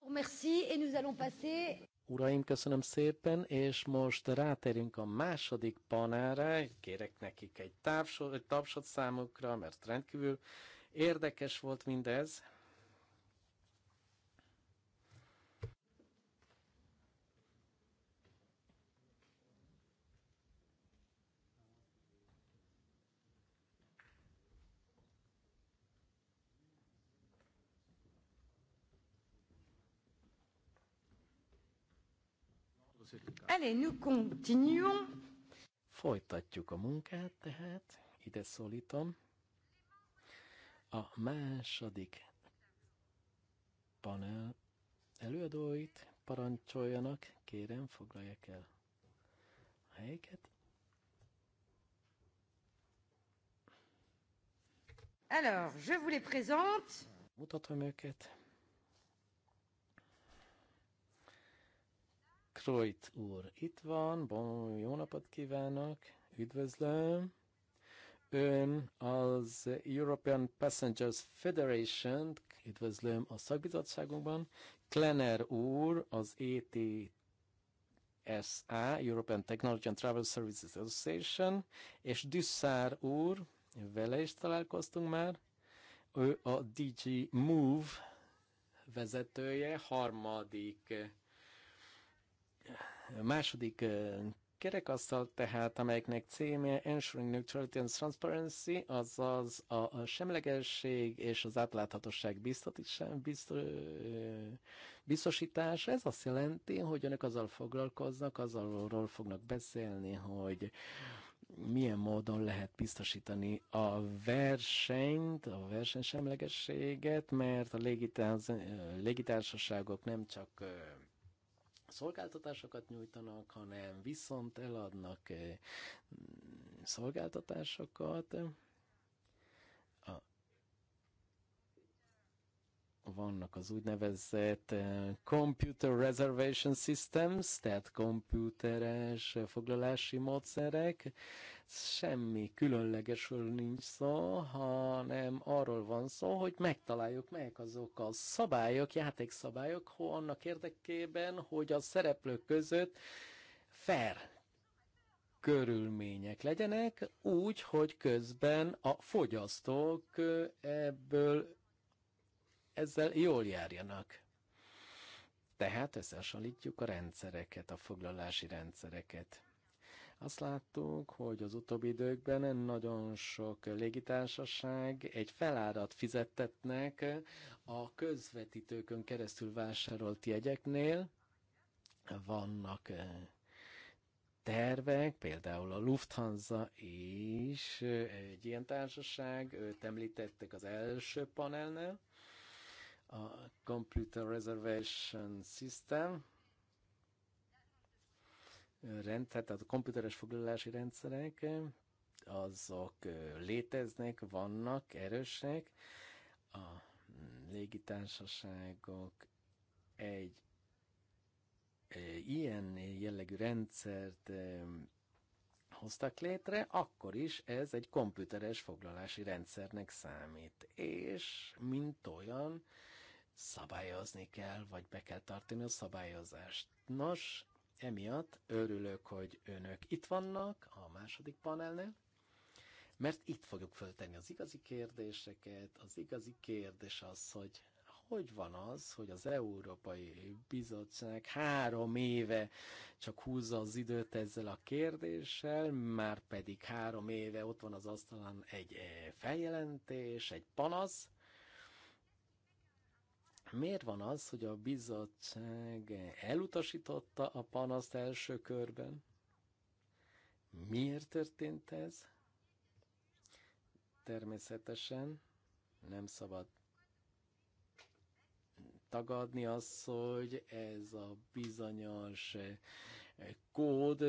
Merci, et nous allons passer. Uraim, köszönöm szépen, és most ráterünk a második panára. Kérek nekik egy, távsor, egy tapsot számukra, mert rendkívül érdekes volt mindez. Allez, nous continuons. Folytatjuk a munkát, tehát ide szólítom. A második panel előadóit parancsoljanak, kérem, foglalják el a helyeket. Alors, je vous les présente. Mutatom őket. Freud úr itt van, bon, jó napot kívánok, üdvözlöm. Ön az European Passengers Federation, üdvözlöm a szakbizottságunkban. Klener úr az ETSA, European Technology and Travel Services Association, és Düsszár úr, vele is találkoztunk már, ő a DG Move vezetője, harmadik második kerekasztal tehát, amelyiknek címe Ensuring Neutrality and Transparency, azaz a, a semlegesség és az átláthatóság biztosítás. Ez azt jelenti, hogy önök azzal foglalkoznak, azzalról fognak beszélni, hogy milyen módon lehet biztosítani a versenyt, a versenysemlegességet, mert a légitársaságok nem csak szolgáltatásokat nyújtanak, hanem viszont eladnak eh, szolgáltatásokat, vannak az úgynevezett eh, computer reservation systems, tehát komputeres foglalási módszerek. Semmi különlegesről nincs szó, hanem arról van szó, hogy megtaláljuk melyek azok a szabályok, játékszabályok, annak érdekében, hogy a szereplők között fair körülmények legyenek, úgy, hogy közben a fogyasztók eh, ebből ezzel jól járjanak. Tehát összehasonlítjuk a rendszereket, a foglalási rendszereket. Azt láttuk, hogy az utóbbi időkben nagyon sok légitársaság egy felárat fizettetnek a közvetítőkön keresztül vásárolt jegyeknél. Vannak eh, tervek, például a Lufthansa is eh, egy ilyen társaság, őt említettek az első panelnél, a Computer Reservation System rendszer, tehát a komputeres foglalási rendszerek, azok léteznek, vannak, erősek. A légitársaságok egy ilyen jellegű rendszert hoztak létre, akkor is ez egy komputeres foglalási rendszernek számít. És mint olyan, szabályozni kell, vagy be kell tartani a szabályozást. Nos, emiatt örülök, hogy önök itt vannak a második panelnél, mert itt fogjuk föltenni az igazi kérdéseket. Az igazi kérdés az, hogy hogy van az, hogy az Európai Bizottság három éve csak húzza az időt ezzel a kérdéssel, már pedig három éve ott van az asztalán egy eh, feljelentés, egy panasz, Miért van az, hogy a bizottság elutasította a panaszt első körben? Miért történt ez? Természetesen nem szabad tagadni azt, hogy ez a bizonyos eh, kód,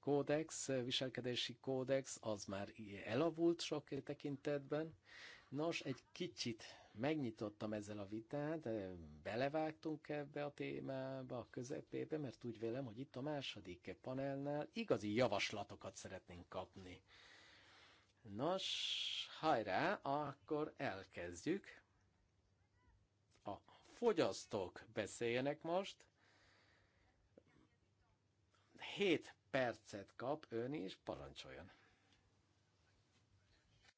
kódex, viselkedési kódex, az már elavult sok tekintetben. Nos, egy kicsit megnyitottam ezzel a vitát, eh, belevágtunk ebbe a témába a közepébe, mert úgy vélem, hogy itt a második panelnál igazi javaslatokat szeretnénk kapni. Nos, hajrá, akkor elkezdjük. A fogyasztók beszéljenek most. Hét percet kap ön is, parancsoljon.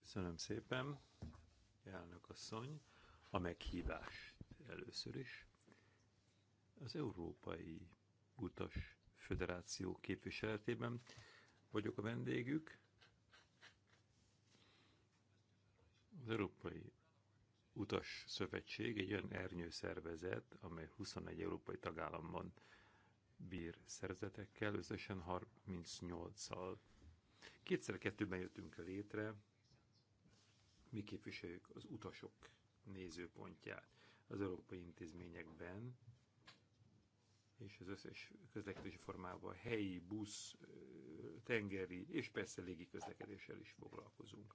Köszönöm szépen asszony, a meghívást először is. Az Európai Utas Föderáció képviseletében vagyok a vendégük. Az Európai Utas Szövetség egy olyan ernyőszervezet, amely 21 európai tagállamban bír szerzetekkel, összesen 38-szal. Kétszer-kettőben jöttünk létre, mi képviseljük az utasok nézőpontját az európai intézményekben, és az összes közlekedési formával helyi, busz, tengeri és persze légi közlekedéssel is foglalkozunk.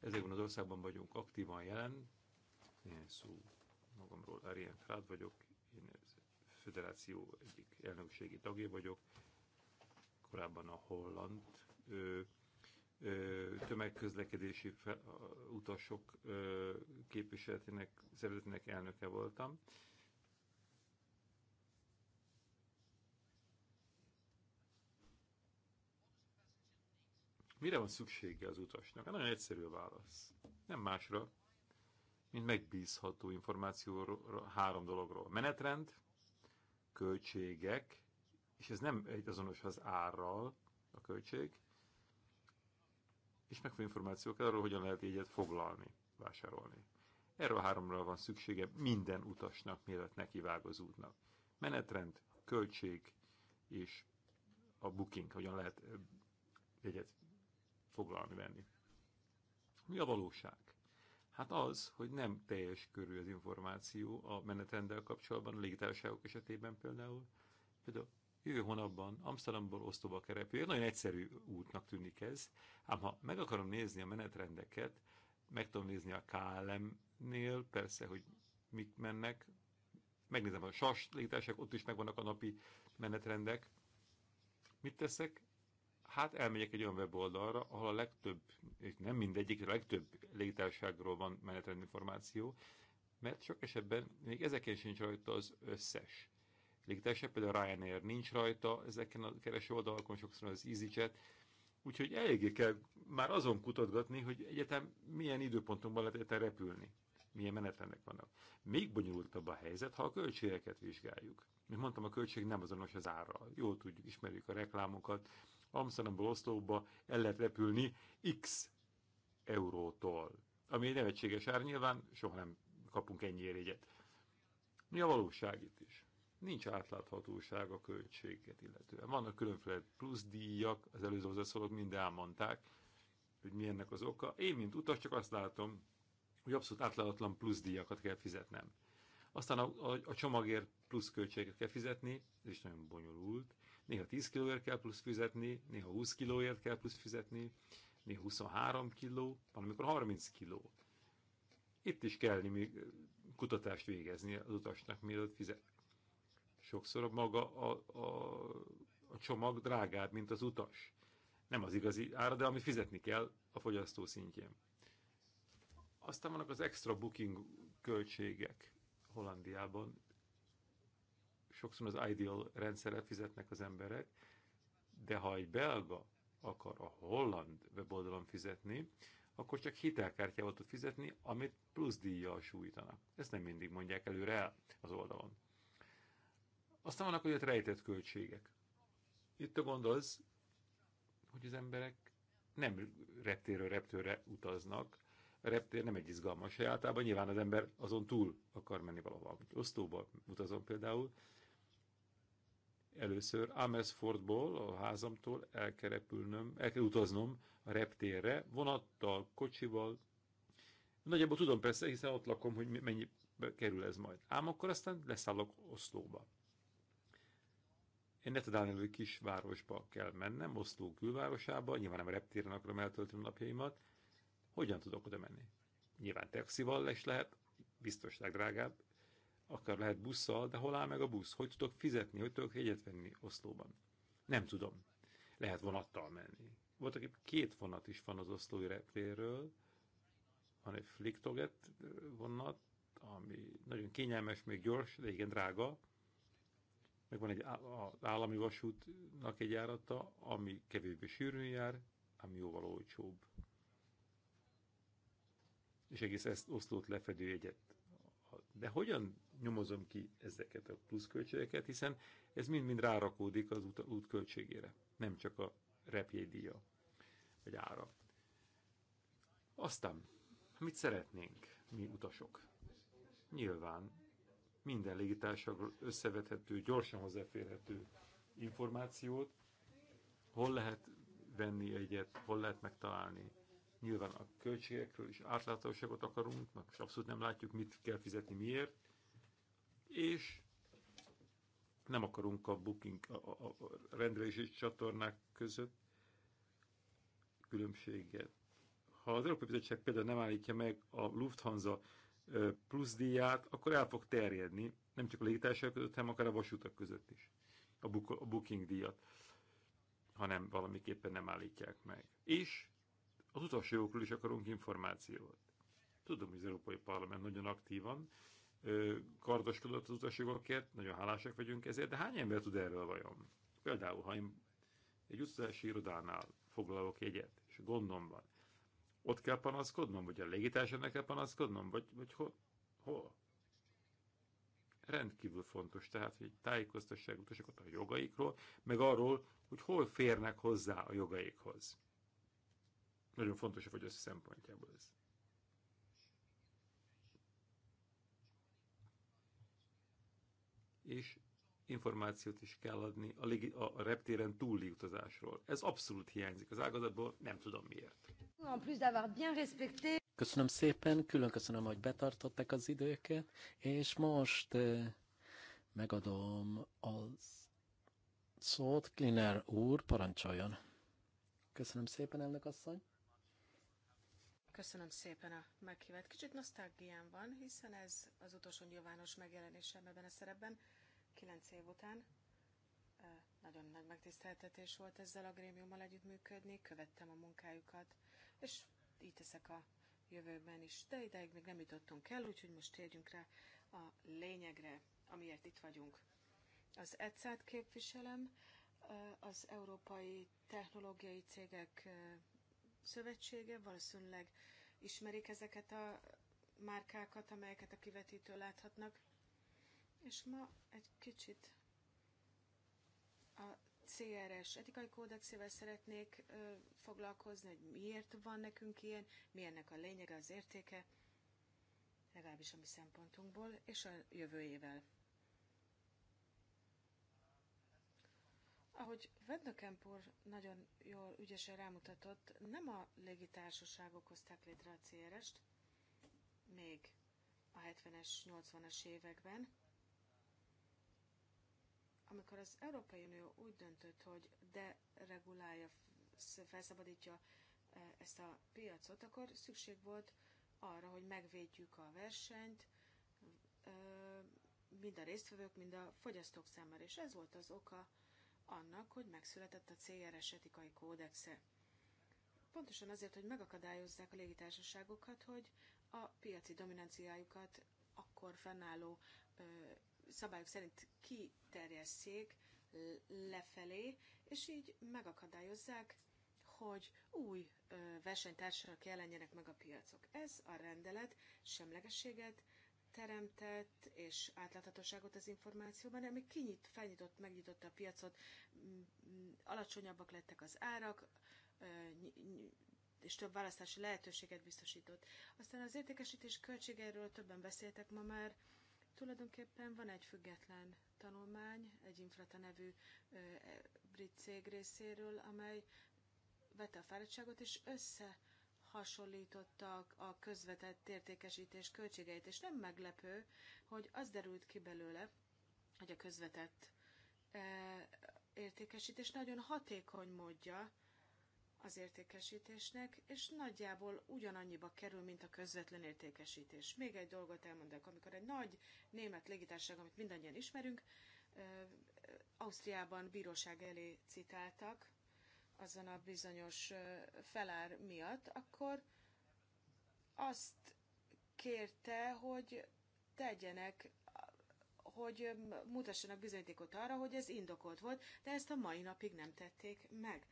Ezekben az országban vagyunk aktívan jelen. Én szó magamról, Ariane Frád vagyok, én a Föderáció egyik elnökségi tagja vagyok, korábban a holland tömegközlekedési utasok képviseletének, szervezetének elnöke voltam. Mire van szüksége az utasnak? Hát nagyon egyszerű a válasz. Nem másra, mint megbízható információra három dologról. Menetrend, költségek, és ez nem egy azonos az árral a költség, és megfelelő információk arról, hogyan lehet jegyet foglalni, vásárolni. Erről háromra van szüksége minden utasnak, mielőtt vág az útnak. Menetrend, költség és a booking, hogyan lehet jegyet foglalni, venni. Mi a valóság? Hát az, hogy nem teljes körű az információ a menetrenddel kapcsolatban, a légitársaságok esetében például, például Jövő hónapban Amsterdamból osztóba kerepül. Egy nagyon egyszerű útnak tűnik ez, ám ha meg akarom nézni a menetrendeket, meg tudom nézni a KLM-nél, persze, hogy mik mennek, megnézem a sas létesek, ott is megvannak a napi menetrendek. Mit teszek? Hát elmegyek egy olyan weboldalra, ahol a legtöbb, és nem mindegyik, a legtöbb légitárságról van menetrendinformáció, mert sok esetben még ezeken sincs rajta az összes légitársaság, például Ryanair nincs rajta ezeken a kereső oldalakon, sokszor az EasyJet, úgyhogy eléggé kell már azon kutatgatni, hogy egyetem milyen időpontokban lehet egyetem repülni, milyen menetrendek vannak. Még bonyolultabb a helyzet, ha a költségeket vizsgáljuk. Mint mondtam, a költség nem azonos az árral. Jól tudjuk, ismerjük a reklámokat. Amsterdamból Oszlóba el lehet repülni X eurótól. Ami egy nevetséges ár, nyilván soha nem kapunk ennyi érjegyet. Mi a valóság itt is? nincs átláthatóság a költséget illetően. Vannak különféle plusz díjak, az előző hozzászólók mind elmondták, hogy mi ennek az oka. Én, mint utas, csak azt látom, hogy abszolút átláthatatlan plusz díjakat kell fizetnem. Aztán a, a, a csomagért plusz költséget kell fizetni, ez is nagyon bonyolult. Néha 10 kilóért kell plusz fizetni, néha 20 kilóért kell plusz fizetni, néha 23 kiló, amikor 30 kiló. Itt is kell még kutatást végezni az utasnak, mielőtt fizet Sokszor maga a, a, a csomag drágább, mint az utas. Nem az igazi ára, de amit fizetni kell a fogyasztó szintjén. Aztán vannak az extra booking költségek Hollandiában. Sokszor az ideal rendszerre fizetnek az emberek, de ha egy belga akar a holland weboldalon fizetni, akkor csak hitelkártyával tud fizetni, amit plusz díjjal sújtanak. Ezt nem mindig mondják előre el az oldalon. Aztán vannak olyan rejtett költségek. Itt a gond az, hogy az emberek nem reptéről reptőre utaznak. A reptér nem egy izgalmas hely, általában nyilván az ember azon túl akar menni valahova. Osztóba utazom például, először Amersfordból, a házamtól el kell repülnöm, el kell utaznom a reptérre, vonattal, kocsival. Nagyjából tudom persze, hiszen ott lakom, hogy mennyi kerül ez majd. Ám akkor aztán leszállok Oszlóba kis kisvárosba kell mennem, Oszló külvárosába, nyilván nem reptéren akarom eltölteni napjaimat, hogyan tudok oda menni? Nyilván taxival is lehet, biztos drágább, akár lehet busszal, de hol áll meg a busz? Hogy tudok fizetni, hogy tudok jegyet venni Oszlóban? Nem tudom. Lehet vonattal menni. Volt, aki két vonat is van az oszlói reptérről. van egy Fliktoget vonat, ami nagyon kényelmes, még gyors, de igen drága, meg van egy az állami vasútnak egy járata, ami kevésbé sűrűn jár, ami jóval olcsóbb. És egész ezt osztót lefedő egyet. De hogyan nyomozom ki ezeket a pluszköltségeket, hiszen ez mind-mind rárakódik az út, út költségére, nem csak a repjegydíja, vagy ára. Aztán, mit szeretnénk mi utasok? Nyilván minden légitársaságról összevethető, gyorsan hozzáférhető információt, hol lehet venni egyet, hol lehet megtalálni. Nyilván a költségekről is átláthatóságot akarunk, most abszolút nem látjuk, mit kell fizetni, miért, és nem akarunk a booking, a, a, a rendelési csatornák között különbséget. Ha az Európai Bizottság például nem állítja meg a Lufthansa plusz díját, akkor el fog terjedni, nem csak a légitársaság között, hanem akár a vasutak között is, a, book, a booking díjat, hanem valamiképpen nem állítják meg. És az utasjogokról is akarunk információt. Tudom, hogy az Európai Parlament nagyon aktívan kardoskodott az utasjogokért, nagyon hálásak vagyunk ezért, de hány ember tud erről vajon? Például, ha én egy utazási irodánál foglalok jegyet, és gondom van, ott kell panaszkodnom? Vagy a légitársaságnak kell panaszkodnom? Vagy, vagy hol? hol? Rendkívül fontos tehát, hogy tájékoztassák utasokat a jogaikról, meg arról, hogy hol férnek hozzá a jogaikhoz. Nagyon fontos a fogyasztó szempontjából ez. És információt is kell adni a, a reptéren túli utazásról. Ez abszolút hiányzik az ágazatból, nem tudom miért. Köszönöm szépen, külön köszönöm, hogy betartották az időket, és most eh, megadom az szót Kliner úr, parancsoljon. Köszönöm szépen, elnök asszony. Köszönöm szépen a meghívást. Kicsit nosztalgiám van, hiszen ez az utolsó nyilvános megjelenésem ebben a szerepben, kilenc év után. Eh, nagyon nagy megtiszteltetés volt ezzel a grémiummal együttműködni, követtem a munkájukat, és így teszek a jövőben is. De ideig még nem jutottunk el, úgyhogy most térjünk rá a lényegre, amiért itt vagyunk. Az ECET képviselem, az Európai Technológiai Cégek Szövetsége, valószínűleg ismerik ezeket a márkákat, amelyeket a kivetítő láthatnak. És ma egy kicsit a CRS etikai kódexével szeretnék ö, foglalkozni, hogy miért van nekünk ilyen, mi ennek a lényege, az értéke, legalábbis a mi szempontunkból, és a jövőjével. Ahogy Vendekemp nagyon jól ügyesen rámutatott, nem a légitársaságok hozták létre a CRS-t, még a 70-es, 80-as években, amikor az Európai Unió úgy döntött, hogy deregulálja, felszabadítja e, ezt a piacot, akkor szükség volt arra, hogy megvédjük a versenyt, mind a résztvevők, mind a fogyasztók számára, és ez volt az oka annak, hogy megszületett a CRS etikai kódexe. Pontosan azért, hogy megakadályozzák a légitársaságokat, hogy a piaci dominanciájukat akkor fennálló szabályok szerint kiterjesszék lefelé, és így megakadályozzák, hogy új versenytársak jelenjenek meg a piacok. Ez a rendelet semlegességet teremtett és átláthatóságot az információban, ami kinyit, felnyitott, megnyitotta a piacot, alacsonyabbak lettek az árak, és több választási lehetőséget biztosított. Aztán az értékesítés költségeiről többen beszéltek ma már, tulajdonképpen van egy független tanulmány, egy Infrata nevű ö, e, brit cég részéről, amely vette a fáradtságot, és összehasonlította a közvetett értékesítés költségeit, és nem meglepő, hogy az derült ki belőle, hogy a közvetett ö, e, értékesítés nagyon hatékony módja az értékesítésnek, és nagyjából ugyanannyiba kerül, mint a közvetlen értékesítés. Még egy dolgot elmondok, amikor egy nagy német légitárság, amit mindannyian ismerünk, Ausztriában bíróság elé citáltak azon a bizonyos felár miatt, akkor azt kérte, hogy tegyenek, hogy mutassanak bizonyítékot arra, hogy ez indokolt volt, de ezt a mai napig nem tették meg.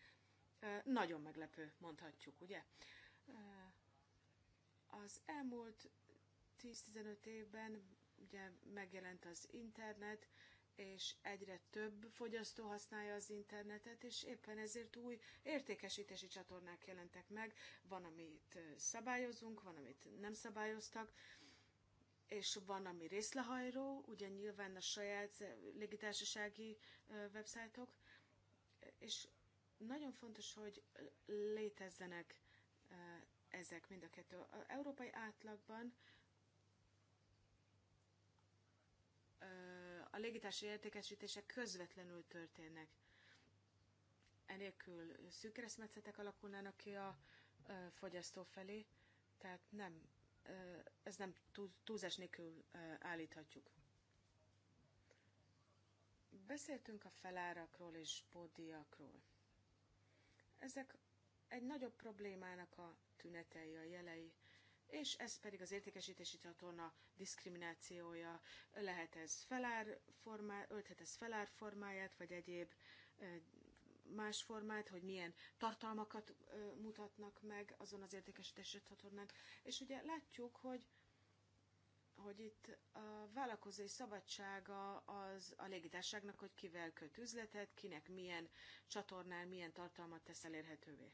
Nagyon meglepő, mondhatjuk, ugye? Az elmúlt 10-15 évben ugye megjelent az internet, és egyre több fogyasztó használja az internetet, és éppen ezért új értékesítési csatornák jelentek meg. Van, amit szabályozunk, van, amit nem szabályoztak, és van, ami részlehajró, ugye nyilván a saját légitársasági websájtok, és nagyon fontos, hogy létezzenek ezek mind a kettő. A európai átlagban a légitársi értékesítések közvetlenül történnek. Enélkül szűk keresztmetszetek alakulnának ki a fogyasztó felé, tehát nem, ez nem túlzás nélkül állíthatjuk. Beszéltünk a felárakról és pódiakról. Ezek egy nagyobb problémának a tünetei, a jelei, és ez pedig az értékesítési csatorna diszkriminációja. Lehet ez felár formá, ölthet ez felár formáját, vagy egyéb más formát, hogy milyen tartalmakat mutatnak meg azon az értékesítési csatornán. És ugye látjuk, hogy hogy itt a vállalkozói szabadsága az a légitárságnak, hogy kivel köt üzletet, kinek milyen csatornán, milyen tartalmat tesz elérhetővé.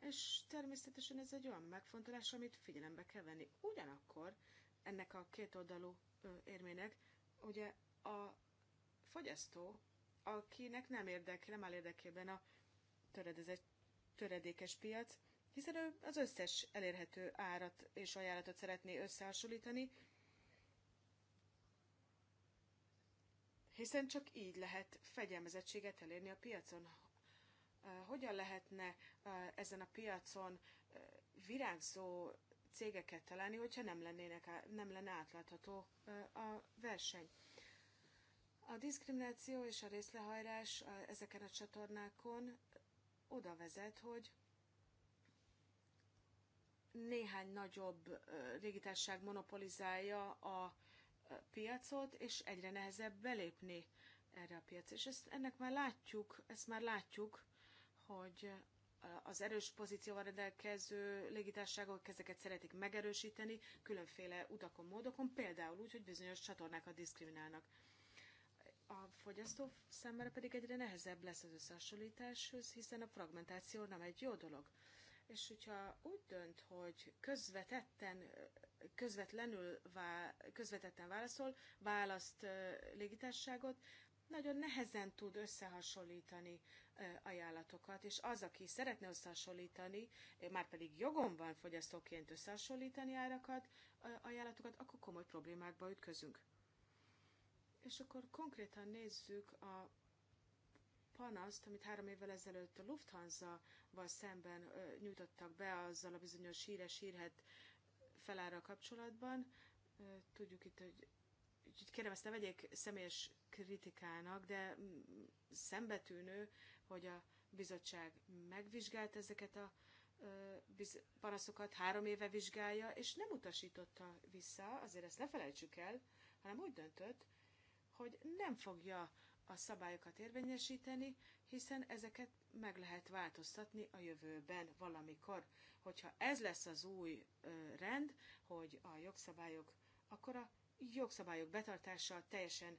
És természetesen ez egy olyan megfontolás, amit figyelembe kell venni. Ugyanakkor ennek a kétoldalú érmének ugye a fogyasztó, akinek nem érdekel, nem áll érdekében a töredezett, töredékes piac, hiszen ő az összes elérhető árat és ajánlatot szeretné összehasonlítani, hiszen csak így lehet fegyelmezettséget elérni a piacon. Hogyan lehetne ezen a piacon virágzó cégeket találni, hogyha nem, lennének, nem lenne átlátható a verseny? A diszkrimináció és a részlehajrás ezeken a csatornákon oda vezet, hogy néhány nagyobb légitárság monopolizálja a piacot, és egyre nehezebb belépni erre a piacra. És ezt, ennek már látjuk, ezt már látjuk, hogy az erős pozícióval rendelkező légitárságok ezeket szeretik megerősíteni különféle utakon, módokon, például úgy, hogy bizonyos csatornákat diszkriminálnak. A fogyasztó számára pedig egyre nehezebb lesz az összehasonlításhoz, hiszen a fragmentáció nem egy jó dolog és hogyha úgy dönt, hogy közvetetten, közvetlenül vá, közvetetten válaszol, választ légitárságot, nagyon nehezen tud összehasonlítani ajánlatokat, és az, aki szeretne összehasonlítani, már pedig jogom van fogyasztóként összehasonlítani árakat, ajánlatokat, akkor komoly problémákba ütközünk. És akkor konkrétan nézzük a panaszt, amit három évvel ezelőtt a Lufthansa-val szemben nyújtottak be azzal a bizonyos híres hírhet felára kapcsolatban. tudjuk itt, hogy úgyhogy kérem, ezt ne vegyék személyes kritikának, de mm, szembetűnő, hogy a bizottság megvizsgált ezeket a panaszokat, három éve vizsgálja, és nem utasította vissza, azért ezt ne felejtsük el, hanem úgy döntött, hogy nem fogja a szabályokat érvényesíteni, hiszen ezeket meg lehet változtatni a jövőben valamikor. Hogyha ez lesz az új rend, hogy a jogszabályok, akkor a jogszabályok betartása teljesen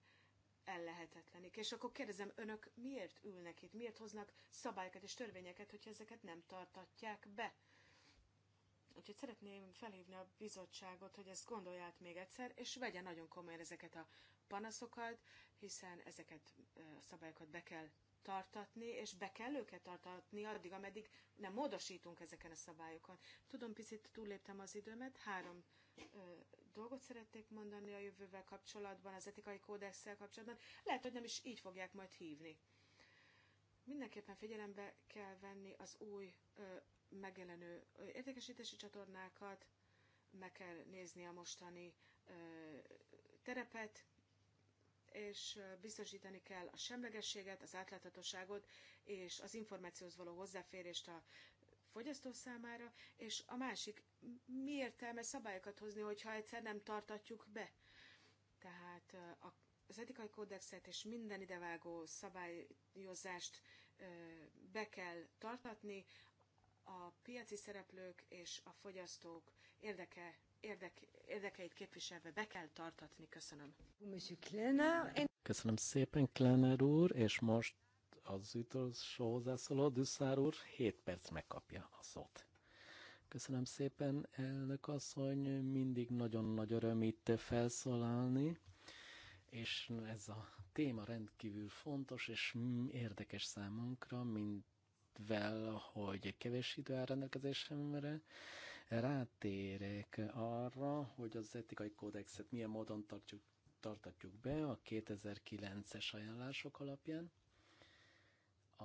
ellehetetlenik. És akkor kérdezem, önök miért ülnek itt, miért hoznak szabályokat és törvényeket, hogyha ezeket nem tartatják be? Úgyhogy szeretném felhívni a bizottságot, hogy ezt gondolját még egyszer, és vegye nagyon komolyan ezeket a panaszokat, hiszen ezeket a szabályokat be kell tartatni, és be kell őket tartatni addig, ameddig nem módosítunk ezeken a szabályokon. Tudom, picit túlléptem az időmet, három ö, dolgot szeretnék mondani a jövővel kapcsolatban, az etikai kódexsel kapcsolatban. Lehet, hogy nem is így fogják majd hívni. Mindenképpen figyelembe kell venni az új ö, megjelenő értékesítési csatornákat, meg kell nézni a mostani ö, terepet, és biztosítani kell a semlegességet, az átláthatóságot és az információhoz való hozzáférést a fogyasztó számára, és a másik, mi értelme szabályokat hozni, hogyha egyszer nem tartatjuk be? Tehát az etikai kódexet és minden idevágó szabályozást be kell tartatni, a piaci szereplők és a fogyasztók érdeke érdekeit képviselve be kell tartatni. Köszönöm. Köszönöm szépen, Klener úr, és most az utolsó hozzászóló Düsszár úr 7 perc megkapja a szót. Köszönöm szépen, elnök asszony, mindig nagyon nagy öröm itt felszólalni, és ez a téma rendkívül fontos és érdekes számunkra, mint vel, hogy kevés idő áll rendelkezésemre, rátérek arra, hogy az etikai kódexet milyen módon tartjuk, tartatjuk be a 2009-es ajánlások alapján. A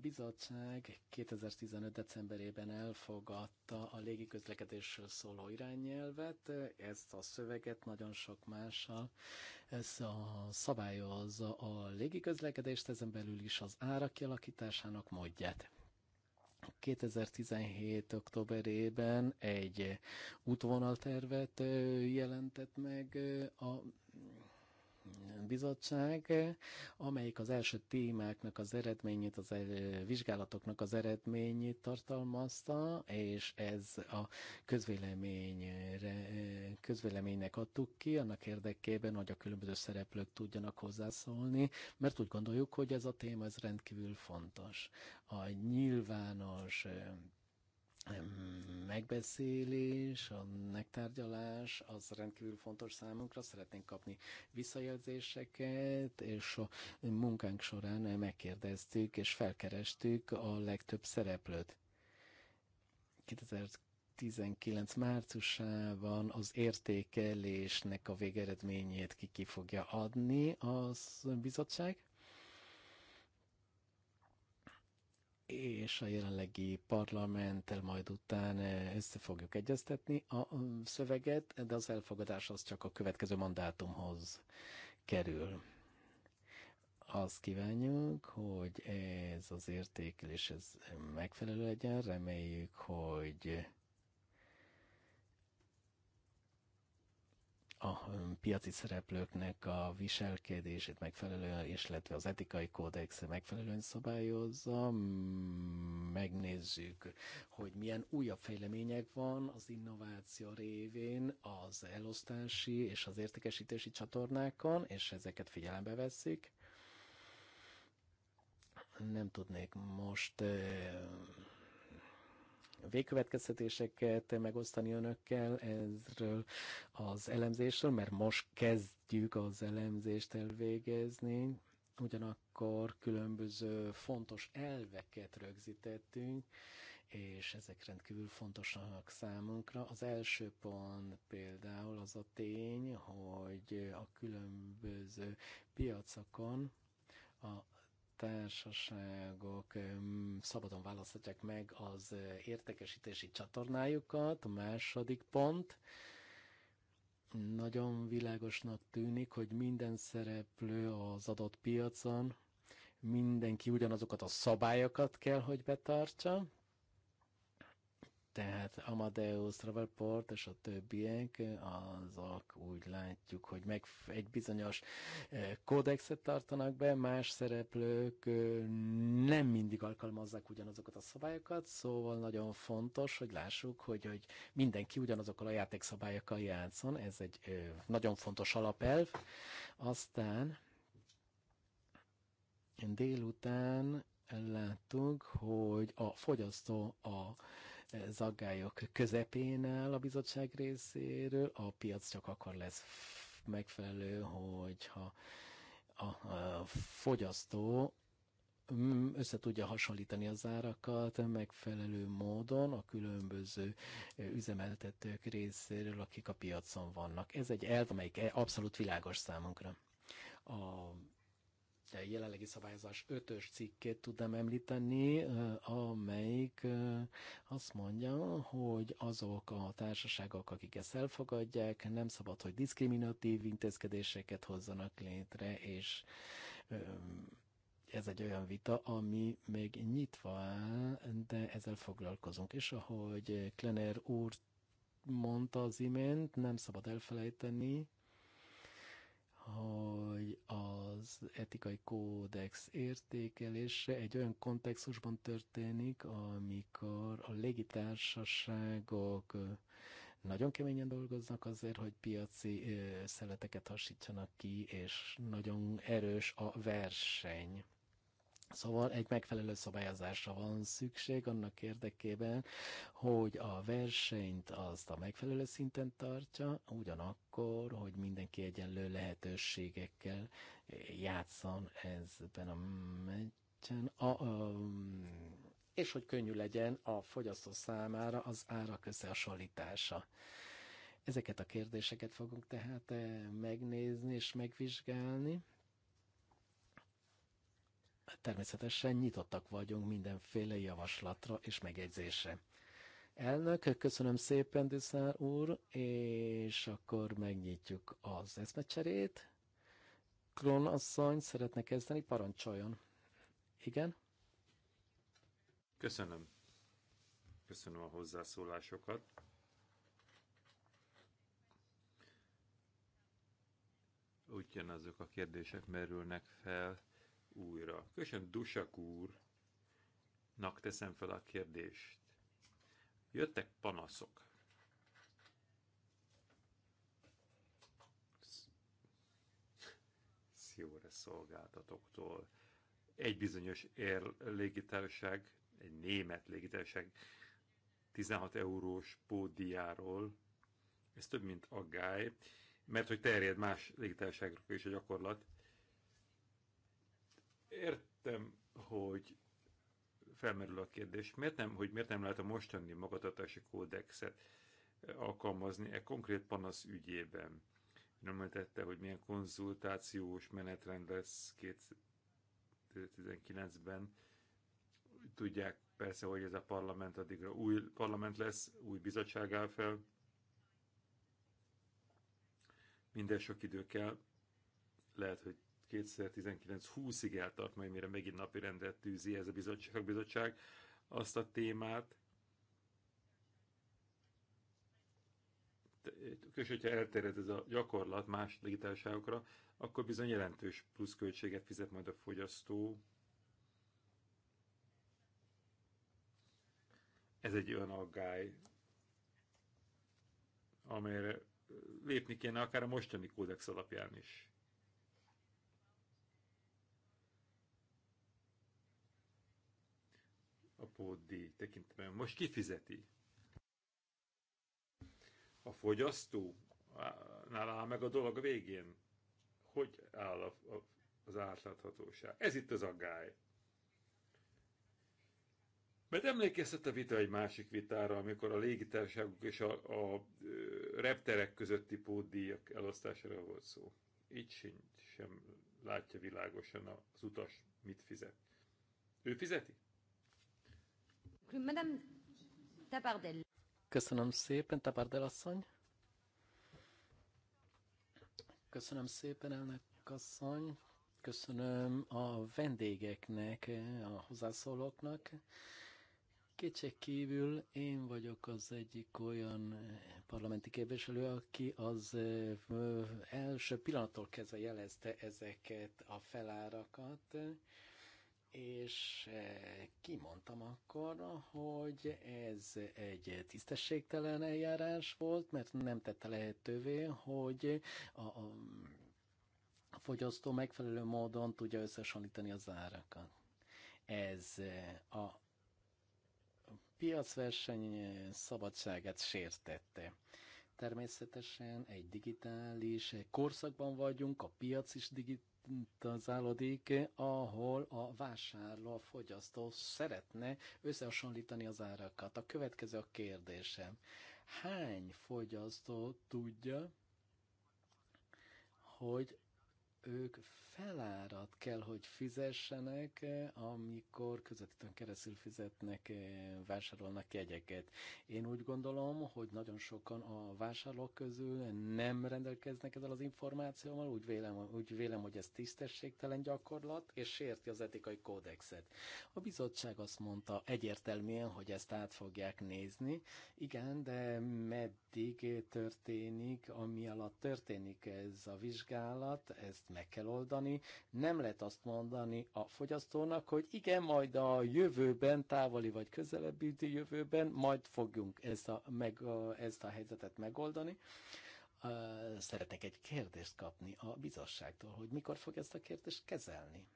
bizottság 2015. decemberében elfogadta a légiközlekedésről szóló irányelvet. Ezt a szöveget nagyon sok mással ez a szabályozza a légiközlekedést, ezen belül is az árak kialakításának módját. 2017. októberében egy útvonaltervet jelentett meg a bizottság, amelyik az első témáknak az eredményét, az eh, vizsgálatoknak az eredményét tartalmazta, és ez a közvéleményre, eh, közvéleménynek adtuk ki, annak érdekében, hogy a különböző szereplők tudjanak hozzászólni, mert úgy gondoljuk, hogy ez a téma ez rendkívül fontos. A nyilvános eh, megbeszélés, a megtárgyalás az rendkívül fontos számunkra, szeretnénk kapni visszajelzéseket, és a munkánk során megkérdeztük és felkerestük a legtöbb szereplőt. 2019 márciusában az értékelésnek a végeredményét ki, ki fogja adni az bizottság, és a jelenlegi parlamenttel majd után össze fogjuk egyeztetni a szöveget, de az elfogadás az csak a következő mandátumhoz kerül. Azt kívánjuk, hogy ez az értékelés ez megfelelő legyen, reméljük, hogy a hm, piaci szereplőknek a viselkedését megfelelően, és illetve az etikai kódex megfelelően szabályozza. Megnézzük, hogy milyen újabb fejlemények van az innováció révén az elosztási és az értékesítési csatornákon, és ezeket figyelembe veszik. Nem tudnék most hm, végkövetkeztetéseket megosztani önökkel ezről az elemzésről, mert most kezdjük az elemzést elvégezni. Ugyanakkor különböző fontos elveket rögzítettünk, és ezek rendkívül fontosak számunkra. Az első pont például az a tény, hogy a különböző piacokon a társaságok szabadon választhatják meg az eh, értékesítési csatornájukat. A második pont, nagyon világosnak tűnik, hogy minden szereplő az adott piacon, mindenki ugyanazokat a szabályokat kell, hogy betartsa, tehát Amadeus, Travelport és a többiek, azok úgy látjuk, hogy meg egy bizonyos eh, kódexet tartanak be, más szereplők eh, nem mindig alkalmazzák ugyanazokat a szabályokat, szóval nagyon fontos, hogy lássuk, hogy, hogy mindenki ugyanazokkal a játékszabályokkal játszon, ez egy eh, nagyon fontos alapelv. Aztán délután láttuk, hogy a fogyasztó a zaggályok közepén áll a bizottság részéről, a piac csak akkor lesz megfelelő, hogyha a, a fogyasztó mm, össze tudja hasonlítani az árakat megfelelő módon a különböző üzemeltetők részéről, akik a piacon vannak. Ez egy elv, amelyik abszolút világos számunkra. A jelenlegi szabályozás ötös cikkét tudnám említeni, amelyik azt mondja, hogy azok a társaságok, akik ezt elfogadják, nem szabad, hogy diszkriminatív intézkedéseket hozzanak létre, és ez egy olyan vita, ami még nyitva áll, de ezzel foglalkozunk. És ahogy Klener úr mondta az imént, nem szabad elfelejteni, hogy az etikai kódex értékelése egy olyan kontextusban történik, amikor a légitársaságok nagyon keményen dolgoznak azért, hogy piaci szeleteket hasítsanak ki, és nagyon erős a verseny Szóval egy megfelelő szabályozásra van szükség annak érdekében, hogy a versenyt azt a megfelelő szinten tartja, ugyanakkor, hogy mindenki egyenlő lehetőségekkel játszon ezben a meccsen. A, a, és hogy könnyű legyen a fogyasztó számára az árak összehasonlítása. Ezeket a kérdéseket fogunk tehát eh, megnézni és megvizsgálni természetesen nyitottak vagyunk mindenféle javaslatra és megjegyzésre. Elnök, köszönöm szépen, Düsszár úr, és akkor megnyitjuk az eszmecserét. Kron asszony szeretne kezdeni, parancsoljon. Igen? Köszönöm. Köszönöm a hozzászólásokat. azok a kérdések merülnek fel, újra. Kösen Dusak úrnak teszem fel a kérdést. Jöttek panaszok. Szióra szolgáltatoktól. Egy bizonyos ér légitárság, egy német légitárság 16 eurós pódiáról, ez több, mint aggály, mert hogy terjed más légitársaságokra is a gyakorlat, Értem, hogy felmerül a kérdés, miért nem, hogy miért nem lehet a mostani magatartási kódexet eh, alkalmazni e konkrét panasz ügyében? Nem említette, hogy milyen konzultációs menetrend lesz 2019-ben. Tudják persze, hogy ez a parlament addigra új parlament lesz, új bizottság áll fel. Minden sok idő kell. Lehet, hogy 2019-20-ig eltart majd, mire megint napi rendet tűzi ez a bizottság, bizottság azt a témát. És hogyha elterjed ez a gyakorlat más digitálságokra, akkor bizony jelentős pluszköltséget fizet majd a fogyasztó. Ez egy olyan aggály, amelyre lépni kéne akár a mostani kódex alapján is. depódi tekintetben most kifizeti? A fogyasztó áll meg a dolog végén. Hogy áll a, a, az átláthatóság? Ez itt az aggály. Mert emlékeztet a vita egy másik vitára, amikor a légitárságok és a, a, a repterek közötti pótdíjak elosztására volt szó. Itt sincs, sem látja világosan az utas, mit fizet. Ő fizeti? Köszönöm szépen, Tabardel asszony. Köszönöm szépen, elnök asszony. Köszönöm a vendégeknek, a hozzászólóknak. Kétség kívül én vagyok az egyik olyan parlamenti képviselő, aki az első pillanattól kezdve jelezte ezeket a felárakat, és eh, kimondtam akkor, hogy ez egy tisztességtelen eljárás volt, mert nem tette lehetővé, hogy a, a, a fogyasztó megfelelő módon tudja összehasonlítani az árakat. Ez eh, a piacverseny szabadságát sértette. Természetesen egy digitális korszakban vagyunk, a piac is digitális, az állodik, ahol a vásárló, a fogyasztó szeretne összehasonlítani az árakat. A következő a kérdésem. Hány fogyasztó tudja, hogy ők felárat kell, hogy fizessenek, eh, amikor közvetítőn keresztül fizetnek, eh, vásárolnak jegyeket. Én úgy gondolom, hogy nagyon sokan a vásárlók közül nem rendelkeznek ezzel az információval, úgy vélem, úgy vélem, hogy ez tisztességtelen gyakorlat, és sérti az etikai kódexet. A bizottság azt mondta egyértelműen, hogy ezt át fogják nézni. Igen, de meddig történik, ami alatt történik ez a vizsgálat, ezt meg kell oldani, mondani, nem lehet azt mondani a fogyasztónak, hogy igen, majd a jövőben, távoli vagy közelebbi jövőben, majd fogjunk ezt a, meg, ezt a helyzetet megoldani. Szeretnék egy kérdést kapni a bizottságtól, hogy mikor fog ezt a kérdést kezelni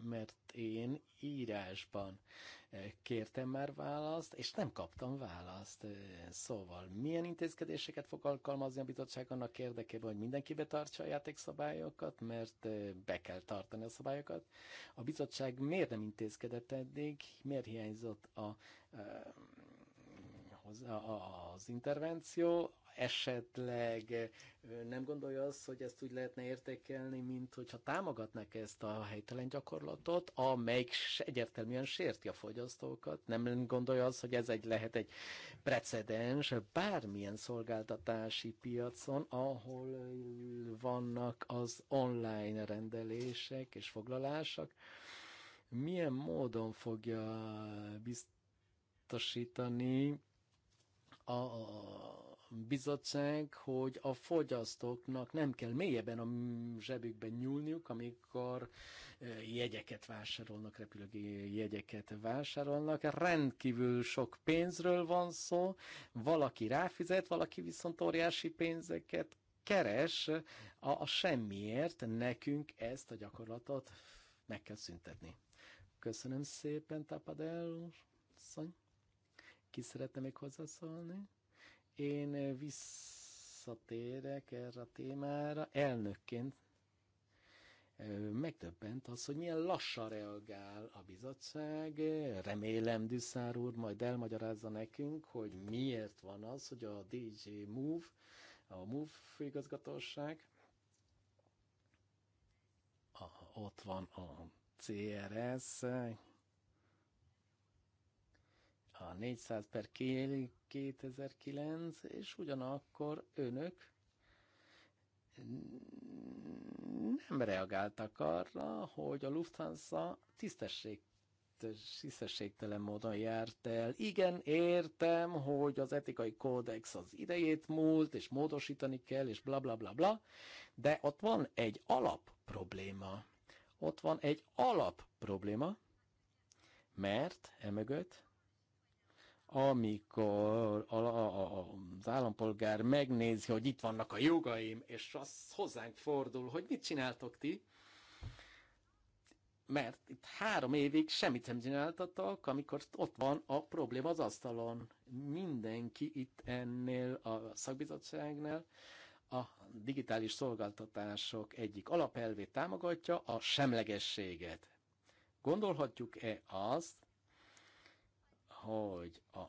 mert én írásban eh, kértem már választ, és nem kaptam választ. Eh, szóval milyen intézkedéseket fog alkalmazni a bizottság annak érdekében, hogy mindenki betartsa a játékszabályokat, mert eh, be kell tartani a szabályokat. A bizottság miért nem intézkedett eddig, miért hiányzott a, hm, a az intervenció, esetleg nem gondolja azt, hogy ezt úgy lehetne értékelni, mint hogyha támogatnak ezt a helytelen gyakorlatot, amelyik egyértelműen sérti a fogyasztókat. Nem gondolja azt, hogy ez egy lehet egy precedens bármilyen szolgáltatási piacon, ahol vannak az online rendelések és foglalások. Milyen módon fogja biztosítani a, bizottság, hogy a fogyasztóknak nem kell mélyebben a zsebükben nyúlniuk, amikor eh, jegyeket vásárolnak, repülőgé jegyeket vásárolnak. Rendkívül sok pénzről van szó, valaki ráfizet, valaki viszont óriási pénzeket keres a, a semmiért, nekünk ezt a gyakorlatot meg kell szüntetni. Köszönöm szépen, Tapadel, szony. Ki szeretne még hozzászólni? Én eh, visszatérek erre a témára elnökként. Eh, megdöbbent az, hogy milyen lassan reagál a bizottság. Remélem Düsszár úr majd elmagyarázza nekünk, hogy miért van az, hogy a DJ Move, a Move főigazgatóság, ott van a CRS, a 400 per 2009, és ugyanakkor önök nem reagáltak arra, hogy a Lufthansa tisztesség tisztességtelen módon járt el. Igen, értem, hogy az etikai kódex az idejét múlt, és módosítani kell, és bla bla bla bla, de ott van egy alap probléma. Ott van egy alap probléma, mert emögött amikor a, a, a, az állampolgár megnézi, hogy itt vannak a jogaim, és az hozzánk fordul, hogy mit csináltok ti, mert itt három évig semmit nem csináltatok, amikor ott van a probléma az asztalon. Mindenki itt ennél a szakbizottságnál a digitális szolgáltatások egyik alapelvét támogatja, a semlegességet. Gondolhatjuk-e azt, hogy a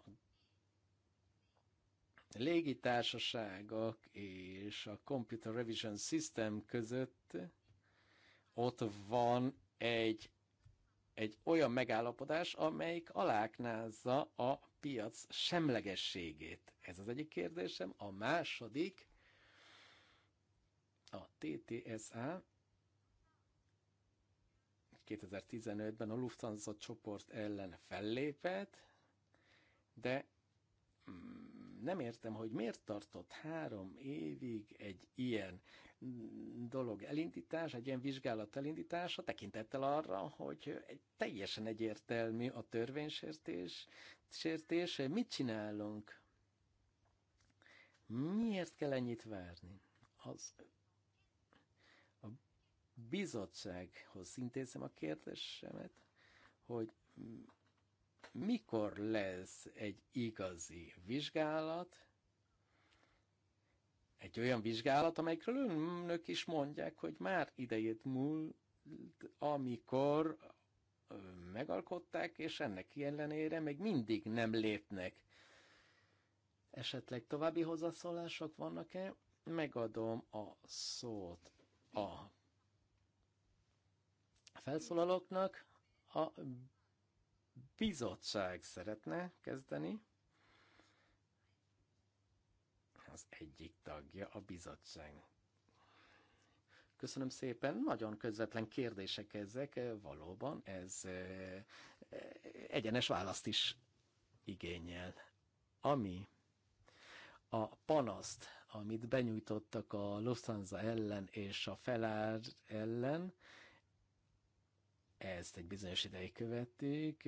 légitársaságok és a Computer Revision System között ott van egy, egy olyan megállapodás, amelyik aláknázza a piac semlegességét. Ez az egyik kérdésem. A második, a TTSA 2015-ben a Lufthansa csoport ellen fellépett, de mm, nem értem, hogy miért tartott három évig egy ilyen dolog elindítás, egy ilyen vizsgálat elindítása, tekintettel arra, hogy egy teljesen egyértelmű a törvénysértés, sértés, mit csinálunk? Miért kell ennyit várni? Az a bizottsághoz intézem a kérdésemet, hogy mikor lesz egy igazi vizsgálat, egy olyan vizsgálat, amelyikről önök is mondják, hogy már idejét múlt, amikor megalkották, és ennek ellenére még mindig nem lépnek. Esetleg további hozzászólások vannak-e? Megadom a szót a felszólalóknak, a bizottság szeretne kezdeni. Az egyik tagja a bizottság. Köszönöm szépen, nagyon közvetlen kérdések ezek, valóban ez eh, eh, egyenes választ is igényel. Ami a panaszt, amit benyújtottak a Lufthansa ellen és a Felár ellen, ezt egy bizonyos ideig követték,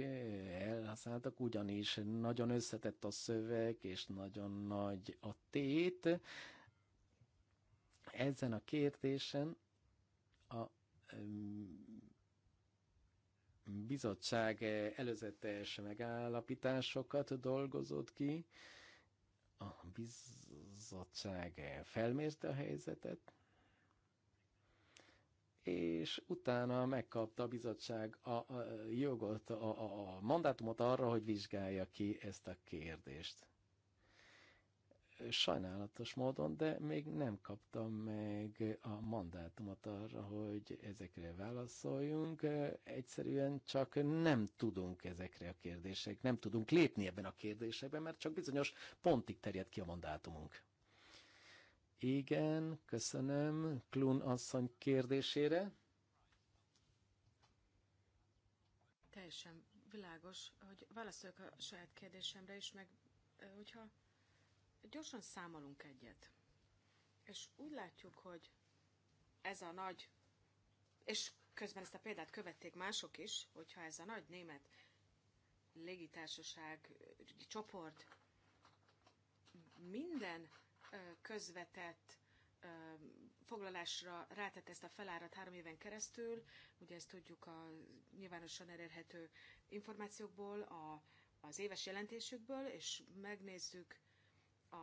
elhasználtak, ugyanis nagyon összetett a szöveg, és nagyon nagy a tét. Ezen a kérdésen a bizottság előzetes megállapításokat dolgozott ki, a bizottság felmérte a helyzetet, és utána megkapta a bizottság a, a jogot, a, a, a mandátumot arra, hogy vizsgálja ki ezt a kérdést. Sajnálatos módon, de még nem kaptam meg a mandátumot arra, hogy ezekre válaszoljunk. Egyszerűen csak nem tudunk ezekre a kérdésekre, nem tudunk lépni ebben a kérdésekben, mert csak bizonyos pontig terjed ki a mandátumunk. Igen, köszönöm. Klun asszony kérdésére. Teljesen világos, hogy válaszoljak a saját kérdésemre is, meg hogyha gyorsan számolunk egyet, és úgy látjuk, hogy ez a nagy, és közben ezt a példát követték mások is, hogyha ez a nagy német légitársaság csoport minden közvetett foglalásra rátett ezt a felárat három éven keresztül, ugye ezt tudjuk a nyilvánosan elérhető információkból, a, az éves jelentésükből, és megnézzük a,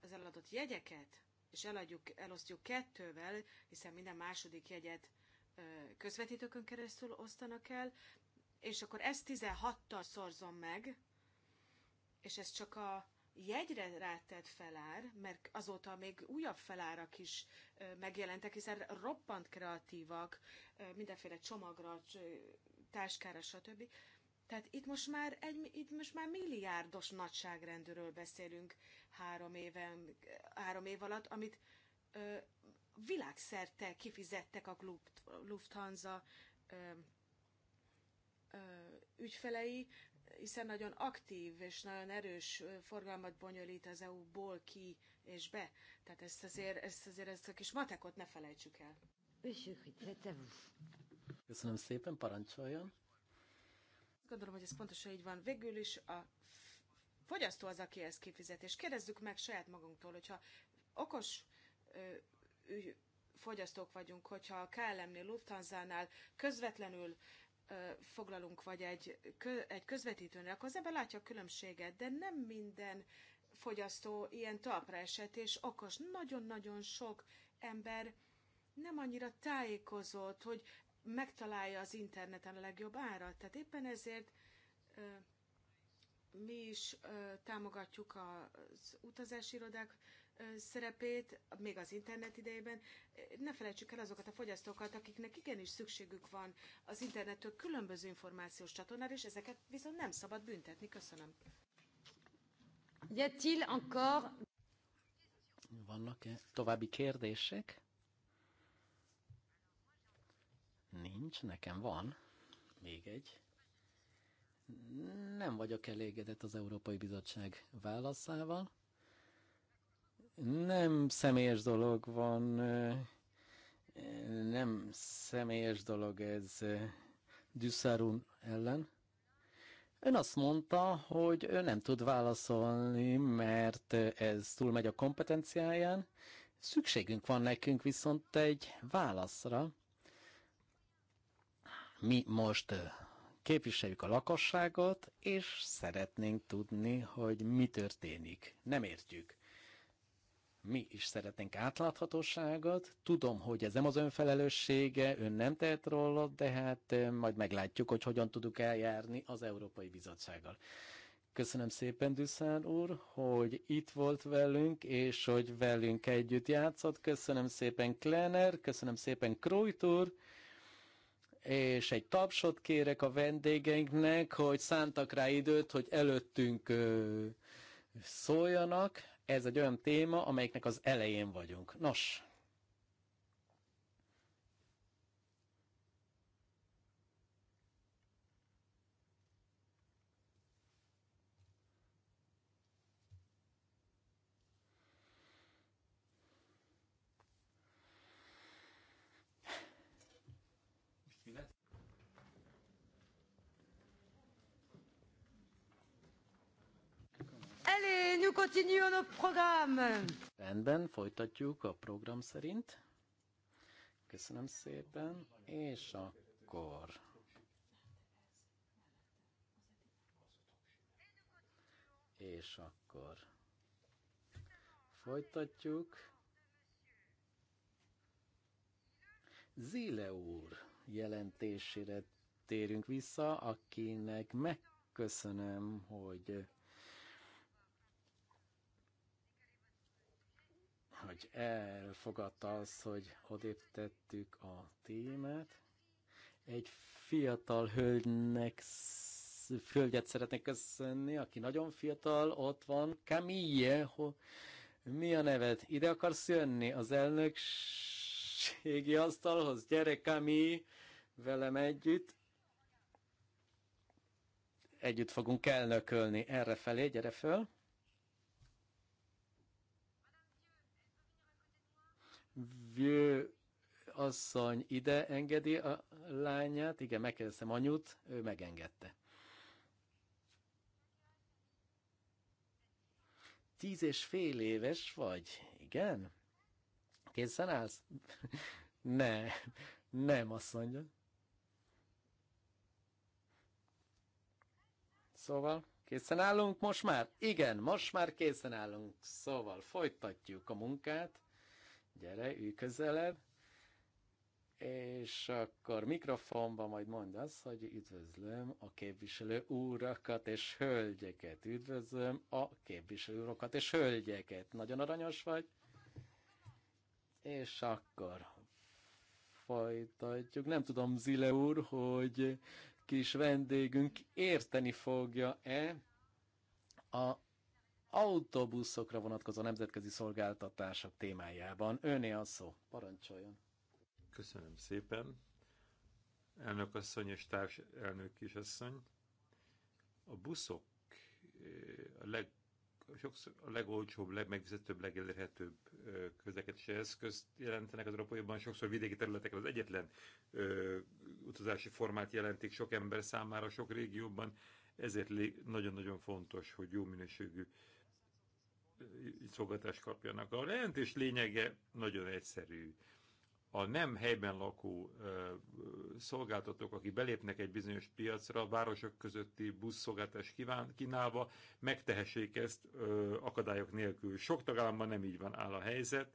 az eladott jegyeket, és eladjuk, elosztjuk kettővel, hiszen minden második jegyet közvetítőkön keresztül osztanak el, és akkor ezt 16-tal szorzom meg, és ez csak a jegyre rátett felár, mert azóta még újabb felárak is megjelentek, hiszen roppant kreatívak, mindenféle csomagra, táskára, stb. Tehát itt most már, egy, itt most már milliárdos nagyságrendről beszélünk három, éven, három év alatt, amit ö, világszerte kifizettek a Lufthansa ö, ö, ügyfelei, hiszen nagyon aktív és nagyon erős forgalmat bonyolít az EU-ból ki és be. Tehát ezt azért, ezt azért ezt a kis matekot ne felejtsük el. Köszönöm szépen, parancsoljon. Gondolom, hogy ez pontosan így van. Végül is a fogyasztó az, aki ezt kifizet, és kérdezzük meg saját magunktól, hogyha okos fogyasztók vagyunk, hogyha a KLM-nél, Lufthansa-nál közvetlenül foglalunk, vagy egy, kö, egy közvetítőnél, akkor az ember látja a különbséget, de nem minden fogyasztó ilyen talpra esett, és okos. Nagyon-nagyon sok ember nem annyira tájékozott, hogy megtalálja az interneten a legjobb árat. Tehát éppen ezért ö, mi is ö, támogatjuk az utazási irodák szerepét, még az internet idejében. Ne felejtsük el azokat a fogyasztókat, akiknek igenis szükségük van az internettől különböző információs csatornára, és ezeket viszont nem szabad büntetni. Köszönöm. encore... Vannak-e további kérdések? Nincs, nekem van. Még egy. Nem vagyok elégedett az Európai Bizottság válaszával nem személyes dolog van, nem személyes dolog ez Düsszerun ellen. Ön azt mondta, hogy ő nem tud válaszolni, mert ez túlmegy a kompetenciáján. Szükségünk van nekünk viszont egy válaszra. Mi most képviseljük a lakosságot, és szeretnénk tudni, hogy mi történik. Nem értjük mi is szeretnénk átláthatóságot. Tudom, hogy ez nem az önfelelőssége, ön nem tehet róla, de hát eh, majd meglátjuk, hogy hogyan tudunk eljárni az Európai Bizottsággal. Köszönöm szépen, Düsszán úr, hogy itt volt velünk, és hogy velünk együtt játszott. Köszönöm szépen, Klener, köszönöm szépen, Krujt úr, és egy tapsot kérek a vendégeinknek, hogy szántak rá időt, hogy előttünk szóljanak ez egy olyan téma, amelyiknek az elején vagyunk. Nos, Allez, nous continuons notre programme. Rendben, folytatjuk a program szerint. Köszönöm szépen, és akkor... És akkor... Folytatjuk. Zile úr jelentésére térünk vissza, akinek megköszönöm, hogy hogy elfogadta az, hogy odébb tettük a témát. Egy fiatal hölgynek hölgyet szeretnék köszönni, aki nagyon fiatal, ott van Camille, mi a neved? Ide akarsz jönni az elnökségi asztalhoz? Gyere Camille, velem együtt. Együtt fogunk elnökölni. Erre felé, gyere föl. vő asszony ide engedi a lányát, igen, megkérdeztem anyut, ő megengedte. Tíz és fél éves vagy, igen? Készen állsz? [laughs] ne, nem, azt mondja. Szóval, készen állunk most már? Igen, most már készen állunk. Szóval folytatjuk a munkát. Gyere, ülj közelebb. És akkor mikrofonba majd mondd azt, hogy üdvözlöm a képviselő úrakat és hölgyeket. Üdvözlöm a képviselő úrakat és hölgyeket. Nagyon aranyos vagy. És akkor folytatjuk. Nem tudom, Zile úr, hogy kis vendégünk érteni fogja-e a autóbuszokra vonatkozó nemzetközi szolgáltatások témájában. Öné a szó, parancsoljon. Köszönöm szépen. Elnök asszony és társ elnök kisasszony. A buszok eh, a leg sokszor a legolcsóbb, legmegfizetőbb, legelérhetőbb eh, közlekedési eszközt jelentenek az Európaiban, sokszor vidéki területeken az egyetlen ö, eh, utazási formát jelentik sok ember számára, sok régióban, ezért nagyon-nagyon fontos, hogy jó minőségű szógatást kapjanak. A jelentés lényege nagyon egyszerű. A nem helyben lakó ö, szolgáltatók, akik belépnek egy bizonyos piacra, a városok közötti buszszolgáltatást kínálva, megtehessék ezt ö, akadályok nélkül. Sok tagállamban nem így van áll a helyzet.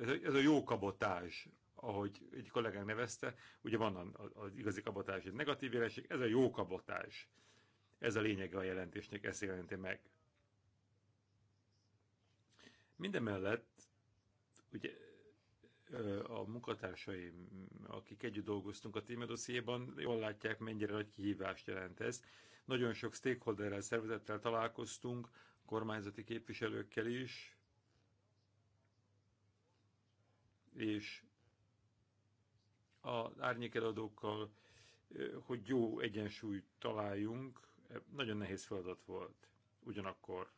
Ez a, ez a jó kabotás, ahogy egy kollégánk nevezte, ugye van az, az igazi kabotás, egy negatív jelenség, ez a jó kabotás ez a lényege a jelentésnek, ezt jelenti meg. Mindemellett, ugye a munkatársaim, akik együtt dolgoztunk a témadosszéban, jól látják, mennyire nagy kihívást jelent ez. Nagyon sok stakeholderrel, szervezettel találkoztunk, kormányzati képviselőkkel is, és az árnyékeladókkal, hogy jó egyensúlyt találjunk nagyon nehéz feladat volt. Ugyanakkor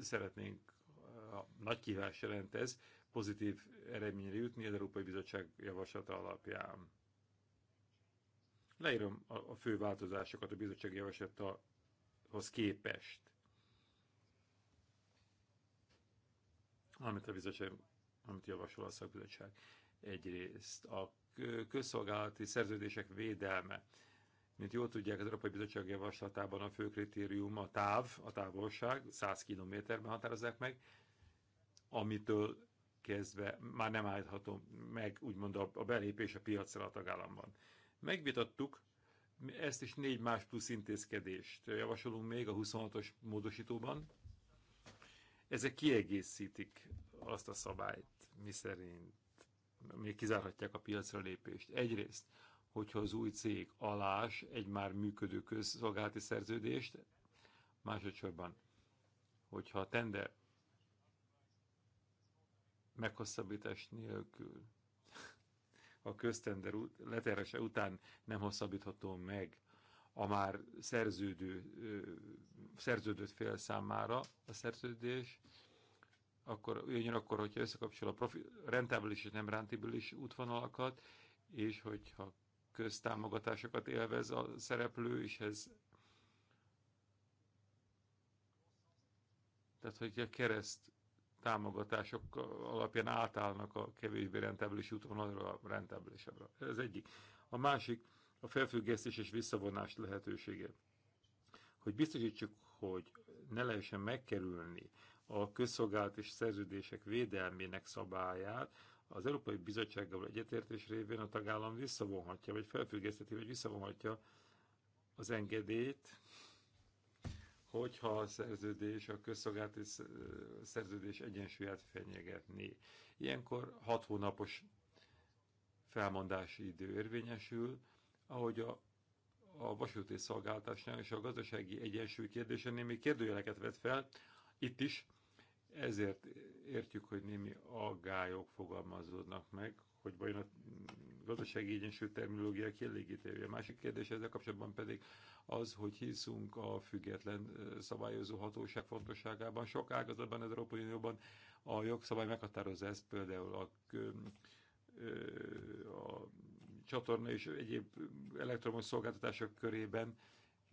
szeretnénk, a nagy kívás jelent ez, pozitív eredményre jutni az Európai Bizottság javaslata alapján. Leírom a, fő változásokat a bizottság javaslatahoz képest. Amit a bizottság, amit javasol a szakbizottság. Egyrészt a közszolgálati szerződések védelme. Mint jól tudják, az Európai Bizottság javaslatában a fő kritérium a táv, a távolság, 100 kilométerben határozzák meg, amitől kezdve már nem állítható meg úgymond a belépés a piacra a tagállamban. Megvitattuk, ezt is négy más plusz intézkedést javasolunk még a 26-os módosítóban. Ezek kiegészítik azt a szabályt, miszerint még kizárhatják a piacra lépést. Egyrészt, hogyha az új cég alás egy már működő közszolgálati szerződést, másodszorban, hogyha a tender meghosszabbítás nélkül a köztender leterese után nem hosszabbítható meg a már szerződő, szerződött fél számára a szerződés, akkor jöjjön akkor, hogyha összekapcsol a profi, rentábilis és nem rentábilis útvonalakat, és hogyha köztámogatásokat élvez a szereplő, és ez tehát hogyha kereszt támogatások alapján átállnak a kevésbé rentábilis útvonalra a rentábilisabbra. Ez egyik. A másik a felfüggesztés és visszavonás lehetősége. Hogy biztosítsuk, hogy ne lehessen megkerülni a közszolgálat és szerződések védelmének szabályát, az Európai Bizottsággal egyetértés révén a tagállam visszavonhatja, vagy felfüggesztheti, vagy visszavonhatja az engedélyt, hogyha a szerződés, a közszolgálati szerződés egyensúlyát fenyegetni. Ilyenkor hat hónapos felmondási idő érvényesül, ahogy a, a vasúti szolgáltásnál és a gazdasági egyensúly kérdése még kérdőjeleket vet fel, itt is ezért értjük, hogy némi aggályok fogalmazódnak meg, hogy vajon a gazdasági egyensúly terminológia kielégítője. A másik kérdés ezzel kapcsolatban pedig az, hogy hiszünk a független szabályozó hatóság fontosságában. Sok ágazatban az Európai Unióban a jogszabály meghatározza ezt, például a, a csatorna és egyéb elektromos szolgáltatások körében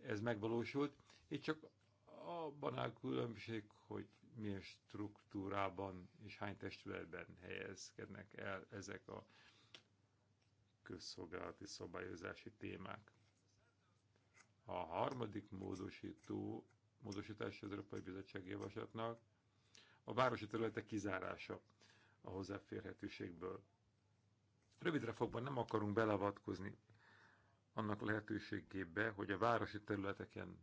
ez megvalósult. Itt csak abban áll különbség, hogy milyen struktúrában és hány testületben helyezkednek el ezek a közszolgálati szabályozási témák. A harmadik módosító, módosítás az Európai Bizottság javaslatnak a városi területek kizárása a hozzáférhetőségből. Rövidre fogva nem akarunk belavatkozni annak lehetőségébe, hogy a városi területeken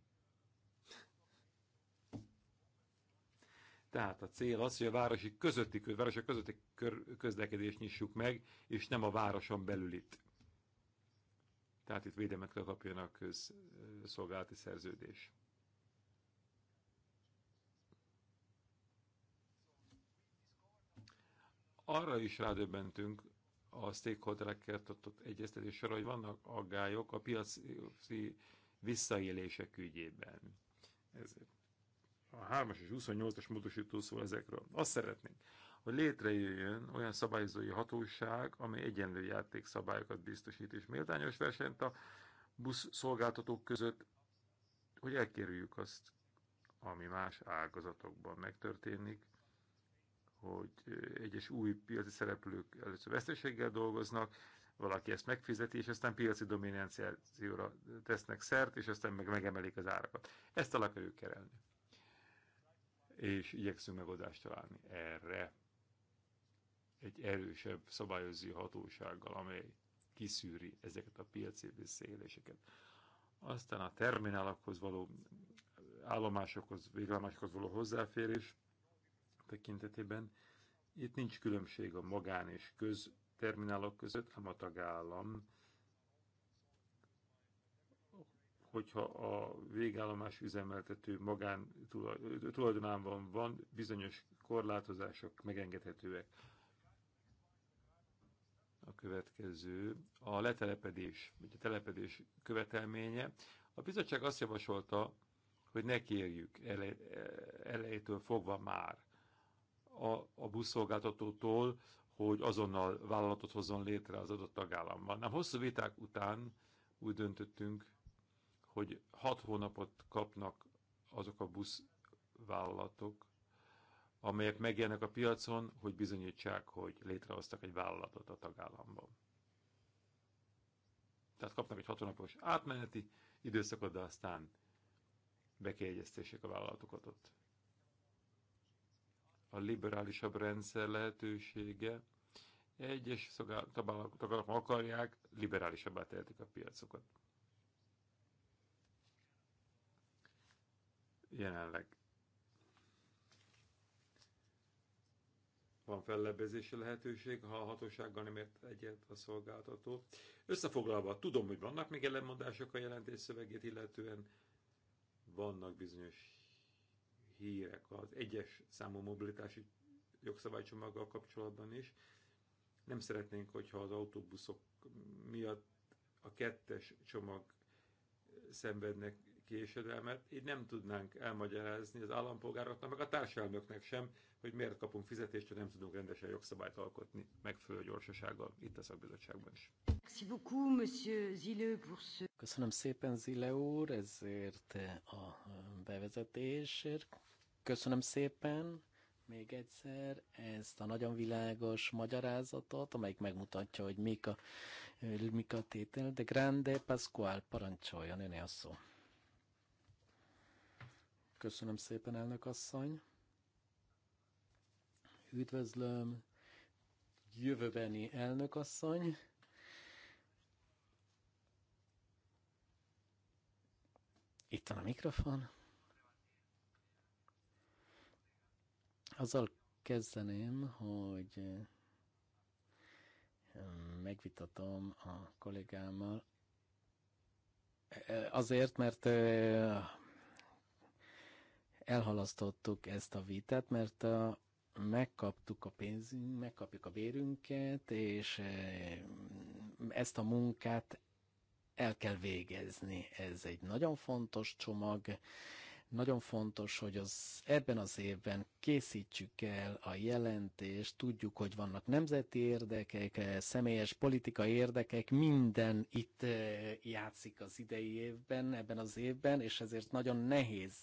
Tehát a cél az, hogy a városi közötti, a városi közötti közlekedést nyissuk meg, és nem a városon belülit. Tehát itt védelmet kell kapjon a közszolgálati szerződés. Arra is rádöbbentünk a stakeholderekkel tartott egyeztetés során, hogy vannak aggályok a piaci visszaélések ügyében. Ezért a 3-as és 28-as módosító szól ezekről. Azt szeretnénk, hogy létrejöjjön olyan szabályozói hatóság, amely egyenlő játékszabályokat biztosít, és méltányos versenyt a busz szolgáltatók között, hogy elkerüljük azt, ami más ágazatokban megtörténik, hogy egyes új piaci szereplők először veszteséggel dolgoznak, valaki ezt megfizeti, és aztán piaci dominanciációra tesznek szert, és aztán meg megemelik az árakat. Ezt alá akarjuk kerelni és igyekszünk megoldást találni erre egy erősebb szabályozó hatósággal, amely kiszűri ezeket a piaci visszaéléseket. Aztán a terminálokhoz való állomásokhoz, végállomásokhoz való hozzáférés tekintetében itt nincs különbség a magán és terminálok között, ám a tagállam hogyha a végállomás üzemeltető magán tulajdonában van, bizonyos korlátozások megengedhetőek. A következő a letelepedés, vagy a telepedés követelménye. A bizottság azt javasolta, hogy ne kérjük elejétől fogva már a, a buszszolgáltatótól, hogy azonnal vállalatot hozzon létre az adott tagállamban. Nem hosszú viták után úgy döntöttünk, hogy hat hónapot kapnak azok a buszvállalatok, amelyek megjelennek a piacon, hogy bizonyítsák, hogy létrehoztak egy vállalatot a tagállamban. Tehát kapnak egy hat hónapos átmeneti időszakot, de aztán bekiegyeztessék a vállalatokat ott. A liberálisabb rendszer lehetősége egyes tagállamok akarják, liberálisabbá tehetik a piacokat. jelenleg. Van fellebbezési lehetőség, ha a hatósággal nem ért egyet a szolgáltató. Összefoglalva, tudom, hogy vannak még ellenmondások a jelentés szövegét, illetően vannak bizonyos hírek az egyes számú mobilitási jogszabálycsomaggal kapcsolatban is. Nem szeretnénk, hogyha az autóbuszok miatt a kettes csomag szenvednek késedelmet, így nem tudnánk elmagyarázni az állampolgároknak, meg a társadalmoknak sem, hogy miért kapunk fizetést, ha nem tudunk rendesen jogszabályt alkotni megfelelő gyorsasággal itt a szakbizottságban is. Köszönöm szépen, Zile úr, ezért a bevezetésért. Köszönöm szépen még egyszer ezt a nagyon világos magyarázatot, amelyik megmutatja, hogy mik a, mik a tétel. De Grande Pascual parancsoljon, öné a szó. Köszönöm szépen, elnök asszony. Üdvözlöm jövőbeni elnök asszony. Itt van a mikrofon. Azzal kezdeném, hogy megvitatom a kollégámmal. Azért, mert elhalasztottuk ezt a vitát, mert a, megkaptuk a pénzünk, megkapjuk a bérünket, és ezt a munkát el kell végezni. Ez egy nagyon fontos csomag, nagyon fontos, hogy az, ebben az évben készítsük el a jelentést, tudjuk, hogy vannak nemzeti érdekek, személyes politikai érdekek, minden itt eh, játszik az idei évben, ebben az évben, és ezért nagyon nehéz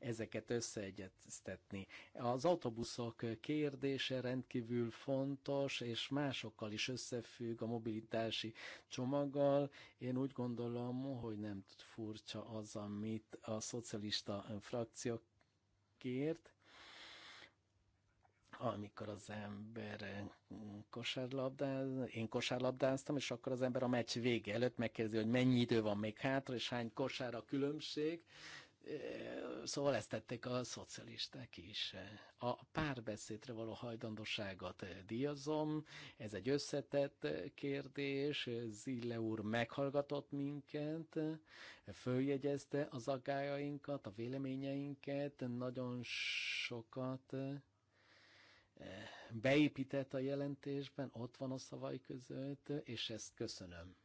ezeket összeegyeztetni. Az autóbuszok kérdése rendkívül fontos, és másokkal is összefügg a mobilitási csomaggal. Én úgy gondolom, hogy nem furcsa az, amit a szocialista frakció kért, amikor az ember kosárlabdáz, én kosárlabdáztam, és akkor az ember a meccs vége előtt megkérdezi, hogy mennyi idő van még hátra, és hány kosár a különbség, Szóval ezt tették a szocialisták is. A párbeszédre való hajlandóságot díjazom, ez egy összetett kérdés, Zille úr meghallgatott minket, följegyezte az aggájainkat, a véleményeinket, nagyon sokat eh, beépített a jelentésben, ott van a szavai között, és ezt köszönöm.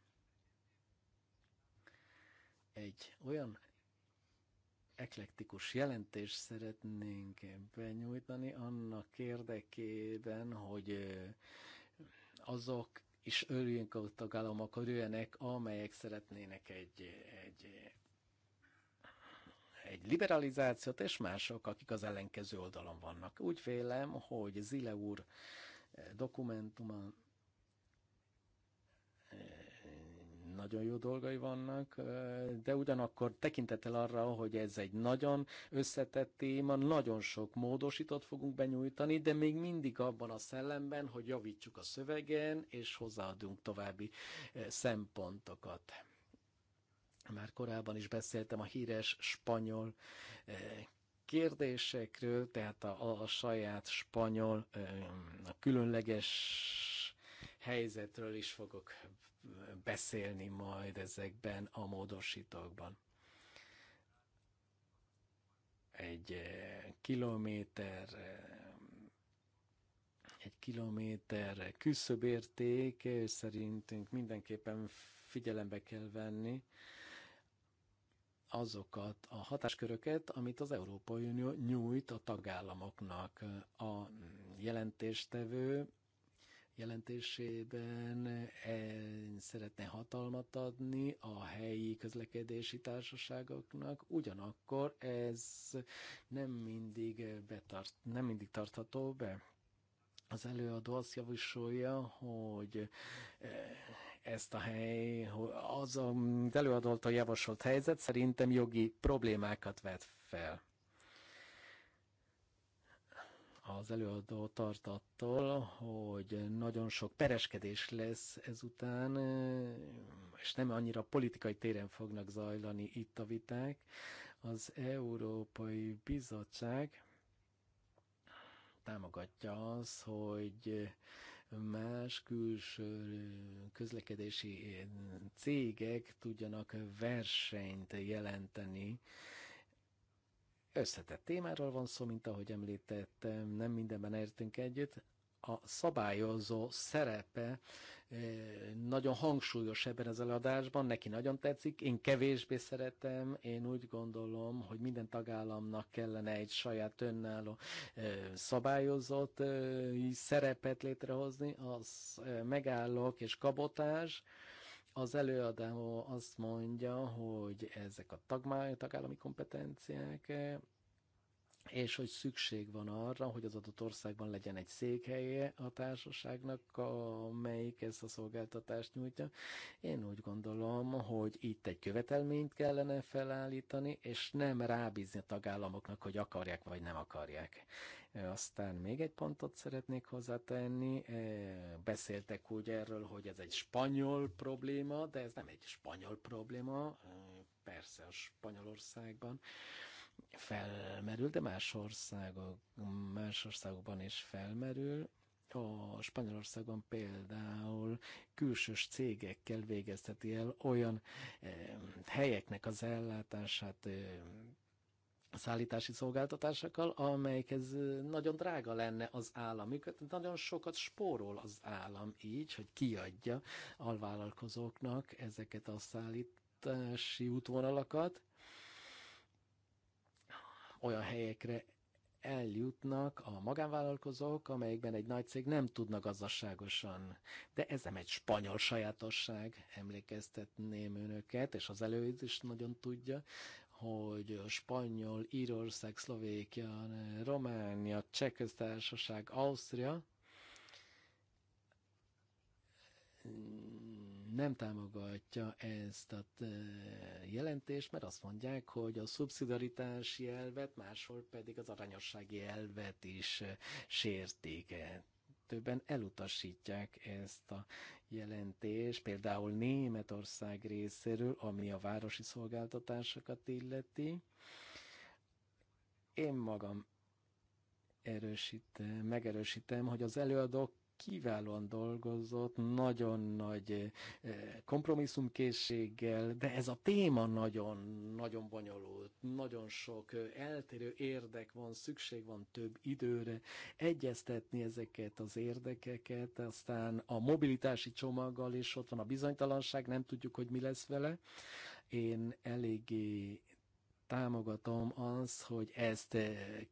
Egy olyan eklektikus jelentést szeretnénk benyújtani annak érdekében, hogy azok is örüljünk a tagállamok örüljenek, amelyek szeretnének egy, egy, egy liberalizációt, és mások, akik az ellenkező oldalon vannak. Úgy vélem, hogy Zile úr dokumentuma nagyon jó dolgai vannak, de ugyanakkor tekintettel arra, hogy ez egy nagyon összetett téma, nagyon sok módosítót fogunk benyújtani, de még mindig abban a szellemben, hogy javítsuk a szövegen, és hozzáadunk további szempontokat. Már korábban is beszéltem a híres spanyol kérdésekről, tehát a, a saját spanyol, a különleges helyzetről is fogok beszélni majd ezekben a módosítókban. Egy eh, kilométer eh, egy kilométer küszöbérték eh, szerintünk mindenképpen figyelembe kell venni azokat a hatásköröket, amit az Európai Unió nyújt a tagállamoknak. A jelentéstevő jelentésében szeretne hatalmat adni a helyi közlekedési társaságoknak, ugyanakkor ez nem mindig, betart, nem mindig tartható be. Az előadó azt javasolja, hogy eh, ezt a hely, az, az a javasolt helyzet szerintem jogi problémákat vet fel az előadó tart attól, hogy nagyon sok pereskedés lesz ezután, és nem annyira politikai téren fognak zajlani itt a viták. Az Európai Bizottság támogatja az, hogy más külső közlekedési cégek tudjanak versenyt jelenteni Összetett témáról van szó, mint ahogy említettem, nem mindenben értünk együtt. A szabályozó szerepe eh, nagyon hangsúlyos ebben az előadásban, neki nagyon tetszik, én kevésbé szeretem, én úgy gondolom, hogy minden tagállamnak kellene egy saját önálló eh, szabályozott eh, szerepet létrehozni, az megállók és kabotás, az előadó azt mondja, hogy ezek a tagmány, tagállami kompetenciák, és hogy szükség van arra, hogy az adott országban legyen egy székhelye a társaságnak, amelyik ezt a szolgáltatást nyújtja. Én úgy gondolom, hogy itt egy követelményt kellene felállítani, és nem rábízni a tagállamoknak, hogy akarják vagy nem akarják. Aztán még egy pontot szeretnék hozzátenni. E, beszéltek úgy erről, hogy ez egy spanyol probléma, de ez nem egy spanyol probléma, e, persze a Spanyolországban felmerül, de más, országok, más országokban is felmerül. A Spanyolországban például külsős cégekkel végezteti el olyan eh, helyeknek az ellátását, eh, szállítási szolgáltatásokkal, ez eh, nagyon drága lenne az állam. Nagyon sokat spórol az állam így, hogy kiadja alvállalkozóknak ezeket a szállítási útvonalakat, olyan helyekre eljutnak a magánvállalkozók, amelyekben egy nagy cég nem tudna gazdaságosan. De ez nem egy spanyol sajátosság, emlékeztetném önöket, és az előid is nagyon tudja, hogy a spanyol, Írország, Szlovékia, Románia, Csehköztársaság, Ausztria nem támogatja ezt a e, jelentést, mert azt mondják, hogy a szubszidaritási elvet, máshol pedig az arányossági elvet is e, sértik. Többen elutasítják ezt a jelentést, például Németország részéről, ami a városi szolgáltatásokat illeti. Én magam erősítem, megerősítem, hogy az előadók kiválóan dolgozott, nagyon nagy eh, kompromisszumkészséggel, de ez a téma nagyon, nagyon bonyolult, nagyon sok eh, eltérő érdek van, szükség van több időre, egyeztetni ezeket az érdekeket, aztán a mobilitási csomaggal is ott van a bizonytalanság, nem tudjuk, hogy mi lesz vele. Én eléggé támogatom azt, hogy ezt eh,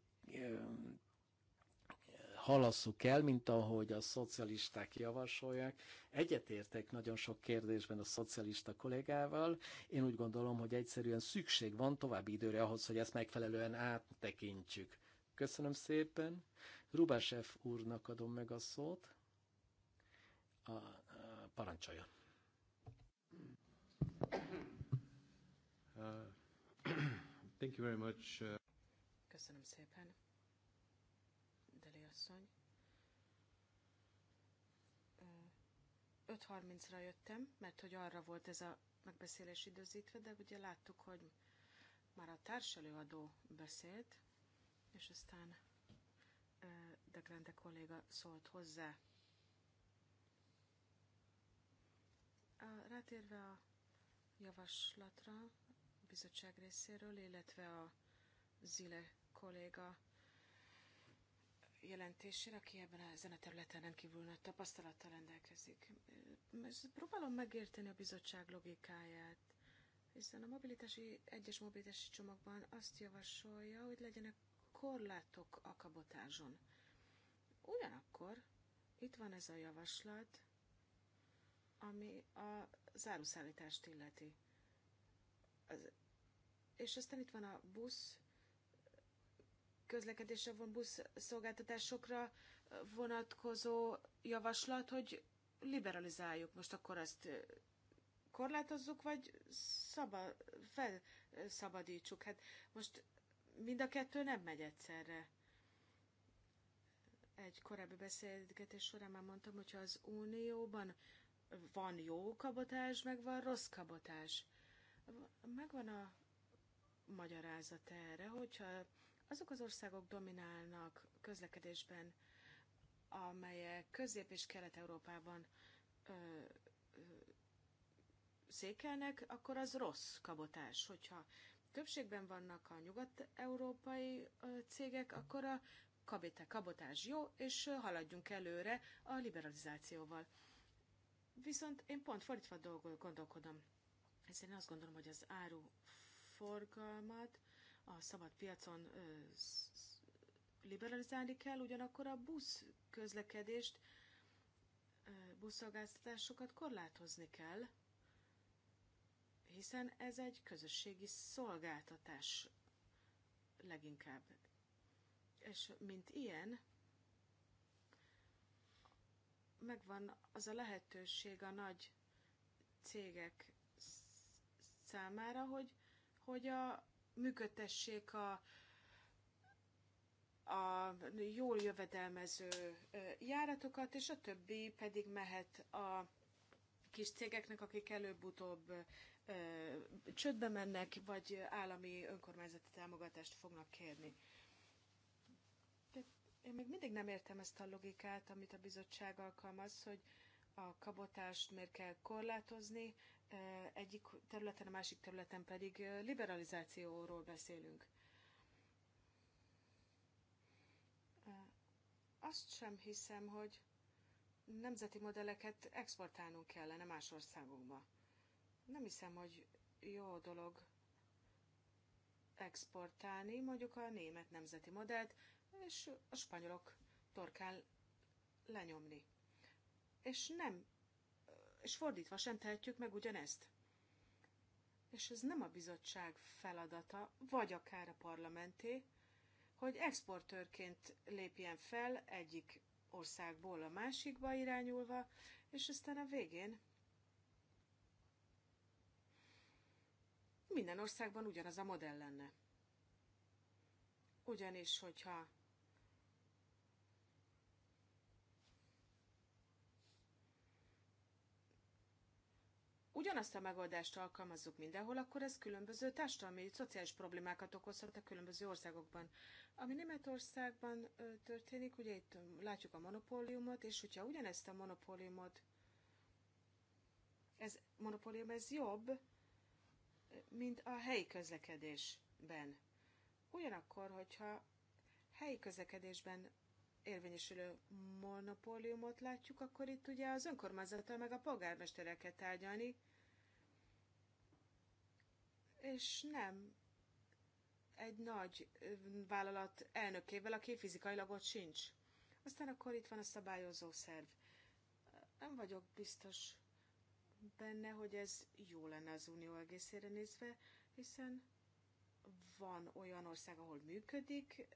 halasszuk el, mint ahogy a szocialisták javasolják. Egyetértek nagyon sok kérdésben a szocialista kollégával. Én úgy gondolom, hogy egyszerűen szükség van további időre ahhoz, hogy ezt megfelelően áttekintsük. Köszönöm szépen. Rubasev úrnak adom meg a szót. A, a parancsolja. Uh, [clears throat] thank you very much. Uh. Köszönöm szépen asszony. 5.30-ra jöttem, mert hogy arra volt ez a megbeszélés időzítve, de ugye láttuk, hogy már a társelőadó beszélt, és aztán de Grande kolléga szólt hozzá. Rátérve a javaslatra a bizottság részéről, illetve a Zile kolléga jelentésére, aki ebben a, zeneterületen nem kívül rendkívül nagy tapasztalattal rendelkezik. próbálom megérteni a bizottság logikáját, hiszen a mobilitási, egyes mobilitási csomagban azt javasolja, hogy legyenek korlátok a kabotázson. Ugyanakkor itt van ez a javaslat, ami a záruszállítást illeti. Az, és aztán itt van a busz közlekedésre von busz szolgáltatásokra vonatkozó javaslat, hogy liberalizáljuk. Most akkor azt korlátozzuk, vagy szaba, felszabadítsuk? Hát most mind a kettő nem megy egyszerre. Egy korábbi beszélgetés során már mondtam, hogyha az Unióban van jó kabotás, meg van rossz kabotás. Megvan a magyarázat erre, hogyha azok az országok dominálnak közlekedésben, amelyek Közép- és Kelet-Európában székelnek, akkor az rossz kabotás. Hogyha többségben vannak a nyugat-európai cégek, akkor a kabite, kabotás jó, és haladjunk előre a liberalizációval. Viszont én pont fordítva dolgok, gondolkodom. Hiszen én azt gondolom, hogy az áruforgalmat a szabad piacon liberalizálni kell, ugyanakkor a busz közlekedést, buszszolgáltatásokat korlátozni kell, hiszen ez egy közösségi szolgáltatás leginkább. És mint ilyen, megvan az a lehetőség a nagy cégek számára, hogy, hogy a, működtessék a, a jól jövedelmező járatokat, és a többi pedig mehet a kis cégeknek, akik előbb-utóbb csődbe mennek, vagy állami önkormányzati támogatást fognak kérni. De én még mindig nem értem ezt a logikát, amit a bizottság alkalmaz, hogy a kabotást miért kell korlátozni, egyik területen, a másik területen pedig liberalizációról beszélünk. Azt sem hiszem, hogy nemzeti modelleket exportálnunk kellene más országokba. Nem hiszem, hogy jó dolog exportálni mondjuk a német nemzeti modellt, és a spanyolok torkán lenyomni és nem, és fordítva sem tehetjük meg ugyanezt. És ez nem a bizottság feladata, vagy akár a parlamenté, hogy exportőrként lépjen fel egyik országból a másikba irányulva, és aztán a végén minden országban ugyanaz a modell lenne. Ugyanis, hogyha ugyanazt a megoldást alkalmazzuk mindenhol, akkor ez különböző társadalmi, szociális problémákat okozhat a különböző országokban. Ami Németországban történik, ugye itt látjuk a monopóliumot, és hogyha ugyanezt a monopóliumot, ez monopólium, ez jobb, mint a helyi közlekedésben. Ugyanakkor, hogyha helyi közlekedésben érvényesülő monopóliumot látjuk, akkor itt ugye az önkormányzata meg a polgármestereket tárgyalni, és nem egy nagy vállalat elnökével, aki fizikailag ott sincs. Aztán akkor itt van a szabályozó szerv. Nem vagyok biztos benne, hogy ez jó lenne az unió egészére nézve, hiszen van olyan ország, ahol működik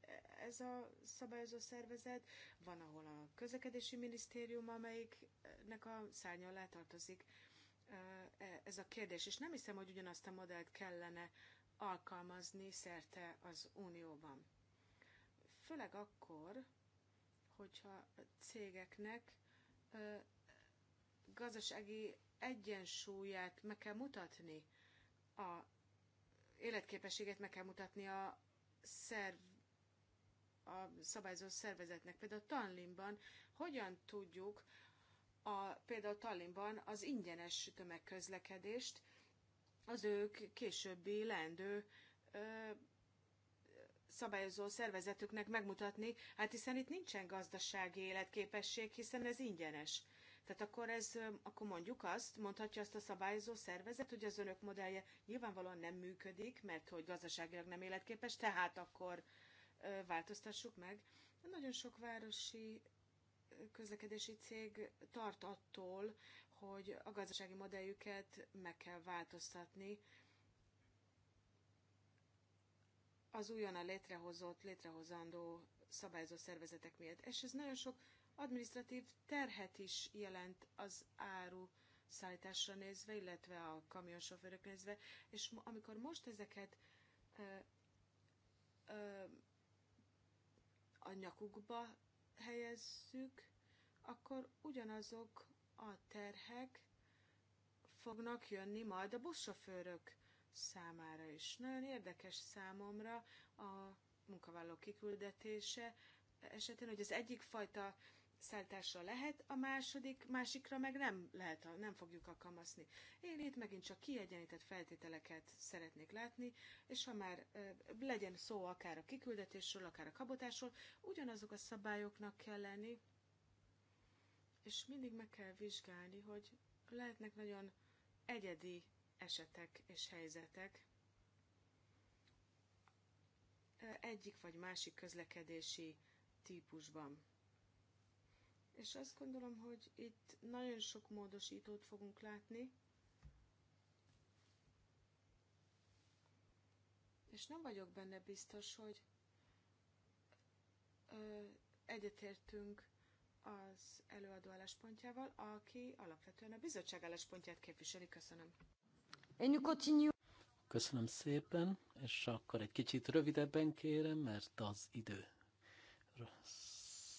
ez a szabályozó szervezet, van, ahol a közlekedési minisztérium, amelyiknek a szárnya alá tartozik E, ez a kérdés, és nem hiszem, hogy ugyanazt a modellt kellene alkalmazni szerte az Unióban. Főleg akkor, hogyha cégeknek e, gazdasági egyensúlyát meg kell mutatni, a életképességet meg kell mutatni a szerv, a szabályozó szervezetnek. Például a Tanlinban hogyan tudjuk a, például Tallinnban az ingyenes tömegközlekedést az ők későbbi leendő ö, szabályozó szervezetüknek megmutatni, hát hiszen itt nincsen gazdasági életképesség, hiszen ez ingyenes. Tehát akkor ez, akkor mondjuk azt, mondhatja azt a szabályozó szervezet, hogy az önök modellje nyilvánvalóan nem működik, mert hogy gazdaságilag nem életképes, tehát akkor ö, változtassuk meg. Nagyon sok városi közlekedési cég tart attól, hogy a gazdasági modelljüket meg kell változtatni, az újonnan létrehozott, létrehozandó szabályozó szervezetek miatt. És ez nagyon sok administratív terhet is jelent az áru szállításra nézve, illetve a kamionsofőrök nézve, és amikor most ezeket ö, ö, a nyakukba helyezzük, akkor ugyanazok a terhek fognak jönni majd a buszsofőrök számára is. Nagyon érdekes számomra a munkavállaló kiküldetése esetén, hogy az egyik fajta szálltásra lehet, a második, másikra meg nem lehet, nem fogjuk alkalmazni. Én itt megint csak kiegyenített feltételeket szeretnék látni, és ha már legyen szó akár a kiküldetésről, akár a kabotásról, ugyanazok a szabályoknak kell lenni, és mindig meg kell vizsgálni, hogy lehetnek nagyon egyedi esetek és helyzetek, egyik vagy másik közlekedési típusban. És azt gondolom, hogy itt nagyon sok módosítót fogunk látni, és nem vagyok benne biztos, hogy ö, egyetértünk az előadó álláspontjával, aki alapvetően a bizottság álláspontját képviseli. Köszönöm. Köszönöm szépen, és akkor egy kicsit rövidebben kérem, mert az idő rossz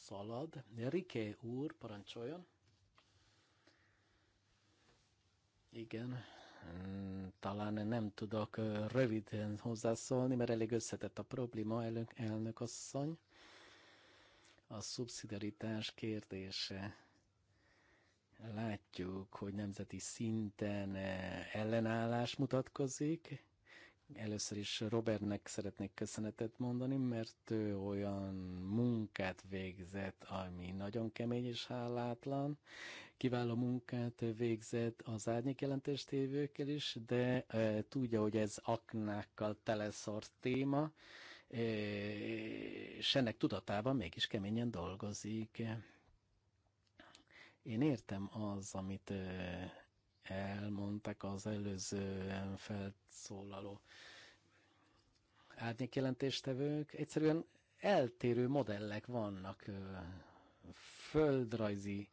szalad. rike úr, parancsoljon. Igen, mm, talán nem tudok röviden hozzászólni, mert elég összetett a probléma, elnök, elnök asszony. A szubszidaritás kérdése. Látjuk, hogy nemzeti szinten ellenállás mutatkozik, Először is Robertnek szeretnék köszönetet mondani, mert ő olyan munkát végzett, ami nagyon kemény és hálátlan. Kiváló munkát végzett az árnyék jelentéstévőkkel is, de e, tudja, hogy ez aknákkal teleszort téma, e, és ennek tudatában mégis keményen dolgozik. Én értem az, amit e, elmondták az előzően felszólaló árnyékjelentéstevők. Egyszerűen eltérő modellek vannak földrajzi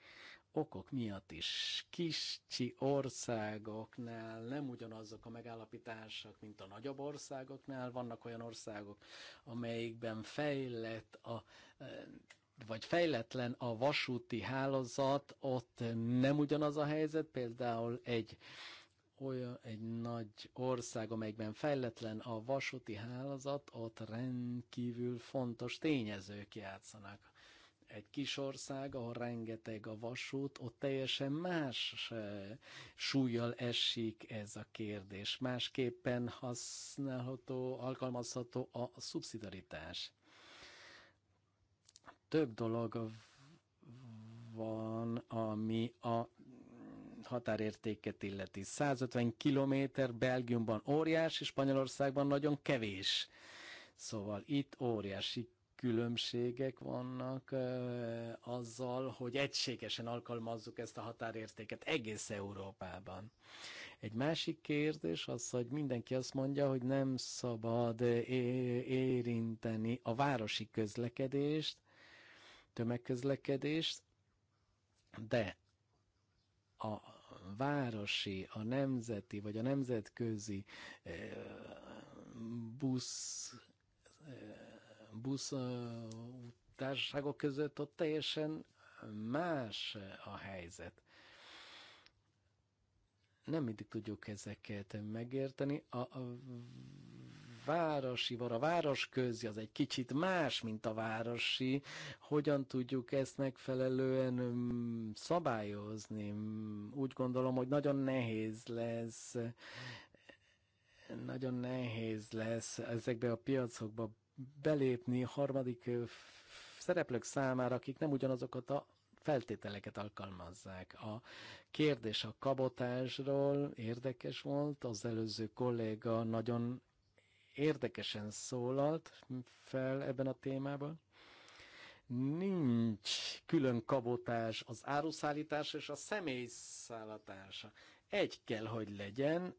okok miatt is. Kicsi országoknál nem ugyanazok a megállapítások, mint a nagyobb országoknál. Vannak olyan országok, amelyikben fejlett a vagy fejletlen a vasúti hálózat, ott nem ugyanaz a helyzet, például egy olyan egy nagy ország, amelyben fejletlen a vasúti hálózat, ott rendkívül fontos tényezők játszanak. Egy kis ország, ahol rengeteg a vasút, ott teljesen más eh, súlyjal esik ez a kérdés. Másképpen használható, alkalmazható a szubszidaritás több dolog van, ami a határértéket illeti. 150 kilométer Belgiumban óriás, és Spanyolországban nagyon kevés. Szóval itt óriási különbségek vannak ö, azzal, hogy egységesen alkalmazzuk ezt a határértéket egész Európában. Egy másik kérdés az, hogy mindenki azt mondja, hogy nem szabad érinteni a városi közlekedést, tömegközlekedést, de a városi, a nemzeti vagy a nemzetközi eh, busz, eh, busz eh, társaságok között ott teljesen más a helyzet. Nem mindig tudjuk ezeket megérteni. A, a városi, var a város közi, az egy kicsit más, mint a városi. Hogyan tudjuk ezt megfelelően mm, szabályozni? Mm, úgy gondolom, hogy nagyon nehéz lesz nagyon nehéz lesz ezekbe a piacokba belépni harmadik szereplők számára, akik nem ugyanazokat a feltételeket alkalmazzák. A kérdés a kabotásról érdekes volt, az előző kolléga nagyon érdekesen szólalt fel ebben a témában. Nincs külön kabotás az áruszállítás és a személy szállatása. Egy kell, hogy legyen,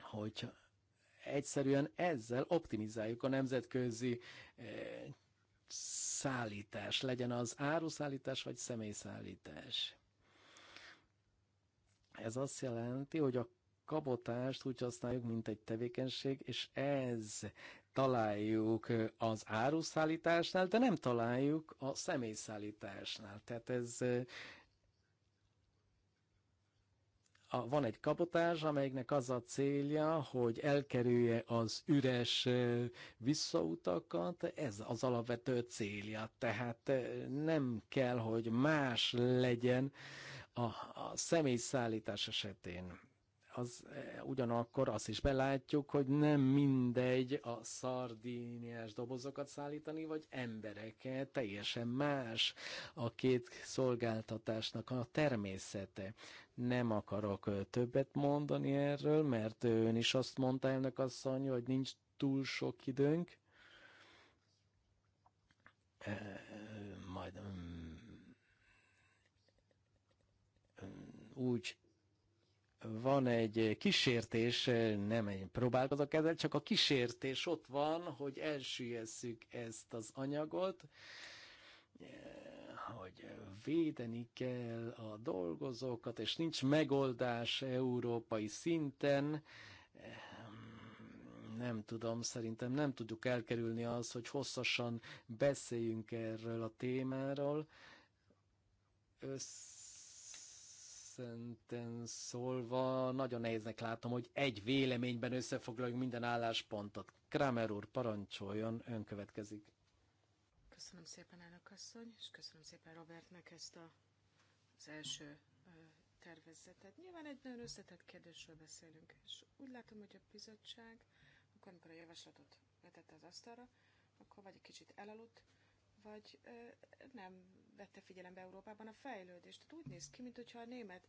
hogy egyszerűen ezzel optimizáljuk a nemzetközi eh, szállítás, legyen az áruszállítás vagy személyszállítás. Ez azt jelenti, hogy a kabotást úgy használjuk, mint egy tevékenység, és ez találjuk az áruszállításnál, de nem találjuk a személyszállításnál. Tehát ez a, van egy kabotás, amelynek az a célja, hogy elkerülje az üres visszautakat, ez az alapvető célja. Tehát nem kell, hogy más legyen a, a személyszállítás esetén az e, ugyanakkor azt is belátjuk, hogy nem mindegy a szardíniás dobozokat szállítani, vagy embereket, teljesen más a két szolgáltatásnak a természete. Nem akarok többet mondani erről, mert ön is azt mondta elnök asszony, hogy nincs túl sok időnk. E, majd mm, mm, úgy van egy kísértés, nem én próbálkozok ezzel, csak a kísértés ott van, hogy elsüllyesszük ezt az anyagot, hogy védeni kell a dolgozókat, és nincs megoldás európai szinten. Nem tudom, szerintem nem tudjuk elkerülni az, hogy hosszasan beszéljünk erről a témáról. Össz őszenten szólva nagyon nehéznek látom, hogy egy véleményben összefoglaljunk minden álláspontot. Kramer úr, parancsoljon, ön következik. Köszönöm szépen, elnök asszony, és köszönöm szépen Robertnek ezt a, az első tervezetet. Nyilván egy nagyon összetett kérdésről beszélünk, és úgy látom, hogy a bizottság, akkor, amikor a javaslatot vetette az asztalra, akkor vagy egy kicsit elaludt, vagy ö, nem vette figyelembe Európában a fejlődést. Tehát úgy néz ki, mintha a német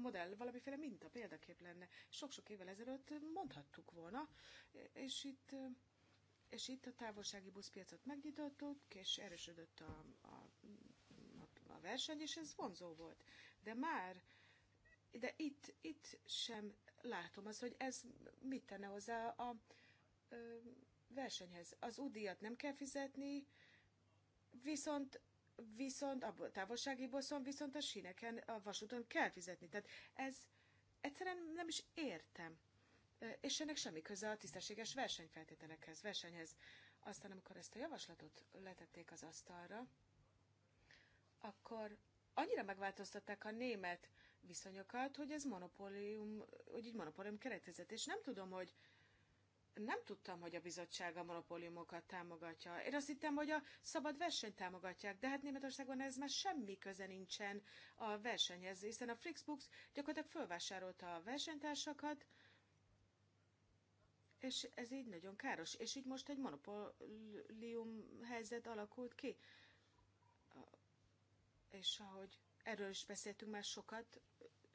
modell valamiféle minta, példakép lenne. Sok-sok évvel ezelőtt mondhattuk volna, és itt, és itt a távolsági buszpiacot megnyitottuk, és erősödött a, a, a verseny, és ez vonzó volt. De már, de itt, itt sem látom azt, hogy ez mit tenne hozzá a, a versenyhez. Az údíjat nem kell fizetni, viszont viszont a távolsági buszon, viszont a síneken, a vasúton kell fizetni. Tehát ez egyszerűen nem is értem. És ennek semmi köze a tisztességes versenyfeltételekhez, versenyhez. Aztán, amikor ezt a javaslatot letették az asztalra, akkor annyira megváltoztatták a német viszonyokat, hogy ez monopólium, hogy így monopólium keretezett. És nem tudom, hogy nem tudtam, hogy a bizottság a monopóliumokat támogatja. Én azt hittem, hogy a szabad versenyt támogatják, de hát Németországban ez már semmi köze nincsen a versenyhez, hiszen a Flixbooks gyakorlatilag fölvásárolta a versenytársakat, és ez így nagyon káros. És így most egy monopólium helyzet alakult ki. És ahogy erről is beszéltünk már sokat,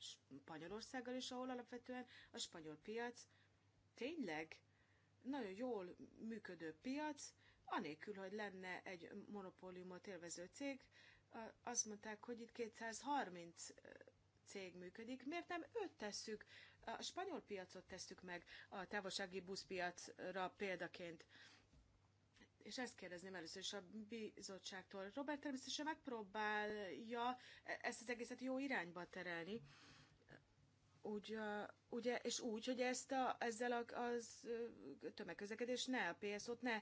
Spanyolországgal is, ahol alapvetően a spanyol piac tényleg nagyon jól működő piac, anélkül, hogy lenne egy monopóliumot élvező cég, azt mondták, hogy itt 230 cég működik, miért nem őt tesszük, a spanyol piacot tesszük meg a távolsági buszpiacra példaként. És ezt kérdezném először is a bizottságtól. Robert természetesen megpróbálja e-, ezt az egészet jó irányba terelni, úgy, ugye, és úgy, hogy ezt a, ezzel a, az tömegközlekedés ne, a PSZ-ot ne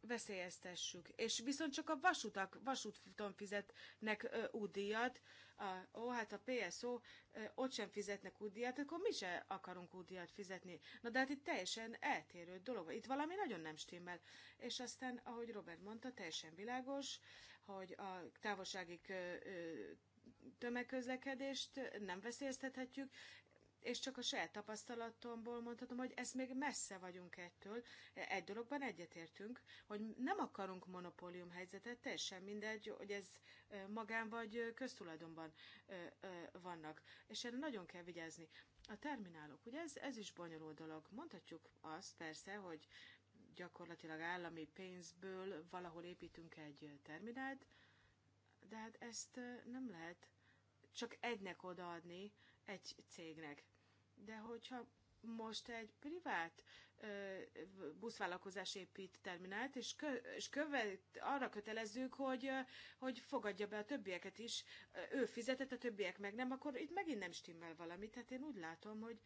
veszélyeztessük. És viszont csak a vasutak, vasúton fizetnek uh, údíjat, a, ó, hát a PSO ö, ott sem fizetnek údíjat, akkor mi se akarunk údíjat fizetni. Na de hát itt teljesen eltérő dolog. Itt valami nagyon nem stimmel. És aztán, ahogy Robert mondta, teljesen világos, hogy a távolságik tömegközlekedést nem veszélyeztethetjük, és csak a saját tapasztalatomból mondhatom, hogy ezt még messze vagyunk ettől. Egy dologban egyetértünk, hogy nem akarunk monopólium helyzetet, teljesen mindegy, hogy ez magán vagy köztulajdonban vannak. És erre nagyon kell vigyázni. A terminálok, ugye ez, ez is bonyolult dolog. Mondhatjuk azt persze, hogy gyakorlatilag állami pénzből valahol építünk egy terminált, de hát ezt nem lehet csak egynek odaadni, egy cégnek. De hogyha most egy privát ö, buszvállalkozás épít terminált, és, kö, és követ, arra kötelezzük, hogy, ö, hogy fogadja be a többieket is, ö, ő fizetett, a többiek meg nem, akkor itt megint nem stimmel valami. Tehát én úgy látom, hogy